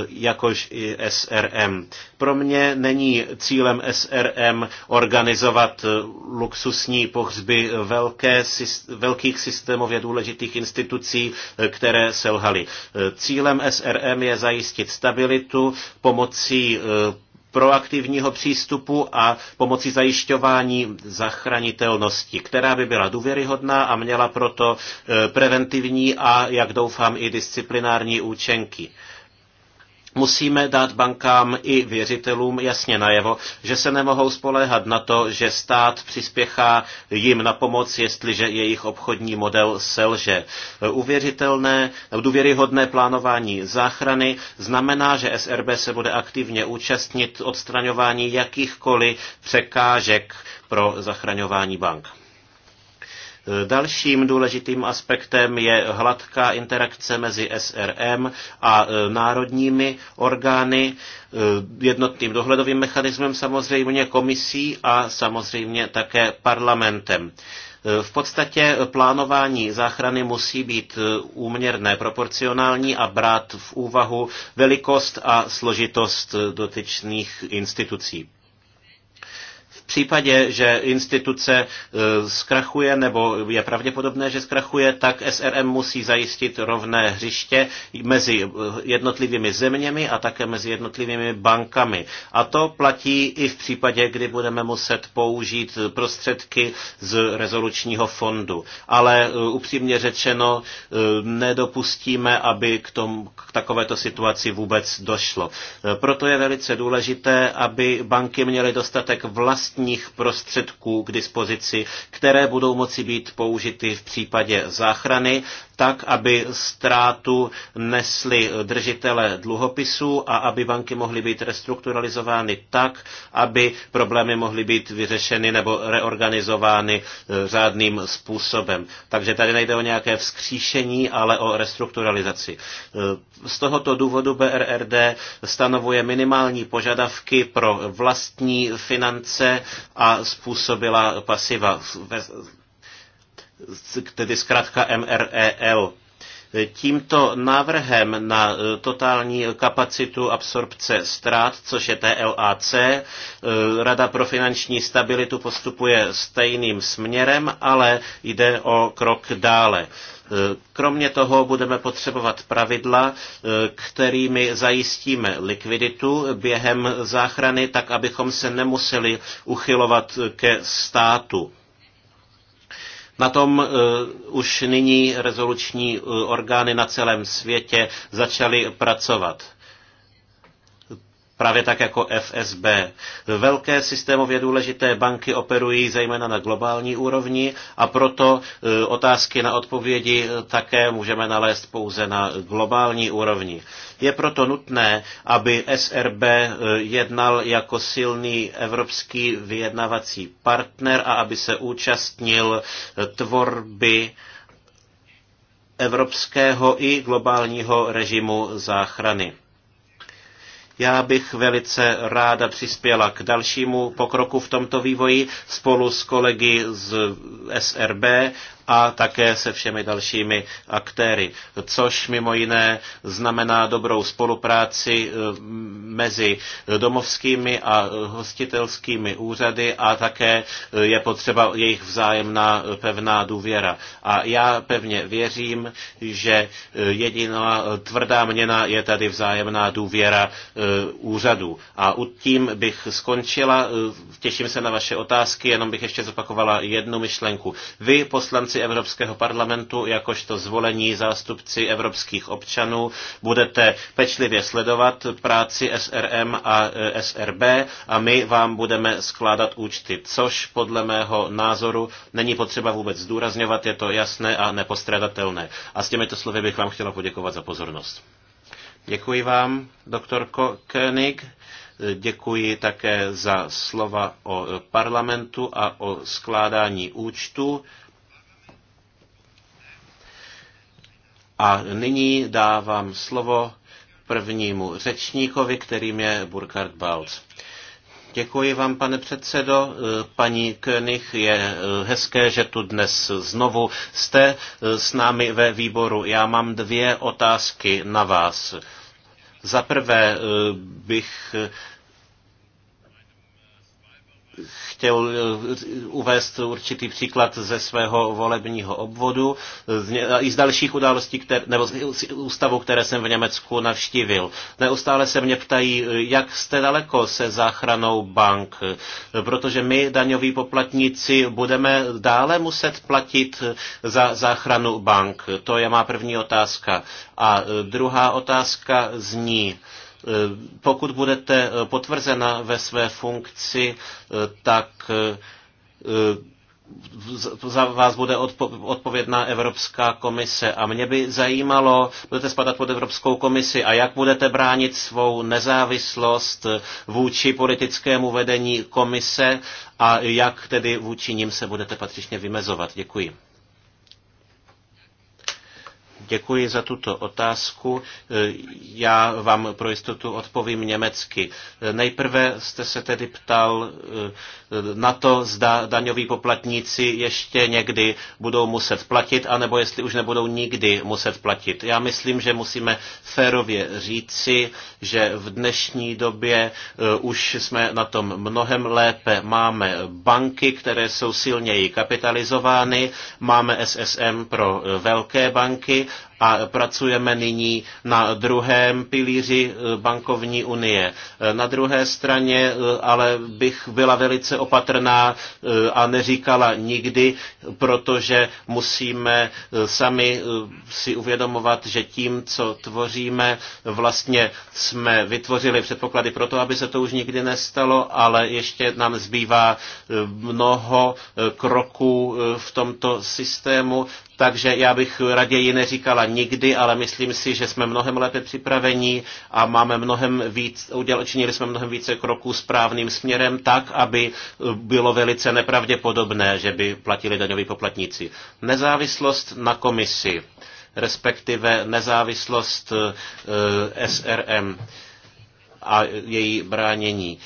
jakož i SRM pro mě není cílem SRM organizovat eh, luxusní pohřby velké, velkých systémově důležitých institucí, eh, které selhaly. Eh, cílem SRM je zajistit stabilitu pomocí proaktivního přístupu a pomocí zajišťování zachranitelnosti, která by byla důvěryhodná a měla proto preventivní a, jak doufám, i disciplinární účinky. Musíme dát bankám i věřitelům jasně najevo, že se nemohou spoléhat na to, že stát přispěchá jim na pomoc, jestliže jejich obchodní model selže. Uvěřitelné, důvěryhodné plánování záchrany znamená, že SRB se bude aktivně účastnit odstraňování jakýchkoliv překážek pro zachraňování bank. Dalším důležitým aspektem je hladká interakce mezi SRM a e, národními orgány, e, jednotným dohledovým mechanismem samozřejmě komisí a samozřejmě také parlamentem. E, v podstatě plánování záchrany musí být úměrné, proporcionální a brát v úvahu velikost a složitost dotyčných institucí. V případě, že instituce e, zkrachuje nebo je pravděpodobné, že zkrachuje, tak SRM musí zajistit rovné hřiště mezi e, jednotlivými zeměmi a také mezi jednotlivými bankami. A to platí i v případě, kdy budeme muset použít prostředky z rezolučního fondu. Ale e, upřímně řečeno, nedopustíme, aby k, tom, k takovéto situaci vůbec došlo. Proto je velice důležité, aby banky měly dostatek vlastní vlastních prostředků k dispozici, které budou moci být použity v případě záchrany, tak, aby ztrátu nesli držitele dluhopisů a aby banky mohly být restrukturalizovány tak, aby problémy mohly být vyřešeny nebo reorganizovány eh, řádným způsobem. Takže tady nejde o nějaké vzkříšení, ale o restrukturalizaci. Eh, z tohoto důvodu BRRD stanovuje minimální požadavky pro vlastní finance a způsobila pasiva, tedy zkrátka MREL. Tímto návrhem na totální kapacitu absorpce ztrát, což je TLAC, Rada pro finanční stabilitu postupuje stejným směrem, ale jde o krok dále. Kromě toho budeme potřebovat pravidla, e, kterými zajistíme likviditu během záchrany, tak abychom se nemuseli uchylovat ke státu. Na tom e, už nyní rezoluční e, orgány na celém světě začaly pracovat právě tak jako FSB. Velké systémově důležité banky operují zejména na globální úrovni a proto e, otázky na odpovědi e, také můžeme nalézt pouze na globální úrovni. Je proto nutné, aby SRB e, jednal jako silný evropský vyjednavací partner a aby se účastnil tvorby evropského i globálního režimu záchrany. Já bych velice ráda přispěla k dalšímu pokroku v tomto vývoji spolu s kolegy z SRB a také se všemi dalšími aktéry, což mimo jiné znamená dobrou spolupráci eh, mezi domovskými a hostitelskými úřady a také eh, je potřeba jejich vzájemná eh, pevná důvěra. A já pevně věřím, že jediná tvrdá měna je tady vzájemná důvěra úřadů. A u tím bych skončila. Těším se na vaše otázky, jenom bych ještě zopakovala jednu myšlenku. Vy, poslanci Evropského parlamentu jakožto zvolení zástupci evropských občanů budete pečlivě sledovat práci SRM a e, SRB a my vám budeme skládat účty, což podle mého názoru není potřeba vůbec zdůrazňovat, je to jasné a nepostradatelné. A s těmito slovy bych vám chtěla poděkovat za pozornost. Děkuji vám, doktorko König. Děkuji také za slova o parlamentu a o skládání účtu. A nyní dávám slovo prvnímu řečníkovi, kterým je Burkhard Balc. Děkuji vám, pane předsedo. Paní König, je hezké, že tu dnes znovu jste s námi ve výboru. Já mám dvě otázky na vás. Za prvé eh, bych chtěl eh, uvést určitý příklad ze svého volebního obvodu i z dalších událostí, které, nebo z ústavu, které jsem v Německu navštívil. Neustále se mě ptají, jak jste daleko se záchranou bank, protože my, daňoví poplatníci, budeme dále muset platit za záchranu bank. To je má první otázka. A eh, druhá otázka zní, Eh, pokud budete eh, potvrzena ve své funkci, eh, tak za vás bude odpovědná Evropská komise. A mě by zajímalo, budete spadat pod Evropskou komisi a jak budete bránit svou nezávislost vůči politickému vedení komise a jak tedy vůči ním se budete patřičně vymezovat. Děkuji. Děkuji za tuto otázku. E, já vám pro jistotu odpovím německy. E, nejprve jste se tedy ptal, e, na to, zda daňoví poplatníci ještě někdy budou muset platit, anebo jestli už nebudou nikdy muset platit. Já myslím, že musíme férově říci, že v dnešní době e, už jsme na tom mnohem lépe. Máme banky, které jsou silněji kapitalizovány, máme SSM pro e, velké banky a pracujeme nyní na druhém pilíři eh, bankovní unie. Eh, na druhé straně eh, ale bych byla velice opatrná a neříkala nikdy, protože musíme sami si uvědomovat, že tím, co tvoříme, vlastně jsme vytvořili předpoklady pro to, aby se to už nikdy nestalo, ale ještě nám zbývá mnoho kroků v tomto systému, takže já bych raději neříkala nikdy, ale myslím si, že jsme mnohem lépe připraveni a máme mnohem víc, udělali, jsme mnohem více kroků správným směrem tak, aby eh, bylo velice nepravděpodobné, že by platili daňoví poplatníci. Nezávislost na komisi, respektive nezávislost eh, eh, SRM a její bránění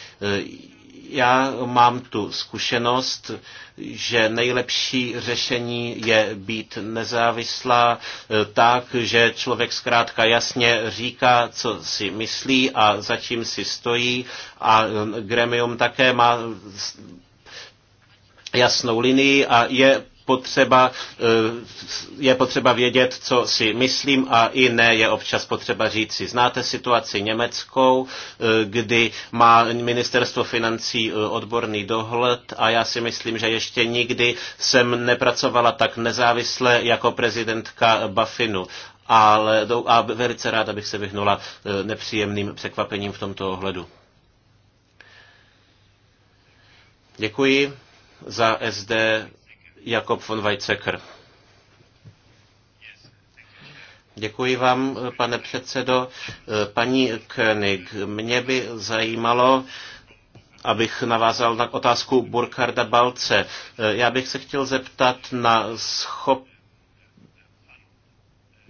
já mám tu zkušenost, že nejlepší řešení je být nezávislá eh, tak, že člověk zkrátka jasně říká, co si myslí a za čím si stojí a eh, gremium také má jasnou linii a je potřeba, eh, je potřeba vědět, co si myslím a i ne je občas potřeba říci. Znáte situaci německou, eh, kdy má ministerstvo financí eh, odborný dohled a já si myslím, že ještě nikdy jsem nepracovala tak nezávisle jako prezidentka Bafinu ale a velice ráda bych se vyhnula nepříjemným překvapením v tomto ohledu. Děkuji za SD Jakob von Weizsäcker. Děkuji vám, pane předsedo. Paní König, mě by zajímalo, abych navázal na otázku Burkarda Balce. Já bych se chtěl zeptat na schop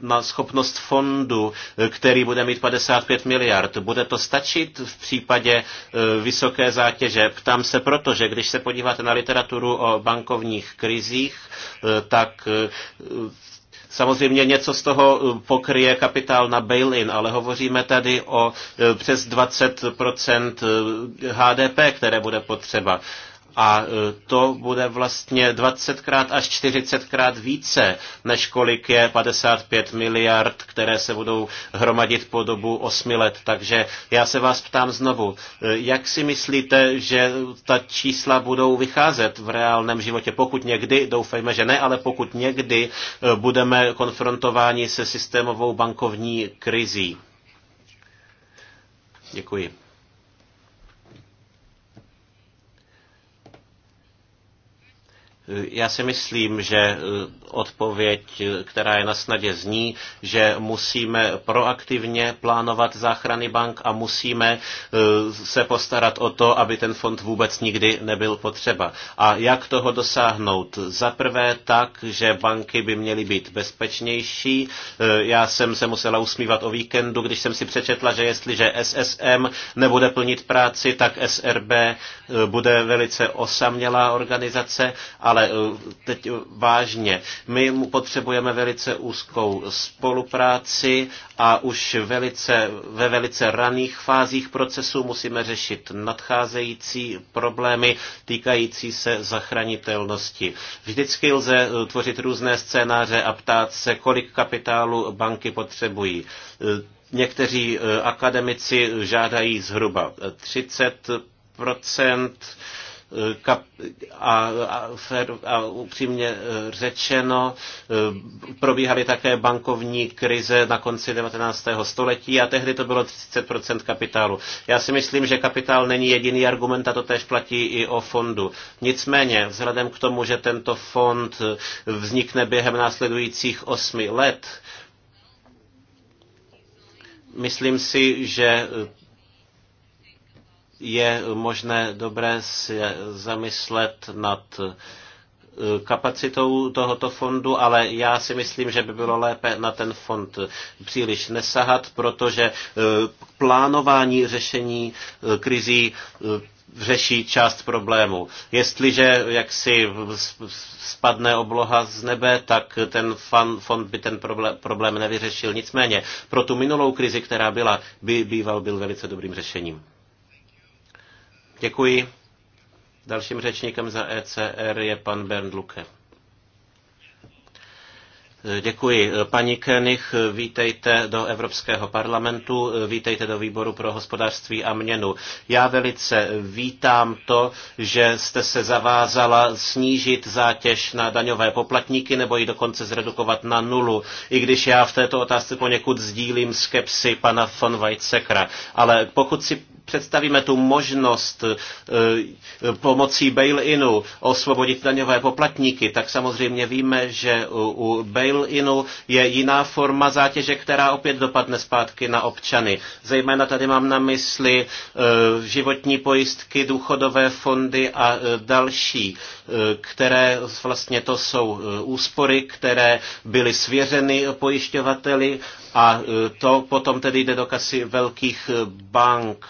na schopnost fondu, eh, který bude mít 55 miliard. Bude to stačit v případě eh, vysoké zátěže? Ptám se proto, že když se podíváte na literaturu o bankovních krizích, eh, tak Samozřejmě něco z toho pokryje kapitál na bail-in, ale hovoříme tady o přes 20 HDP, které bude potřeba. A e, to bude vlastně 20krát až 40krát více, než kolik je 55 miliard, které se budou hromadit po dobu 8 let. Takže já se vás ptám znovu, e, jak si myslíte, že ta čísla budou vycházet v reálném životě, pokud někdy, doufejme, že ne, ale pokud někdy e, budeme konfrontováni se systémovou bankovní krizí? Děkuji. Já si myslím, že e, odpověď, e, která je na snadě zní, že musíme proaktivně plánovat záchrany bank a musíme e, se postarat o to, aby ten fond vůbec nikdy nebyl potřeba. A jak toho dosáhnout? Za prvé tak, že banky by měly být bezpečnější. Já jsem se musela usmívat o víkendu, když jsem si přečetla, že jestliže SSM nebude plnit práci, tak SRB bude velice osamělá organizace, ale ale eh, teď eh, vážně. My potřebujeme velice úzkou spolupráci a už velice, ve velice raných fázích procesu musíme řešit nadcházející problémy týkající se zachránitelnosti. Vždycky lze eh, tvořit různé scénáře a ptát se, kolik kapitálu banky potřebují. Někteří akademici žádají zhruba 30 kap, a, a, a upřímně e, řečeno, e, probíhaly také bankovní krize na konci 19. století a tehdy to bylo 30 kapitálu. Já si myslím, že kapitál není jediný argument a to tež platí i o fondu. Nicméně, vzhledem k tomu, že tento fond vznikne během následujících osmi let, myslím si, že je možné dobré se zamyslet nad eh, kapacitou tohoto fondu, ale já si myslím, že by bylo lépe na ten fond příliš nesahat, protože eh, plánování řešení eh, krizí řeší část problému. Jestliže jaksi spadne obloha z nebe, tak ten fan, fond by ten problém nevyřešil. Nicméně pro tu minulou krizi, která byla, by býval byl velice dobrým řešením. Děkuji. Dalším řečníkem za ECR je pan Bernd Luke. Děkuji. Paní Kenich, vítejte do Evropského parlamentu, vítejte do výboru pro hospodářství a měnu. Já velice vítám to, že jste se zavázala snížit zátěž na daňové poplatníky nebo ji dokonce zredukovat na nulu, i když já v této otázce poněkud sdílím skepsy pana von Weizsäckera. Ale pokud si představíme tu možnost eh, pomocí bail-inu osvobodit daňové poplatníky, tak samozřejmě víme, že u bail-inu je jiná forma zátěže, která opět dopadne zpátky na občany. Zejména tady mám na mysli eh, životní pojistky, důchodové fondy a eh, další, které vlastně to jsou úspory, které byly svěřeny pojišťovateli a to potom tedy jde do kasy velkých bank.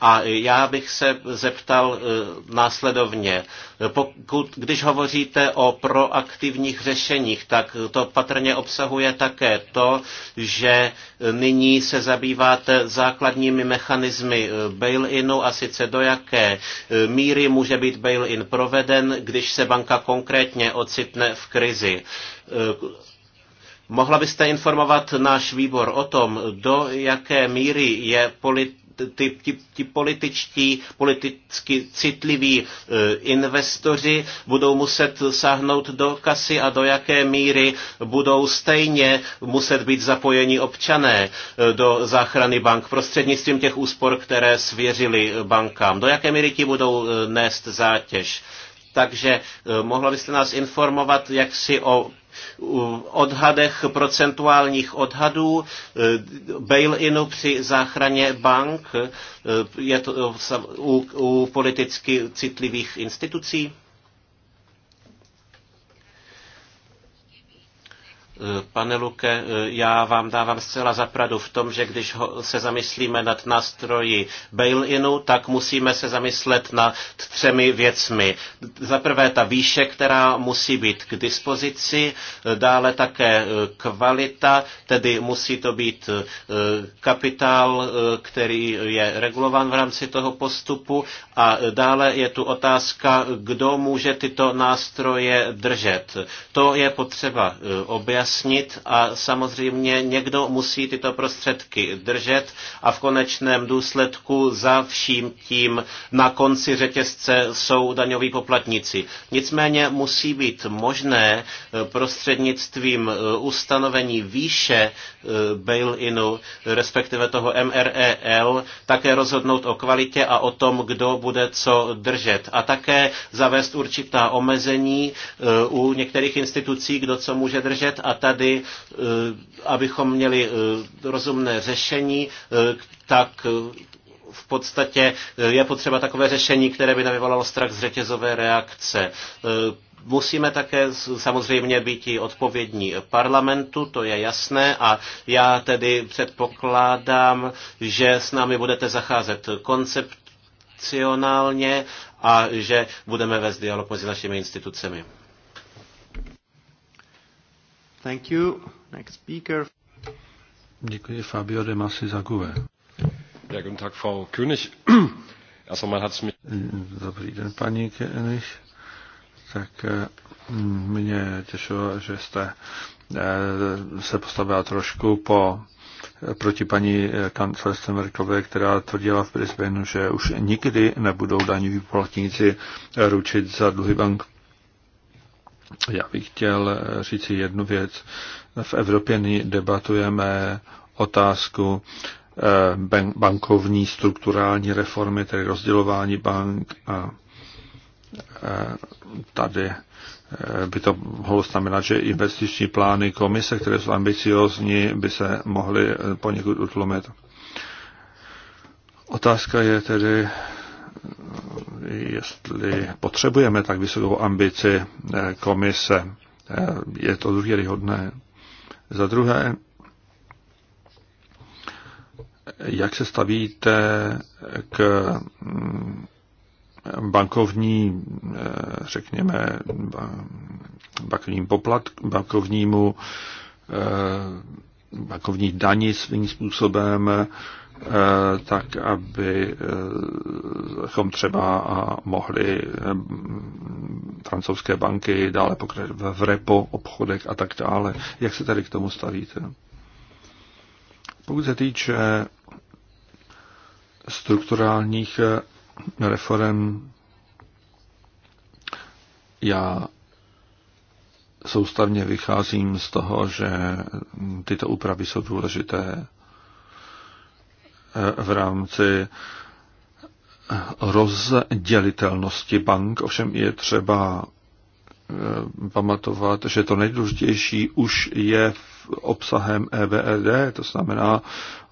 A já bych se zeptal e, následovně. Pokud, když hovoříte o proaktivních řešeních, tak to patrně obsahuje také to, že nyní se zabýváte základními mechanismy e, bail-inu a sice do jaké e, míry může být bail-in proveden, když se banka konkrétně ocitne v krizi. Mohla byste informovat náš výbor o tom, do jaké míry je polit ty, ty, ty političtí, politicky citliví e, investoři budou muset sáhnout do kasy a do jaké míry budou stejně muset být zapojeni občané e, do záchrany bank prostřednictvím těch úspor, které svěřili bankám. Do jaké míry ti budou e, nést zátěž? Takže mohla byste nás informovat jak si o odhadech procentuálních odhadů eh, bail-inu při záchraně bank eh, je to u, u politicky citlivých institucí? Eh, pane Luke, eh, já vám dávám zcela zapradu v tom, že když se zamyslíme nad nástroji bail-inu, tak musíme se zamyslet nad třemi věcmi. Za prvé ta výše, která musí být k dispozici, eh, dále také kvalita, tedy musí to být kapitál, který je regulován v rámci toho postupu a dále je tu otázka, kdo může tyto nástroje držet. To je potřeba objasnit vyjasnit a samozřejmě někdo musí tyto prostředky držet a v konečném důsledku za vším tím na konci řetězce jsou daňoví poplatníci. Nicméně musí být možné eh, prostřednictvím eh, ustanovení výše eh, bail-inu, respektive toho MREL, také rozhodnout o kvalitě a o tom, kdo bude co držet. A také zavést určitá omezení u některých institucí, kdo co může držet a tady, eh, abychom měli eh, rozumné řešení, eh, tak v podstatě je potřeba takové řešení, které by nevyvolalo strach z řetězové reakce. Musíme také samozřejmě být i odpovědní parlamentu, to je jasné, a já tedy předpokládám, že s námi budete zacházet koncepcionálně a že budeme vést dialog mezi našimi institucemi. Thank you. Next speaker. Děkuji Fabio de Masi za GUE. Ja, guten Tag, Frau König. Erst einmal hat's mich... Dobrý den, paní König. Tak eh, mě těšilo, že jste eh, se postavila trošku po eh, proti paní kancelářce Merkelové, která tvrdila v Brisbaneu, že už nikdy nebudou daňoví poplatníci ručit za dluhy bank. Já bych chtěl eh, říct jednu věc. V Evropě debatujeme otázku eh, bankovní strukturální reformy, tedy rozdělování bank a eh, tady by to mohlo znamenat, že investiční plány komise, které jsou ambiciozní, by se mohly poněkud utlumit. Otázka je tedy, jestli potřebujeme tak vysokou ambici eh, komise. Eh, je to důvěryhodné. Za druhé, jak se stavíte k mm, bankovní, eh, řekněme, bankovním poplat, bankovnímu, bankovní daní svým způsobem, Eh, tak abychom eh, třeba mohli eh, francouzské banky dále pokračovat v repo obchodek a tak dále. Jak se tady k tomu stavíte? Pokud se týče strukturálních reform, já soustavně vycházím z toho, že tyto úpravy jsou důležité v rámci rozdělitelnosti bank. Ovšem je třeba eh, pamatovat, že to nejdůležitější už je v obsahem EBRD, e to znamená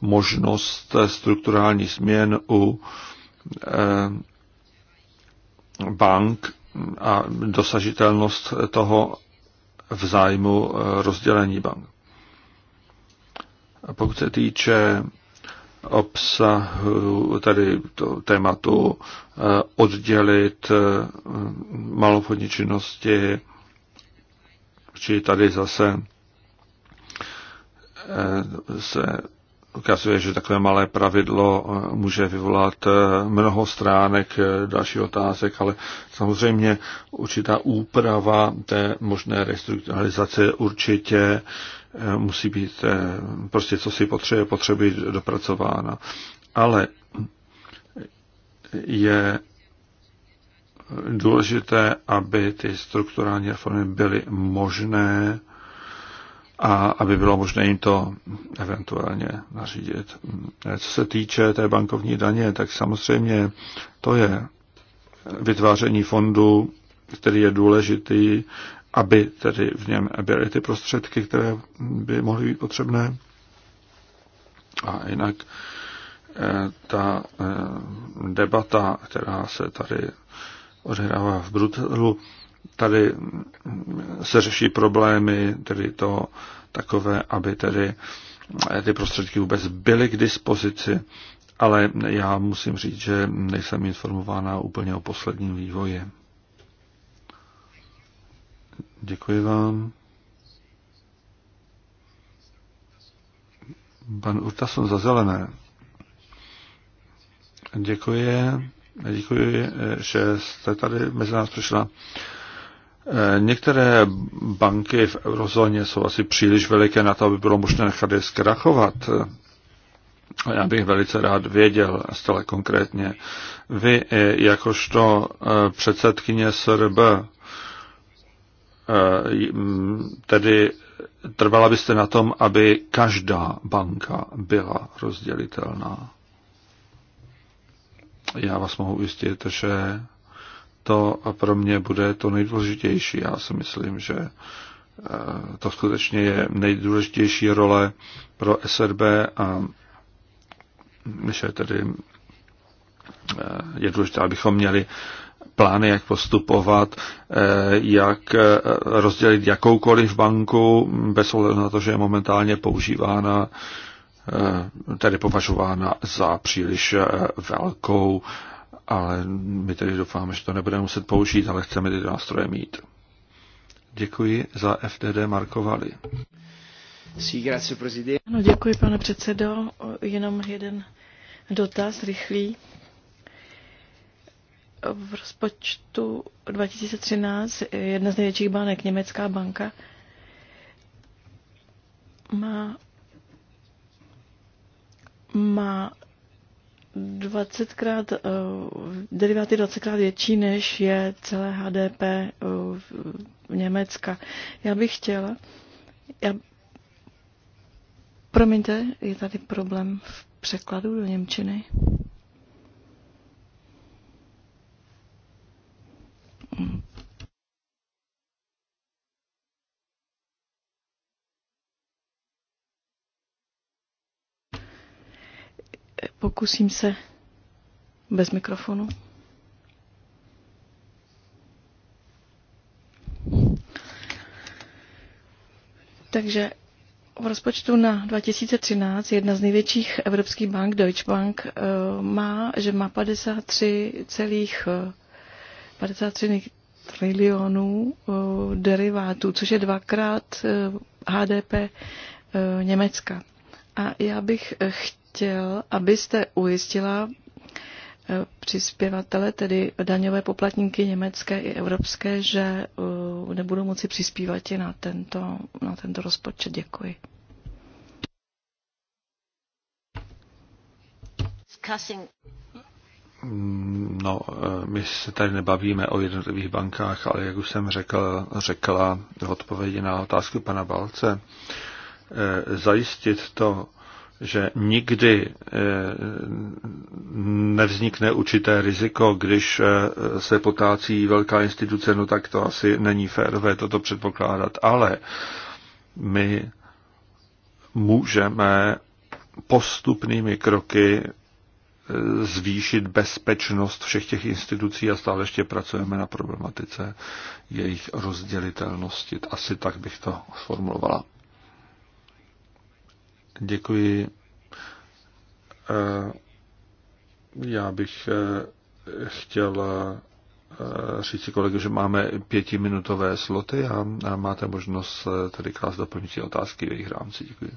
možnost strukturální změn u eh, bank a dosažitelnost toho v zájmu eh, rozdělení bank. Pokud se týče obsahu, tady to tématu eh, oddělit eh, malobchodní činnosti, či tady zase eh, se ukazuje, že takové malé pravidlo eh, může vyvolat eh, mnoho stránek eh, dalších otázek, ale samozřejmě určitá úprava té možné restrukturalizace určitě musí být prostě co si potřebuje, potřebuje dopracována. Ale je důležité, aby ty strukturální reformy byly možné, a aby bylo možné jim to eventuálně nařídit. Co se týče té bankovní daně, tak samozřejmě to je vytváření fondu, který je důležitý, aby tedy v něm byly ty prostředky, které by mohly být potřebné. A jinak eh, ta eh, debata, která se tady odehrává v Brutelu, tady se řeší problémy, tedy to takové, aby tedy eh, ty prostředky vůbec byly k dispozici, ale já musím říct, že nejsem informována úplně o posledním vývoji. Děkuji vám. Pan Urtason za zelené. Děkuji. Děkuji, eh, že jste tady mezi nás přišla. Eh, některé banky v eurozóně jsou asi příliš veliké na to, aby bylo možné nechat je zkrachovat. Eh, já bych velice rád věděl zcela konkrétně. Vy, eh, jakožto předsedkyně SRB, mm, tedy trvala byste na tom, aby každá banka byla rozdělitelná. Já vás mohu ujistit, že to pro mě bude to nejdůležitější. Já si myslím, že eh, to skutečně je nejdůležitější role pro SRB a že tedy eh, je důležité, abychom měli plány, jak postupovat, eh, jak rozdělit jakoukoliv banku bez ohledu na to, že je momentálně používána, tedy považována za příliš velkou ale my tedy doufáme, že to nebudeme muset použít, ale chceme ty nástroje mít. Děkuji za FDD Markovali. Ano, děkuji, pane předsedo. Jenom jeden dotaz rychlý. V rozpočtu 2013 jedna z největších banek, Německá banka, má, má 20krát, eh, deriváty 20krát větší, než je celé HDP eh, v Německa. Já bych chtěla, já, promiňte, je tady problém v překladu do Němčiny. Hmm. pokusím se bez mikrofonu. Takže v rozpočtu na 2013 jedna z největších evropských bank, Deutsche Bank, eh, má, že má 53 celých 53 eh, trilionů eh, derivátů, což je dvakrát HDP Německa. A já bych chtěla chtěl, abyste ujistila eh, přispěvatele, tedy daňové poplatníky německé i evropské, že eh, nebudou moci přispívat i na tento, na tento rozpočet. Děkuji. No, eh, my se tady nebavíme o jednotlivých bankách, ale jak už jsem řekl, řekla v odpovědi na otázku pana Balce, zajistit to, že nikdy eh, nevznikne určité riziko, když eh, se potácí velká instituce, no tak to asi není férové toto předpokládat. Ale my můžeme postupnými kroky eh, zvýšit bezpečnost všech těch institucí a stále ještě pracujeme na problematice jejich rozdělitelnosti. Asi tak bych to sformulovala. Děkuji. Eh, já bych eh, chtěl si eh, kolegu, že máme pětiminutové sloty a máte možnost tady klást doplňující otázky v jejich rámci. Děkuji.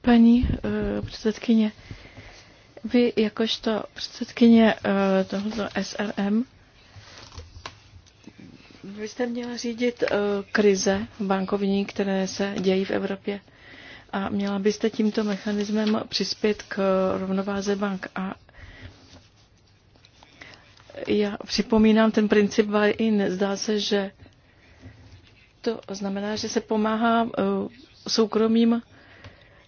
Paní předsedkyně, vy jakožto předsedkyně tohoto SRM, vy jste měla řídit krize bankovní, které se dějí v Evropě a měla byste tímto mechanismem přispět k rovnováze bank. A já připomínám ten princip buy-in. Zdá se, že to znamená, že se pomáhá eh, soukromým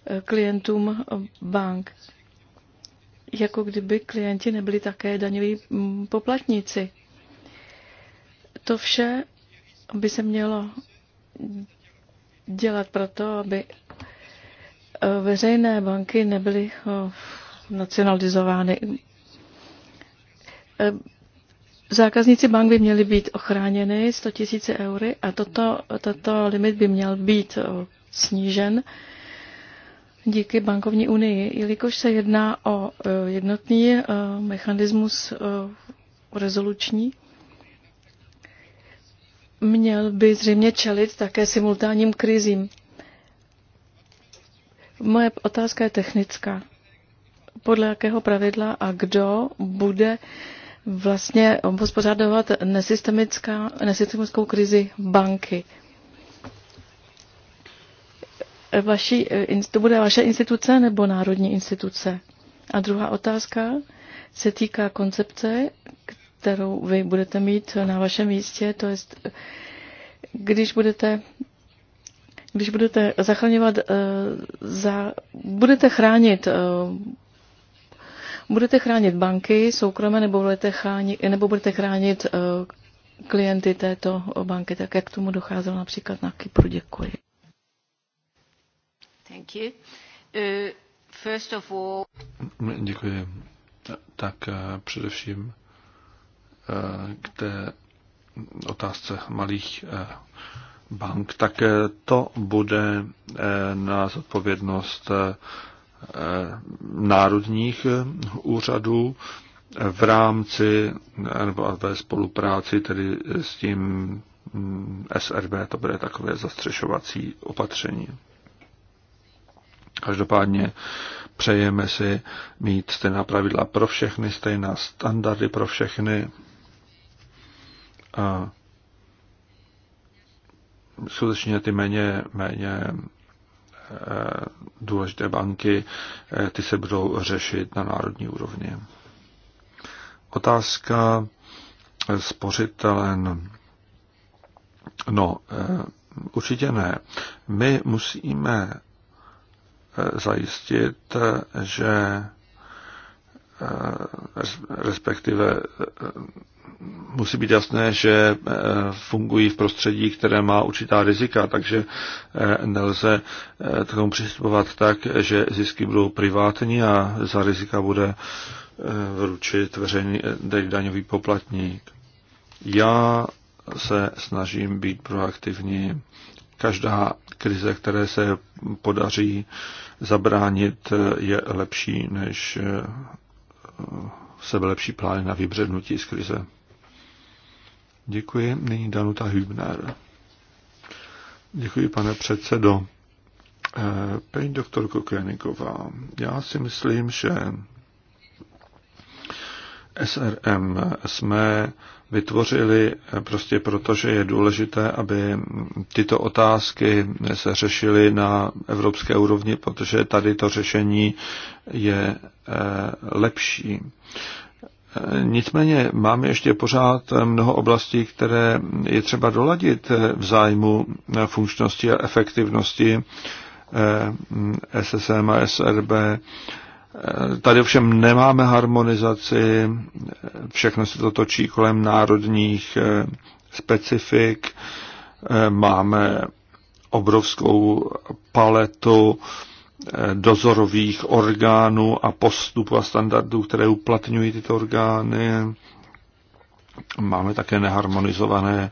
eh, klientům bank. Jako kdyby klienti nebyli také daňoví mm, poplatníci. To vše by se mělo dělat proto, aby veřejné banky nebyly eh, nacionalizovány. Eh, zákazníci bank by měli být ochráněny 100 000 eury a toto, tato limit by měl být eh, snížen díky bankovní unii, jelikož se jedná o jednotný mechanismus rezoluční, měl by zřejmě čelit také simultánním krizím. Moje otázka je technická. Podle jakého pravidla a kdo bude vlastně hospodářovat nesystemickou krizi banky? Vaši, to bude vaše instituce nebo národní instituce? A druhá otázka se týká koncepce, kterou vy budete mít na vašem místě, to je, když budete když budete zachraňovat, eh, za, budete chránit eh, budete chránit banky soukromé nebo budete chránit, nebo budete chránit eh, klienty této banky, tak jak tomu docházelo například na Kypru. Děkuji. Thank you. Uh, first of all... Děkuji. Tak především k té otázce malých bank, tak eh, to bude eh, na zodpovědnost eh, národních úřadů v rámci nebo ve spolupráci tedy s tím mm, SRB, to bude takové zastřešovací opatření. Každopádně přejeme si mít stejná pravidla pro všechny, stejná standardy pro všechny. A skutečně ty méně, méně eh, důležité banky, eh, ty se budou řešit na národní úrovni. Otázka eh, spořitelen. No, určitě ne. My musíme zajistit, že respektive musí být jasné, že eh, fungují v prostředí, které má určitá rizika, takže eh, nelze eh, k tomu přistupovat tak, že zisky budou privátní a za rizika bude ručit veřejný daňový poplatník. Já se snažím být proaktivní. Každá krize, které se podaří zabránit, je lepší než sebelepší plán na vybřednutí z krize. Děkuji. Nyní Danuta Hübner. Děkuji, pane předsedo. Eh, paní doktorko Keniková, já si myslím, že SRM jsme vytvořili prostě proto, že je důležité, aby tyto otázky se řešily na evropské úrovni, protože tady to řešení je eh, lepší. Eh, nicméně máme ještě pořád mnoho oblastí, které je třeba doladit eh, v zájmu funkčnosti a efektivnosti SSM a SRB Tady ovšem nemáme harmonizaci, všechno se to točí kolem národních eh, specifik, eh, máme obrovskou paletu eh, dozorových orgánů a postupů a standardů, které uplatňují tyto orgány. Máme také neharmonizované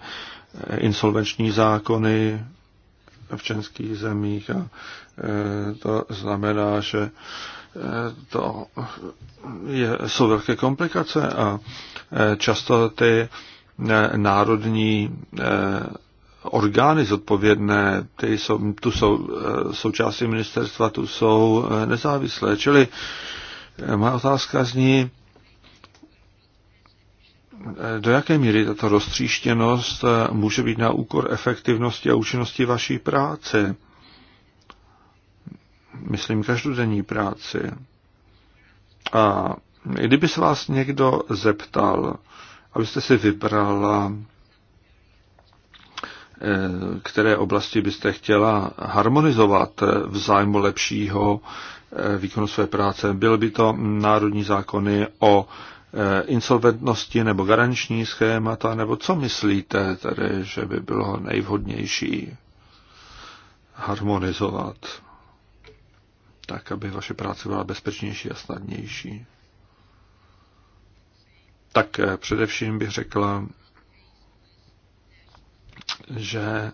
insolvenční zákony v českých zemích a to znamená, že to je, jsou velké komplikace a e, často ty e, národní e, orgány zodpovědné, ty jsou, tu jsou součástí ministerstva, tu jsou nezávislé. Čili má otázka zní, do jaké míry tato roztříštěnost může být na úkor efektivnosti a účinnosti vaší práce? myslím, každodenní práci. A kdyby se vás někdo zeptal, abyste si vybrala, eh, které oblasti byste chtěla harmonizovat v zájmu lepšího eh, výkonu své práce. byly by to národní zákony o eh, insolventnosti nebo garanční schémata, nebo co myslíte tedy, že by bylo nejvhodnější harmonizovat? tak aby vaše práce byla bezpečnější a snadnější. Tak eh, především bych řekla, že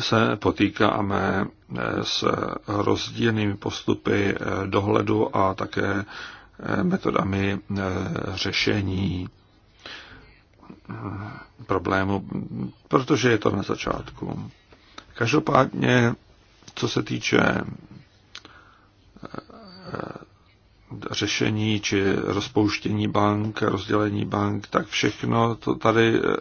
se potýkáme eh, s rozdílnými postupy eh, dohledu a také metodami řešení mm, problému, protože je to na začátku. Každopádně, co se týče Eh, řešení či rozpouštění bank, rozdělení bank, tak všechno to tady, eh,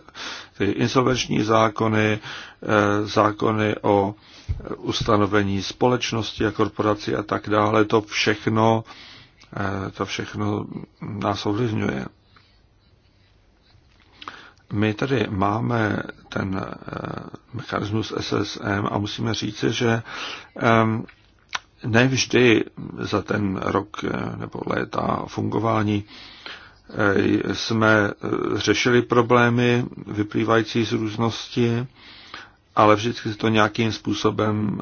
ty insolvenční zákony, eh, zákony o ustanovení společnosti a korporaci a tak dále, to všechno, to všechno nás ovlivňuje. My tady máme ten mechanismus SSM a musíme říci, že nevždy za ten rok eh, nebo léta fungování eh, jsme eh, řešili problémy vyplývající z různosti, ale vždycky se to nějakým způsobem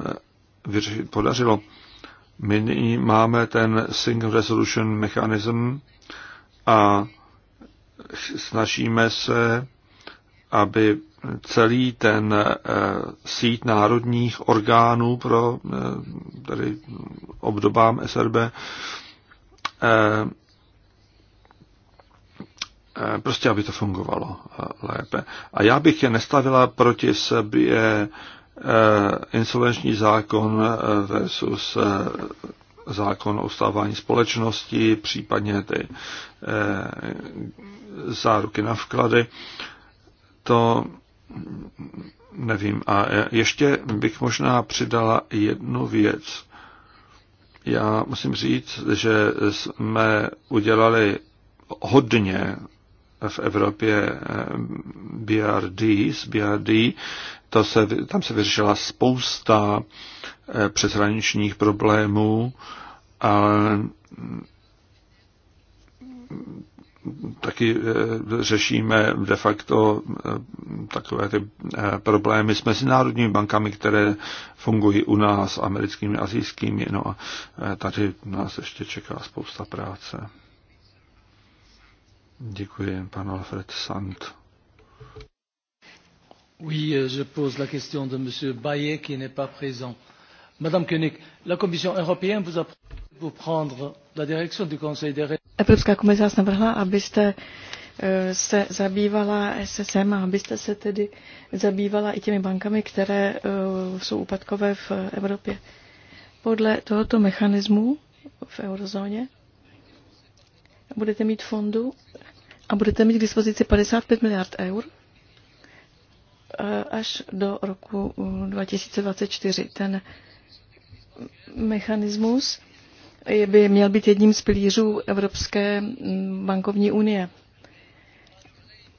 vyřešit podařilo. My nyní máme ten Single Resolution Mechanism a snažíme se, aby celý ten eh, sít národních orgánů pro eh, tady obdobám SRB eh, prostě aby to fungovalo lépe. A já bych je nestavila proti sebe insolvenční zákon versus zákon o ustávání společnosti, případně ty záruky na vklady. To nevím. A ještě bych možná přidala jednu věc. Já musím říct, že jsme udělali hodně v Evropě eh, BRD, z BRD, to se, tam se vyřešila spousta eh, přeshraničních problémů, ale taky eh, řešíme de facto eh, takové ty eh, problémy s mezinárodními bankami, které fungují u nás, americkými, azijskými. No a tady nás ještě čeká spousta práce. Děkuji, pan Alfred Sand. Oui, euh, je pose la question de M. Bayet qui n'est pas présent. Madame Koenig, la Commission européenne vous a... Evropská komise vás navrhla, abyste e, se zabývala SSM a abyste se tedy zabývala i těmi bankami, které e, jsou úpadkové v Evropě. Podle tohoto mechanismu v eurozóně budete mít fondu a budete mít k dispozici 55 miliard eur e, až do roku 2024. Ten mechanismus by měl být jedním z pilířů Evropské mm, bankovní unie.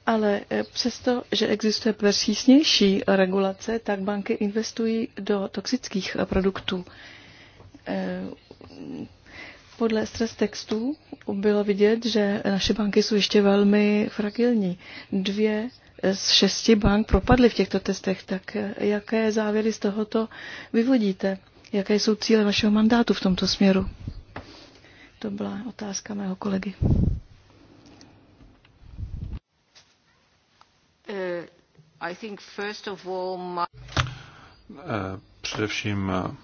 Ale e, přesto, že existuje přísnější regulace, tak banky investují do toxických e, produktů. E, podle stres textů bylo vidět, že naše banky jsou ještě velmi fragilní. Dvě z šesti bank propadly v těchto testech, tak jaké závěry z tohoto vyvodíte? Jaké jsou cíle vašeho mandátu v tomto směru? To byla otázka mého kolegy. Uh, I think first of all my... Eh, především eh,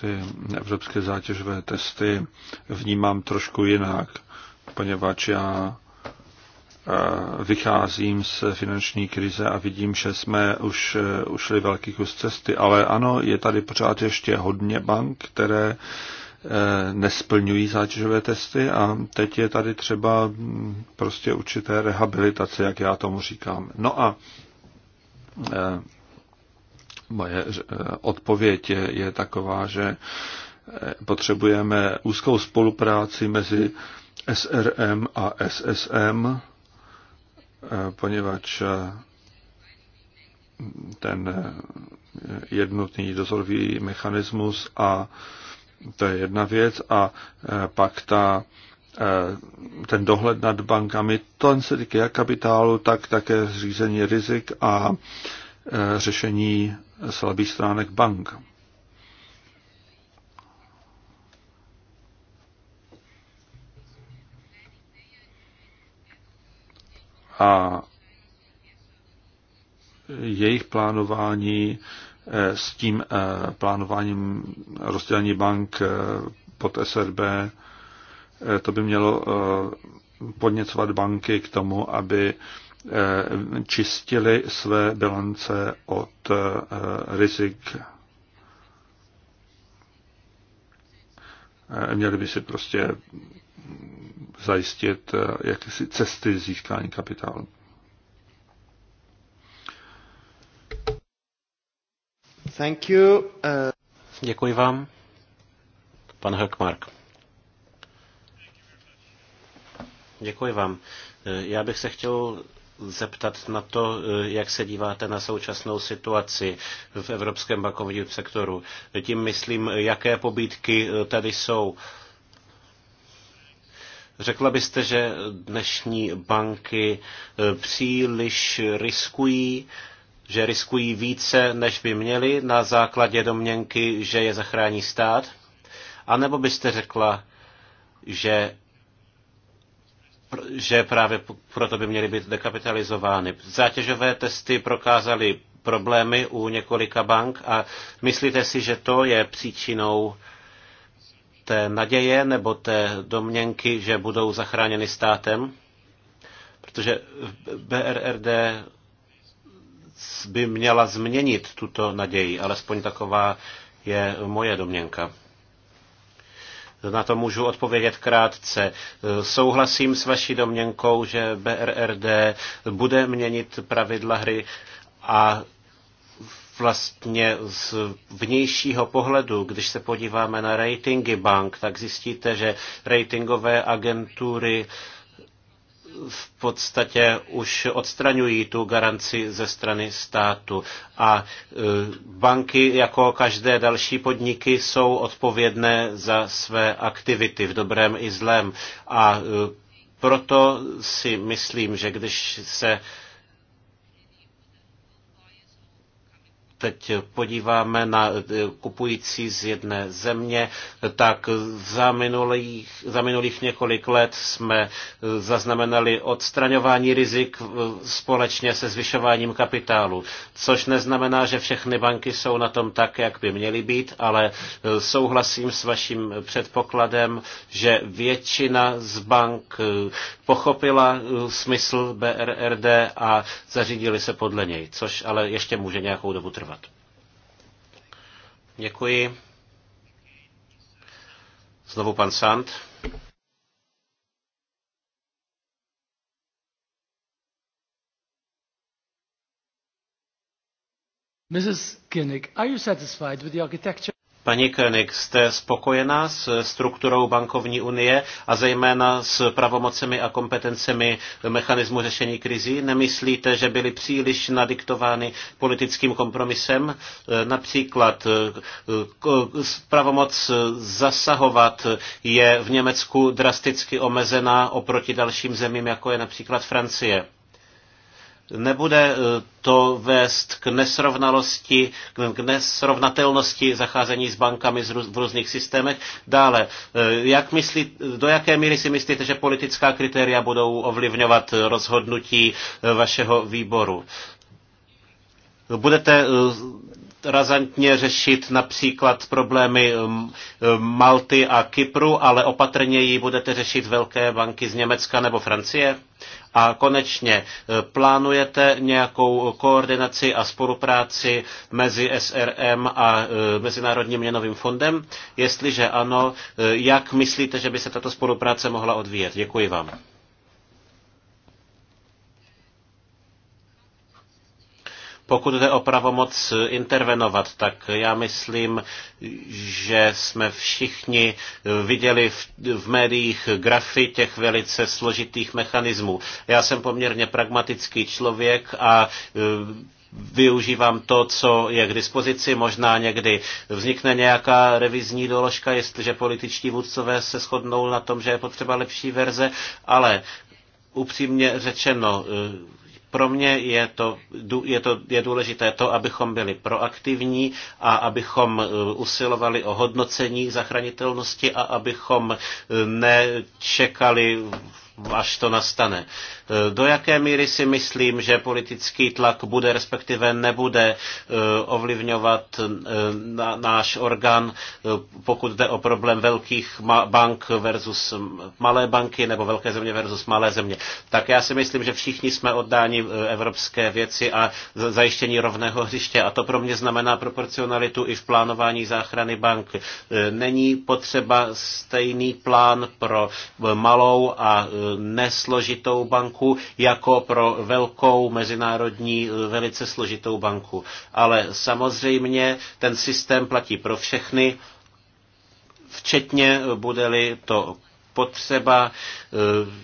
ty evropské zátěžové testy vnímám trošku jinak, poněvadž já vycházím z finanční krize a vidím, že jsme už eh, ušli velký kus cesty, ale ano, je tady pořád ještě hodně bank, které eh, nesplňují zátěžové testy a teď je tady třeba mm, prostě určité rehabilitace, jak já tomu říkám. No a eh, moje odpověď je, je taková, že potřebujeme úzkou spolupráci mezi SRM a SSM poněvadž eh, ten eh, jednotný dozorový mechanismus a to je jedna věc a eh, pak ta, ten dohled nad bankami, to se týká jak kapitálu, tak také zřízení rizik a řešení slabých stránek bank. a jejich plánování eh, s tím eh, plánováním rozdělení bank eh, pod SRB, to by mělo podněcovat banky k tomu, aby čistili své bilance od rizik. Měli by si prostě zajistit eh, jakési cesty získání kapitálu. Thank you. Uh... Děkuji vám. Pan Hökmark. Děkuji vám. Eh, já bych se chtěl zeptat na to, jak se díváte na současnou situaci v evropském bankovním sektoru. Tím myslím, jaké pobídky tady jsou Řekla byste, že dnešní banky e, příliš riskují, že riskují více, než by měly na základě domněnky, že je zachrání stát? A nebo byste řekla, že že právě proto by měly být dekapitalizovány. Zátěžové testy prokázaly problémy u několika bank a myslíte si, že to je příčinou té naděje nebo té domněnky, že budou zachráněny státem? Protože BRRD by měla změnit tuto naději, alespoň taková je moje domněnka. Na to můžu odpovědět krátce. Souhlasím s vaší domněnkou, že BRRD bude měnit pravidla hry a vlastně z vnějšího pohledu, když se podíváme na ratingy bank, tak zjistíte, že ratingové agentury v podstatě už odstraňují tu garanci ze strany státu. A e, banky, jako každé další podniky, jsou odpovědné za své aktivity v dobrém i zlém. A e, proto si myslím, že když se teď podíváme na eh, kupující z jedné země, tak za minulých, za minulých několik let jsme eh, zaznamenali odstraňování rizik eh, společně se zvyšováním kapitálu, což neznamená, že všechny banky jsou na tom tak, jak by měly být, ale souhlasím s vaším předpokladem, že většina z bank pochopila smysl BRRD a zařídili se podle něj, což ale ještě může nějakou dobu trvat. Děkuji. Znovu pan Sand. Mrs. Kinnick, are you satisfied with the architecture? Paní Koenig, jste spokojená s strukturou bankovní unie a zejména s pravomocemi a kompetencemi mechanismu řešení krizí? Nemyslíte, že byly příliš nadiktovány politickým kompromisem? Například eh, eh, pravomoc zasahovat je v Německu drasticky omezená oproti dalším zemím, jako je například Francie. Nebude eh, to vést k nesrovnalosti, k nesrovnatelnosti zacházení s bankami v různých systémech. Dále, eh, jak myslí, do jaké míry si myslíte, že politická kritéria budou ovlivňovat rozhodnutí eh, vašeho výboru? Budete razantně řešit například problémy um, um, Malty a Kypru, ale opatrněji budete řešit velké banky z Německa nebo Francie? A konečně, eh, plánujete nějakou koordinaci a spolupráci mezi SRM a eh, Mezinárodním měnovým fondem? Jestliže ano, eh, jak myslíte, že by se tato spolupráce mohla odvíjet? Děkuji vám. Pokud jde o pravomoc intervenovat, tak já myslím, že jsme všichni viděli v, v médiích grafy těch velice složitých mechanismů. Já jsem poměrně pragmatický člověk a e, využívám to, co je k dispozici. Možná někdy vznikne nějaká revizní doložka, jestliže političtí vůdcové se shodnou na tom, že je potřeba lepší verze, ale upřímně řečeno, e, pro mě je to, je to je důležité to, abychom byli proaktivní a abychom e, usilovali o hodnocení zachranitelnosti a abychom e, nečekali až to nastane. E, do jaké míry si myslím, že politický tlak bude, respektive nebude e, ovlivňovat e, náš orgán, pokud jde o problém velkých bank versus malé banky nebo velké země versus malé země. Tak já si myslím, že všichni jsme oddáni evropské věci a zajištění rovného hřiště. A to pro mě znamená proporcionalitu i v plánování záchrany bank. Není potřeba stejný plán pro malou a nesložitou banku jako pro velkou mezinárodní eh, velice složitou banku. Ale samozřejmě ten systém platí pro všechny, včetně eh, bude-li to potřeba eh,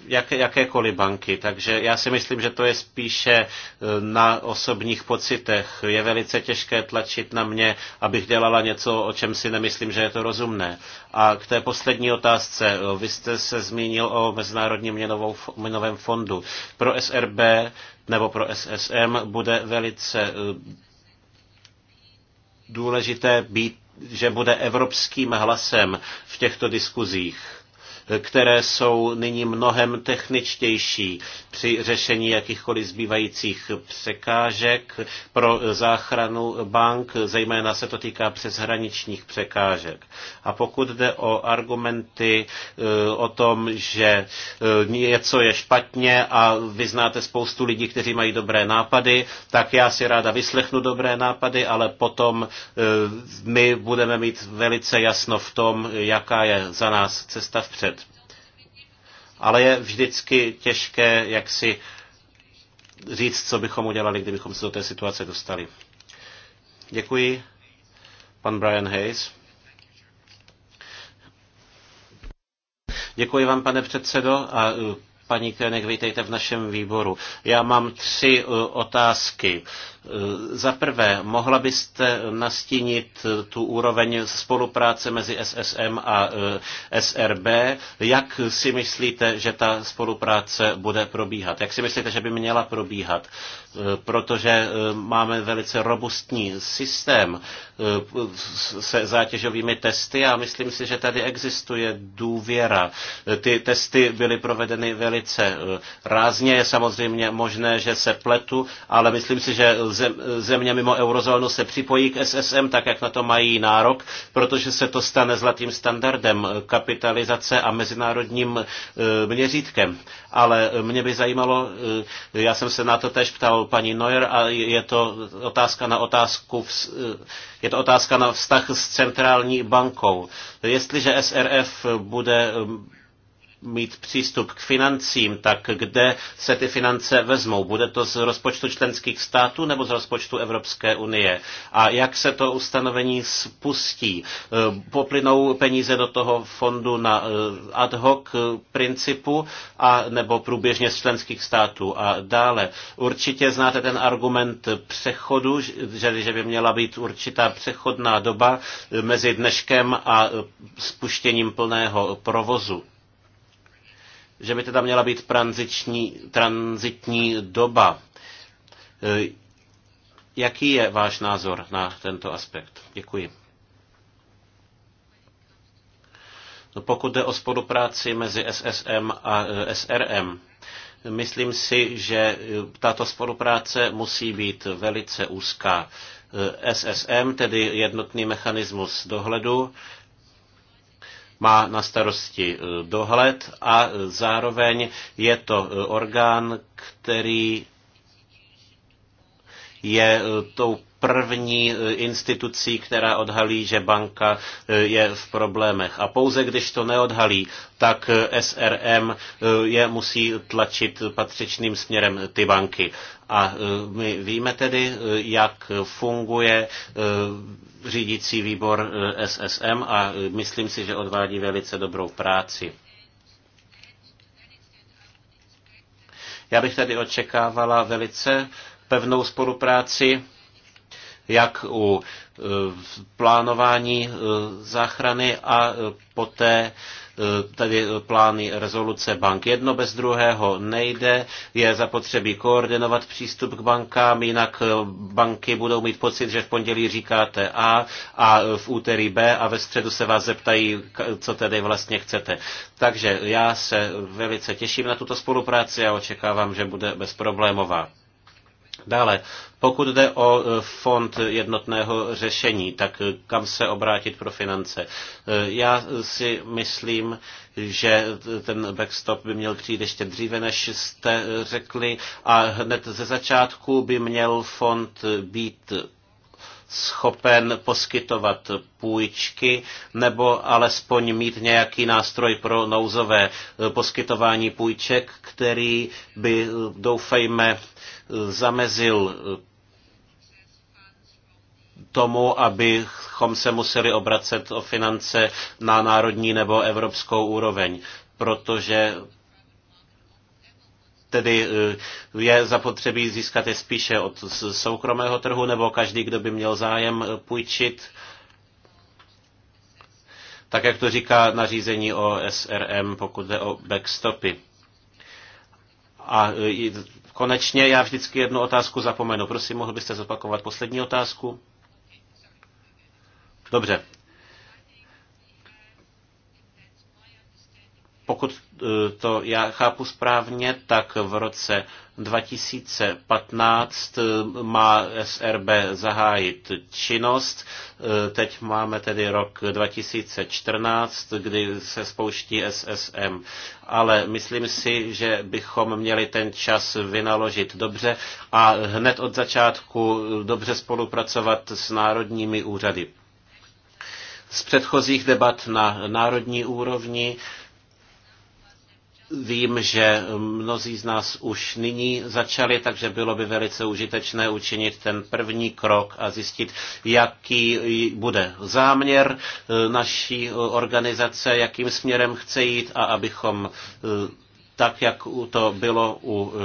jak, jakékoliv banky. Takže já si myslím, že to je spíše eh, na osobních pocitech. Je velice těžké tlačit na mě, abych dělala něco, o čem si nemyslím, že je to rozumné. A k té poslední otázce. Eh, vy jste se zmínil o Mezinárodním měnovém fondu. Pro SRB nebo pro SSM bude velice důležité být, že bude evropským hlasem v těchto diskuzích které jsou nyní mnohem techničtější při řešení jakýchkoliv zbývajících překážek pro záchranu bank, zejména se to týká přeshraničních překážek. A pokud jde o argumenty e, o tom, že e, něco je špatně a vyznáte spoustu lidí, kteří mají dobré nápady, tak já si ráda vyslechnu dobré nápady, ale potom e, my budeme mít velice jasno v tom, jaká je za nás cesta vpřed ale je vždycky těžké, jak si říct, co bychom udělali, kdybychom se do té situace dostali. Děkuji. Pan Brian Hayes. Děkuji vám, pane předsedo, a e, paní Krenek, vítejte v našem výboru. Já mám tři e, otázky. Eh, za prvé, mohla byste nastínit eh, tu úroveň spolupráce mezi SSM a eh, SRB? Jak si myslíte, že ta spolupráce bude probíhat? Jak si myslíte, že by měla probíhat? Protože máme velice robustní systém se zátěžovými testy a myslím si, že tady existuje důvěra. Ty testy byly provedeny velice rázně. Je samozřejmě možné, že se pletu, ale myslím si, že země mimo eurozónu se připojí k SSM, tak jak na to mají nárok, protože se to stane zlatým standardem kapitalizace a mezinárodním e, měřítkem. Ale mě by zajímalo, e, já jsem se na to tež ptal paní Neuer a je to otázka na otázku, e, je to otázka na vztah s centrální bankou. Jestliže SRF bude mít přístup k financím, tak kde se ty finance vezmou? Bude to z rozpočtu členských států nebo z rozpočtu Evropské unie? A jak se to ustanovení spustí? E, poplynou peníze do toho fondu na e, ad hoc principu a nebo průběžně z členských států? A dále, určitě znáte ten argument přechodu, že, že by měla být určitá přechodná doba mezi dneškem a e, spuštěním plného provozu že by teda měla být tranziční, tranzitní doba. E, jaký je váš názor na tento aspekt? Děkuji. No, pokud jde o spolupráci mezi SSM a e, SRM, myslím si, že e, tato spolupráce musí být velice úzká. SSM, tedy jednotný mechanismus dohledu, má na starosti eh, dohled a eh, zároveň je to eh, orgán, který je eh, tou první eh, institucí, která odhalí, že banka eh, je v problémech. A pouze když to neodhalí, tak SRM je musí tlačit patřičným směrem ty banky. A my víme tedy, jak funguje řídící výbor SSM a myslím si, že odvádí velice dobrou práci. Já bych tady očekávala velice pevnou spolupráci jak u e, plánování e, záchrany a e, poté tady plány rezoluce bank. Jedno bez druhého nejde, je zapotřebí koordinovat přístup k bankám, jinak banky budou mít pocit, že v pondělí říkáte A a v úterý B a ve středu se vás zeptají, co tedy vlastně chcete. Takže já se velice těším na tuto spolupráci a očekávám, že bude bezproblémová. Dále, pokud jde o e, fond jednotného řešení, tak e, kam se obrátit pro finance? E, já si myslím, že ten backstop by měl přijít ještě dříve, než jste řekli, a hned ze začátku by měl fond být schopen poskytovat půjčky nebo alespoň mít nějaký nástroj pro nouzové eh, poskytování půjček, který by, eh, doufejme, eh, zamezil tomu, abychom se museli obracet o finance na národní nebo evropskou úroveň, protože tedy eh, je zapotřebí získat je spíše od soukromého trhu nebo každý, kdo by měl zájem eh, půjčit, tak jak to říká nařízení o SRM, pokud jde o backstopy. A eh, konečně já vždycky jednu otázku zapomenu. Prosím, mohl byste zopakovat poslední otázku? Dobře, Pokud e, to já chápu správně, tak v roce 2015 e, má SRB zahájit činnost. E, teď máme tedy rok 2014, kdy se spouští SSM. Ale myslím si, že bychom měli ten čas vynaložit dobře a hned od začátku dobře spolupracovat s národními úřady. Z předchozích debat na národní úrovni Vím, že mnozí z nás už nyní začali, takže bylo by velice užitečné učinit ten první krok a zjistit, jaký bude záměr eh, naší eh, organizace, jakým směrem chce jít a abychom eh, tak jak to bylo u e,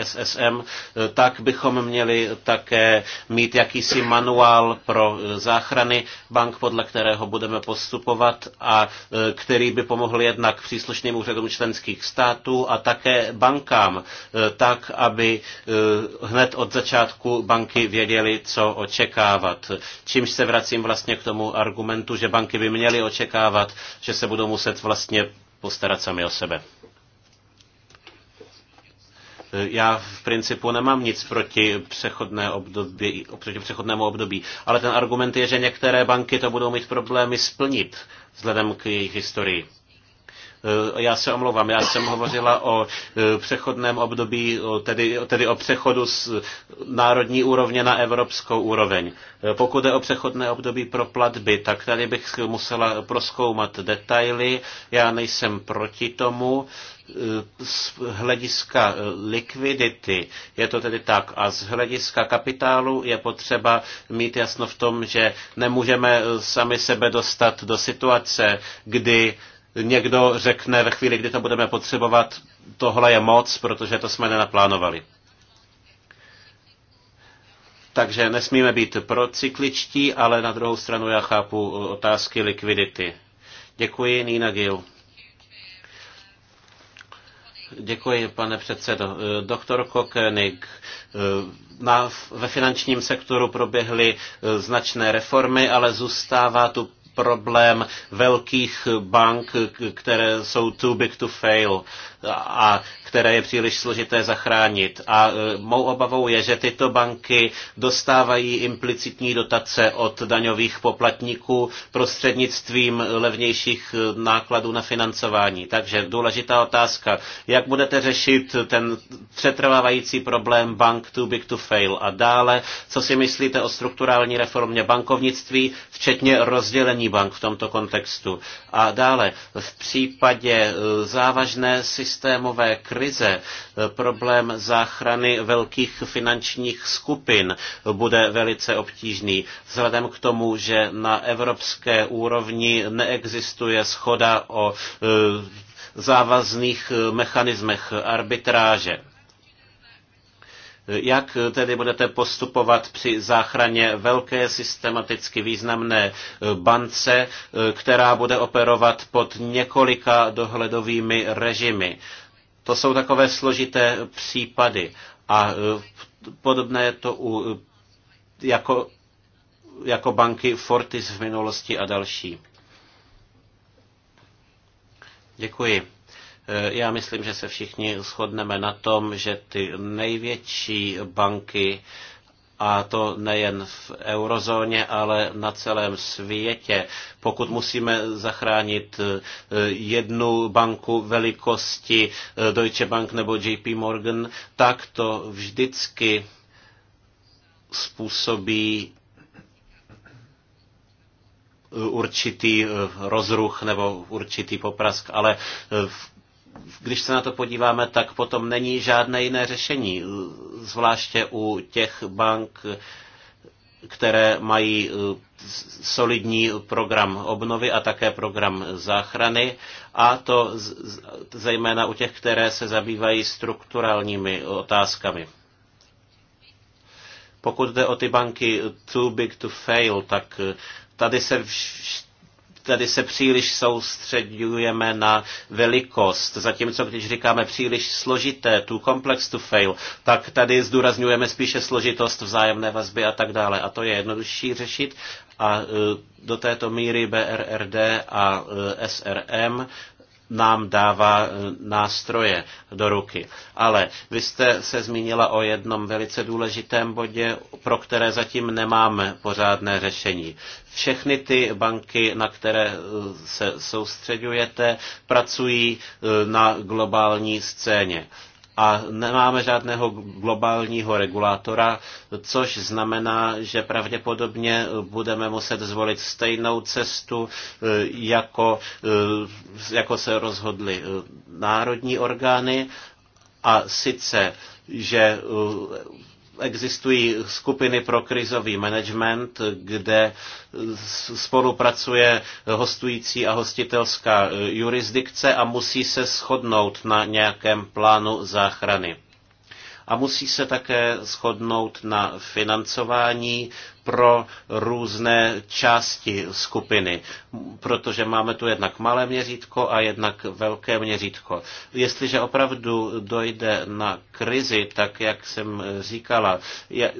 e, SSM, e, tak bychom měli také mít jakýsi manuál pro záchrany bank, podle kterého budeme postupovat a který by pomohl jednak příslušným úřadům členských států a také bankám, tak, aby hned od začátku banky věděly, co očekávat. Čímž se vracím vlastně k tomu argumentu, že banky by měly očekávat, že se budou muset vlastně postarat sami o sebe. Já v principu nemám nic proti, přechodné období, proti přechodnému období, ale ten argument je, že některé banky to budou mít problémy splnit vzhledem k jejich historii. E, já se omlouvám, já jsem hovořila o e, přechodném období, tedy, tedy o přechodu z národní úrovně na evropskou úroveň. E, pokud je o přechodné období pro platby, tak tady bych musela proskoumat detaily. Já nejsem proti tomu. Eh, z hlediska eh, likvidity je to tedy tak a z hlediska kapitálu je potřeba mít jasno v tom, že nemůžeme eh, sami sebe dostat do situace, kdy někdo řekne ve chvíli, kdy to budeme potřebovat, tohle je moc, protože to jsme nenaplánovali. Takže nesmíme být procykličtí, ale na druhou stranu já chápu otázky likvidity. Děkuji, Nina Gill. Děkuji, pane předsedo. Eh, doktor Kokenig, eh, ve finančním sektoru proběhly eh, značné reformy, ale zůstává tu problém velkých bank, které jsou too big to fail a které je příliš složité zachránit. A e, mou obavou je, že tyto banky dostávají implicitní dotace od daňových poplatníků prostřednictvím levnějších e, nákladů na financování. Takže důležitá otázka, jak budete řešit ten přetrvávající problém bank too big to fail a dále, co si myslíte o strukturální reformě bankovnictví, včetně rozdělení bank v tomto kontextu. A dále, v případě eh, závažné systémové krize eh, problém záchrany velkých finančních skupin bude velice obtížný, vzhledem k tomu, že na evropské úrovni neexistuje schoda o eh, závazných mechanismech arbitráže. Jak tedy budete postupovat při záchraně velké systematicky významné eh, bance, eh, která bude operovat pod několika dohledovými režimy? To jsou takové složité případy a eh, podobné je to u, jako, jako banky Fortis v minulosti a další. Děkuji. E, já myslím, že se všichni shodneme na tom, že ty největší banky, a to nejen v eurozóně, ale na celém světě. Pokud musíme zachránit e, jednu banku velikosti e, Deutsche Bank nebo JP Morgan, tak to vždycky způsobí určitý rozruch nebo určitý poprask, ale v když se na to podíváme, tak potom není žádné jiné řešení, zvláště u těch bank, které mají eh, solidní program obnovy a také program záchrany, a to zejména u těch, které se zabývají strukturálními otázkami. Pokud jde o ty banky too big to fail, tak eh, tady se tedy se příliš soustředujeme na velikost, zatímco když říkáme příliš složité, too complex to fail, tak tady zdůrazňujeme spíše složitost vzájemné vazby a tak dále. A to je jednodušší řešit a e, do této míry BRRD a e, SRM nám dává eh, nástroje do ruky. Ale vy jste se zmínila o jednom velice důležitém bodě, pro které zatím nemáme pořádné řešení. Všechny ty banky, na které eh, se soustředujete, pracují eh, na globální scéně a nemáme žádného globálního regulátora, což znamená, že pravděpodobně budeme muset zvolit stejnou cestu, e, jako, e, jako se rozhodly e, národní orgány, a sice, že existují skupiny pro krizový management, kde spolupracuje hostující a hostitelská jurisdikce a musí se shodnout na nějakém plánu záchrany. A musí se také shodnout na financování pro různé části skupiny, protože máme tu jednak malé měřítko a jednak velké měřítko. Jestliže opravdu dojde na krizi, tak jak jsem říkala, je,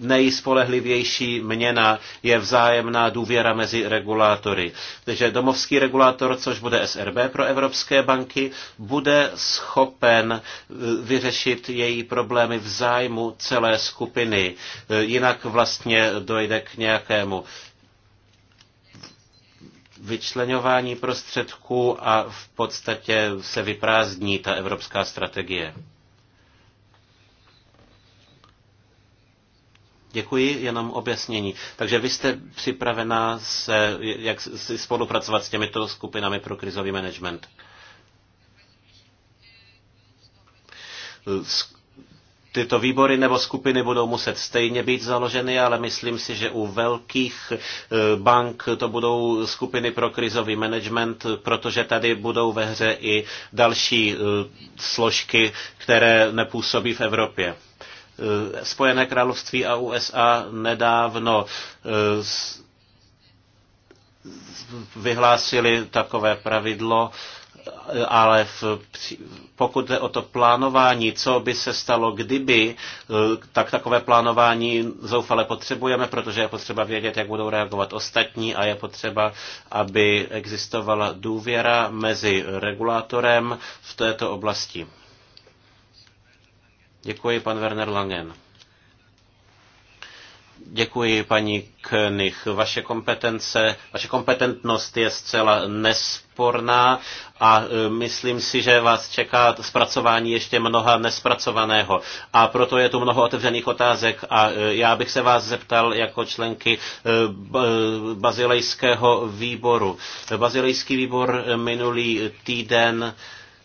nejspolehlivější měna je vzájemná důvěra mezi regulátory. Takže domovský regulátor, což bude SRB pro evropské banky, bude schopen e, vyřešit její problémy v zájmu celé skupiny. E, jinak vlastně dojde k nějakému vyčlenování prostředků a v podstatě se vyprázdní ta evropská strategie. Děkuji, jenom objasnění. Takže vy jste připravena se, jak si spolupracovat s těmito skupinami pro krizový management? Tyto výbory nebo skupiny budou muset stejně být založeny, ale myslím si, že u velkých e, bank to budou skupiny pro krizový management, protože tady budou ve hře i další e, složky, které nepůsobí v Evropě. Eh, Spojené království a USA nedávno eh, vyhlásili takové pravidlo, eh, ale v, pokud jde o to plánování, co by se stalo kdyby, tak takové plánování zoufale potřebujeme, protože je potřeba vědět, jak budou reagovat ostatní a je potřeba, aby existovala důvěra mezi regulátorem v této oblasti. Děkuji, pan Werner Langen. Děkuji, paní Knych. Vaše kompetence, vaše kompetentnost je zcela nesporná a e, myslím si, že vás čeká zpracování ještě mnoha nespracovaného. A proto je tu mnoho otevřených otázek a e, já bych se vás zeptal jako členky e, bazilejského výboru. Bazilejský výbor minulý týden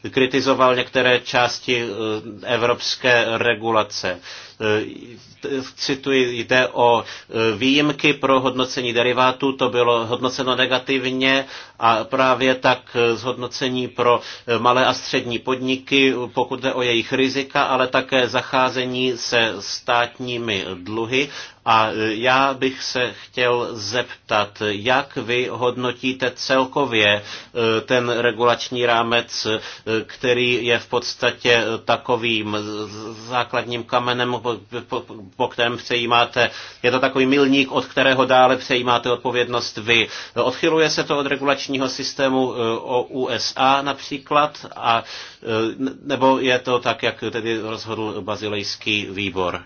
kritizoval některé části eh, evropské regulace. Eh, cituji, jde o eh, výjimky pro hodnocení derivátů, to bylo hodnoceno negativně a právě tak zhodnocení pro malé a střední podniky, pokud jde o jejich rizika, ale také zacházení se státními dluhy a e, já bych se chtěl zeptat, jak vy hodnotíte celkově e, ten regulační rámec, e, který je v podstatě takovým základním kamenem, po, kterém přejímáte, je to takový milník, od kterého dále přejímáte odpovědnost vy. Odchyluje se to od regulačního systému o USA například, a, nebo je to tak, jak tedy rozhodl bazilejský výbor?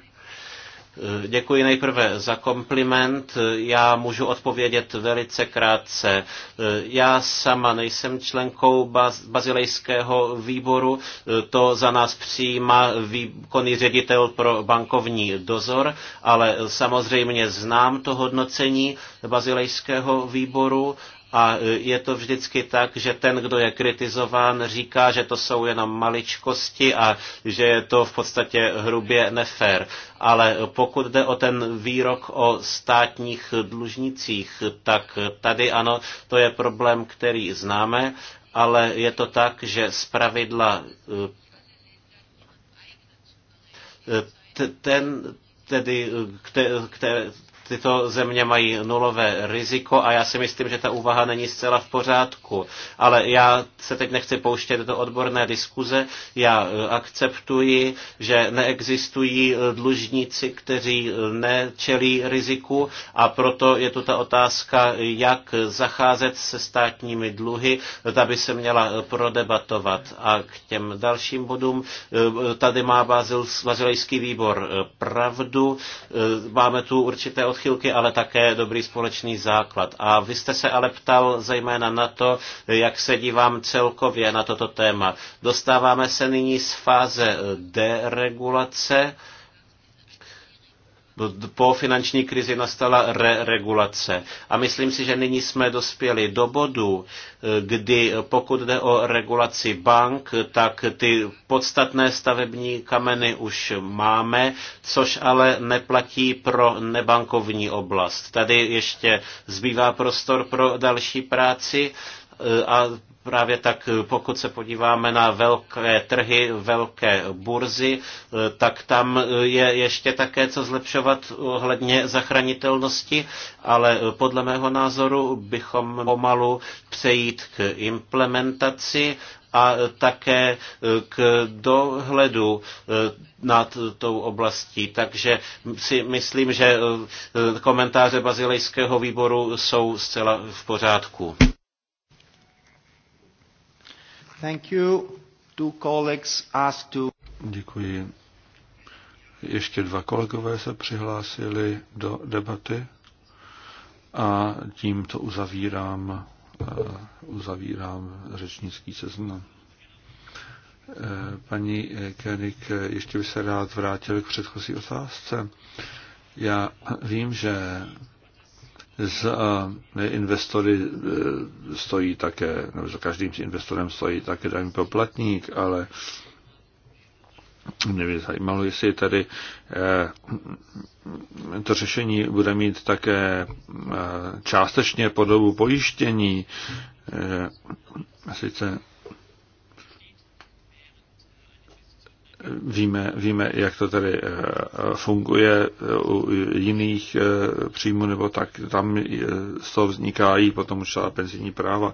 Děkuji nejprve za kompliment. Já můžu odpovědět velice krátce. Já sama nejsem členkou bazilejského výboru. To za nás přijímá výkonný ředitel pro bankovní dozor, ale samozřejmě znám to hodnocení bazilejského výboru a je to vždycky tak, že ten, kdo je kritizován, říká, že to jsou jenom maličkosti a že je to v podstatě hrubě nefér ale pokud jde o ten výrok o státních dlužnicích, tak tady ano, to je problém, který známe, ale je to tak, že z pravidla eh, ten, tedy, eh, kte, kte, tyto země mají nulové riziko a já si myslím, že ta úvaha není zcela v pořádku. Ale já se teď nechci pouštět do odborné diskuze. Já e, akceptuji, že neexistují e, dlužníci, kteří e, nečelí riziku a proto je tu ta otázka, jak zacházet se státními dluhy, ta by se měla prodebatovat. A k těm dalším bodům, tady má bazilejský výbor pravdu, máme tu určité od odchylky, ale také dobrý společný základ. A vy jste se ale ptal zejména na to, jak se dívám celkově na toto téma. Dostáváme se nyní z fáze deregulace, po finanční krizi nastala re-regulace. A myslím si, že nyní jsme dospěli do bodu, eh, kdy pokud jde o regulaci bank, tak ty podstatné stavební kameny už máme, což ale neplatí pro nebankovní oblast. Tady ještě zbývá prostor pro další práci eh, a Právě tak eh, pokud se podíváme na velké trhy, velké burzy, eh, tak tam eh, je ještě také co zlepšovat ohledně zachranitelnosti, ale podle mého názoru bychom pomalu přejít k implementaci a také k dohledu nad tou oblastí. Takže si myslím, že komentáře bazilejského výboru jsou zcela v pořádku. Thank you. Two colleagues asked to... Děkuji. Ještě dva kolegové se přihlásili do debaty a tímto uzavírám, eh, uzavírám řečnický seznam. Eh, paní Kenik, ještě by se rád vrátil k předchozí otázce. Já vím, že za eh, investory eh, stojí také, nebo za každým investorem stojí také daný poplatník, ale mě by zajímalo, jestli tady eh, to řešení bude mít také částečně podobu pojištění, sice Víme, víme, jak to tedy eh, funguje eh, u jiných eh, příjmů, nebo tak tam z toho vznikají potom už celá penzijní práva.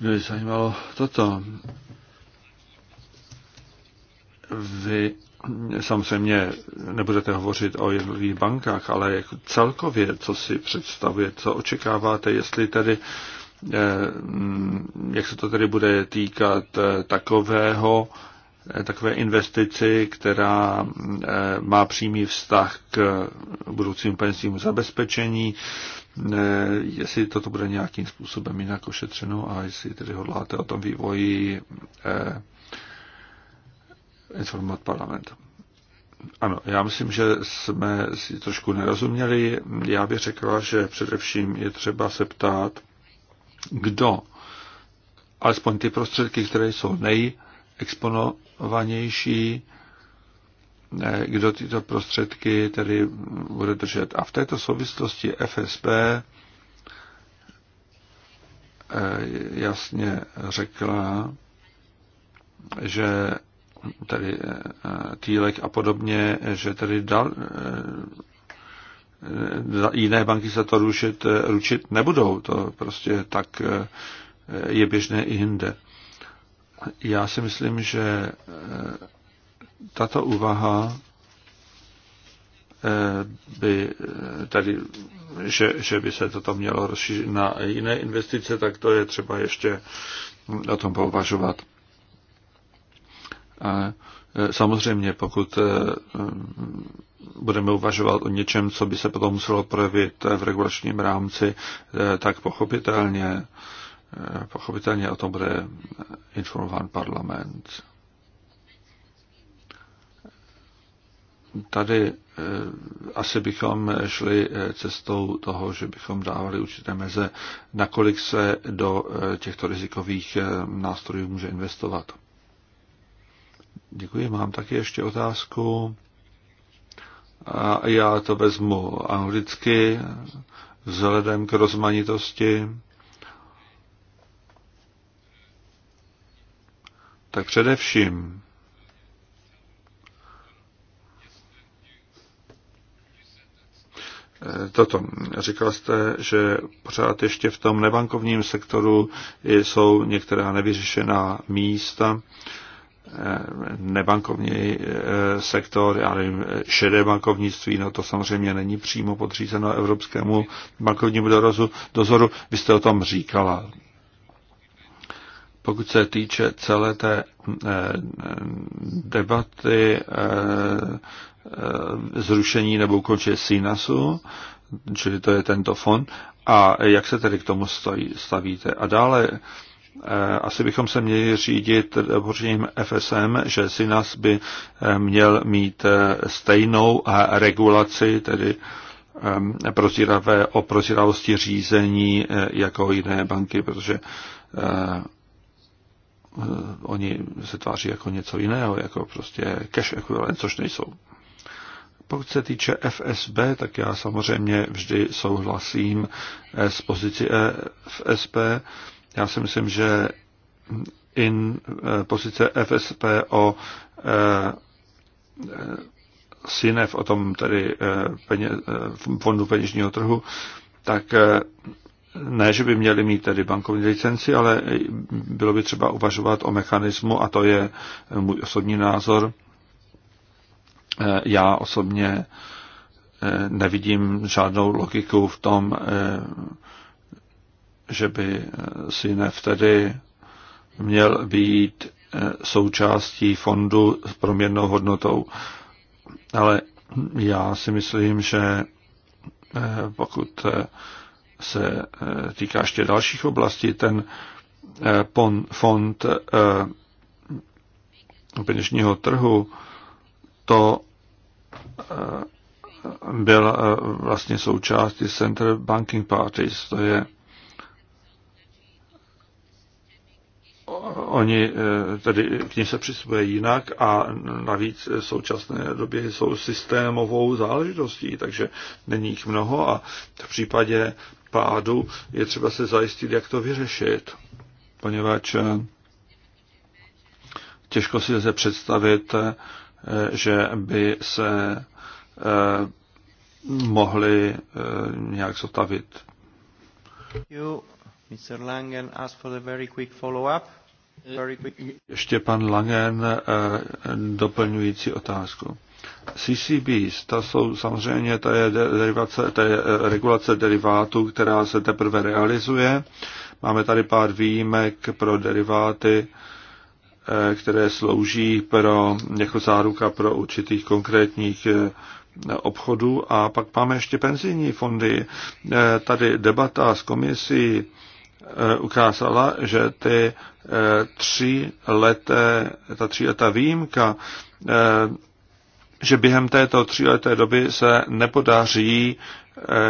Mě by zajímalo toto. Vy samozřejmě nebudete hovořit o jednotlivých bankách, ale jako celkově, co si představuje, co očekáváte, jestli tedy jak se to tedy bude týkat takového Eh, takové investici, která eh, má přímý vztah k budoucím penzijním zabezpečení, eh, jestli toto bude nějakým způsobem jinak ošetřeno a jestli tedy hodláte o tom vývoji informovat parlament. Ano, já myslím, že jsme si trošku nerozuměli. Já bych řekla, že především je třeba se ptát, kdo alespoň ty prostředky, které jsou nej exponovanější, kdo tyto prostředky tedy bude držet. A v této souvislosti FSP eh, jasně řekla, že tady eh, Týlek a podobně, že tady dal, eh, jiné banky se to rušit, ručit nebudou. To prostě tak je běžné i jinde já si myslím, že eh, tato úvaha eh, by eh, tady, že, že by se toto mělo rozšířit na jiné investice, tak to je třeba ještě hm, o tom pouvažovat. A samozřejmě, pokud hm, budeme uvažovat o něčem, co by se potom muselo projevit v regulačním rámci, tak pochopitelně Eh, pochopitelně o tom bude informován parlament. Tady eh, asi bychom šli eh, cestou toho, že bychom dávali určité meze, nakolik se do těchto rizikových nástrojů může investovat. Děkuji, mám taky ještě otázku. A já to vezmu anglicky, vzhledem k rozmanitosti. tak především eh, toto. Říkal jste, že pořád ještě v tom nebankovním sektoru jsou některá nevyřešená místa. Eh, nebankovní eh, sektor, já nevím, šedé bankovnictví, no to samozřejmě není přímo podřízeno evropskému bankovnímu dozoru. Vy jste o tom říkala pokud se týče celé té eh, debaty eh, eh, zrušení nebo ukončení SINASu, čili to je tento fond, a jak se tedy k tomu stojí, stavíte. A dále asi bychom se měli řídit doporučením FSM, že SINAS by měl mít stejnou regulaci, tedy prozíravé, o prozíravosti řízení jako jiné banky, protože Eh, oni se tváří jako něco jiného, jako prostě cash ekvivalent, což nejsou. Pokud se týče FSB, tak já samozřejmě vždy souhlasím eh, s pozici eh, FSB. Já si myslím, že in pozice FSP o SINEF, o tom tedy peně, fondu peněžního trhu, tak ne, že by měli mít tedy bankovní licenci, ale bylo by třeba uvažovat o mechanismu, a to je můj osobní názor. Já osobně eh, nevidím žádnou logiku v tom, eh, že by eh, si tedy měl být součástí fondu s proměrnou hodnotou. Ale já si myslím, že pokud se eh, týká ještě dalších oblastí. Ten eh, fond eh, peněžního trhu, to byl vlastně součástí Central Banking Parties, to je oni tedy k ní se přistupuje jinak a navíc v současné době jsou systémovou záležitostí, takže není jich mnoho a v případě pádu, je třeba se zajistit, jak to vyřešit, poněvadž eh, těžko si lze představit, eh, že by se eh, mohli nějak zotavit. Mr. Langen asked for very quick follow-up. Ještě pan Langen doplňující otázku. CCB, to jsou samozřejmě to je, derivace, to je eh, regulace derivátů, která se teprve realizuje. Máme tady pár výjimek pro deriváty, eh, které slouží pro, jako záruka pro určitých konkrétních eh, obchodů. A pak máme ještě penzijní fondy. Tady debata s komisí ukázala, že ty tři leté, ta tříletá výjimka že během této tříleté doby se nepodaří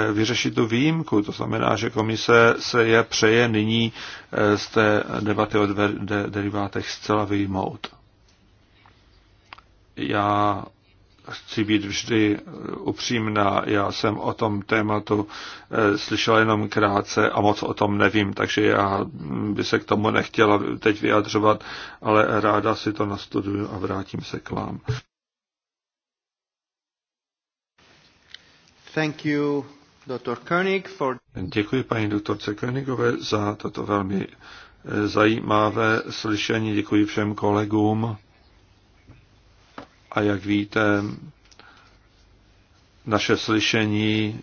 eh, vyřešit tu výjimku. To znamená, že komise se je přeje nyní eh, z té debaty o derivátech zcela vyjmout. Já chci být vždy eh, upřímná. Já jsem o tom tématu slyšel jenom krátce a moc o tom nevím, takže já hm, by se k tomu nechtěla teď vyjadřovat, ale ráda si to nastuduju a vrátím se k vám. Thank you, Dr. Koenig, for... Děkuji paní doktorce Koenigové za toto velmi eh, zajímavé slyšení. Děkuji všem kolegům. A jak víte, naše slyšení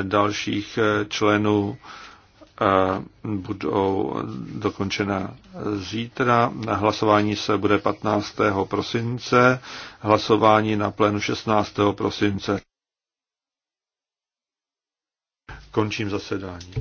eh, dalších eh, členů budou dokončena zítra. Hlasování se bude 15. prosince, hlasování na plénu 16. prosince. Končím zasedání.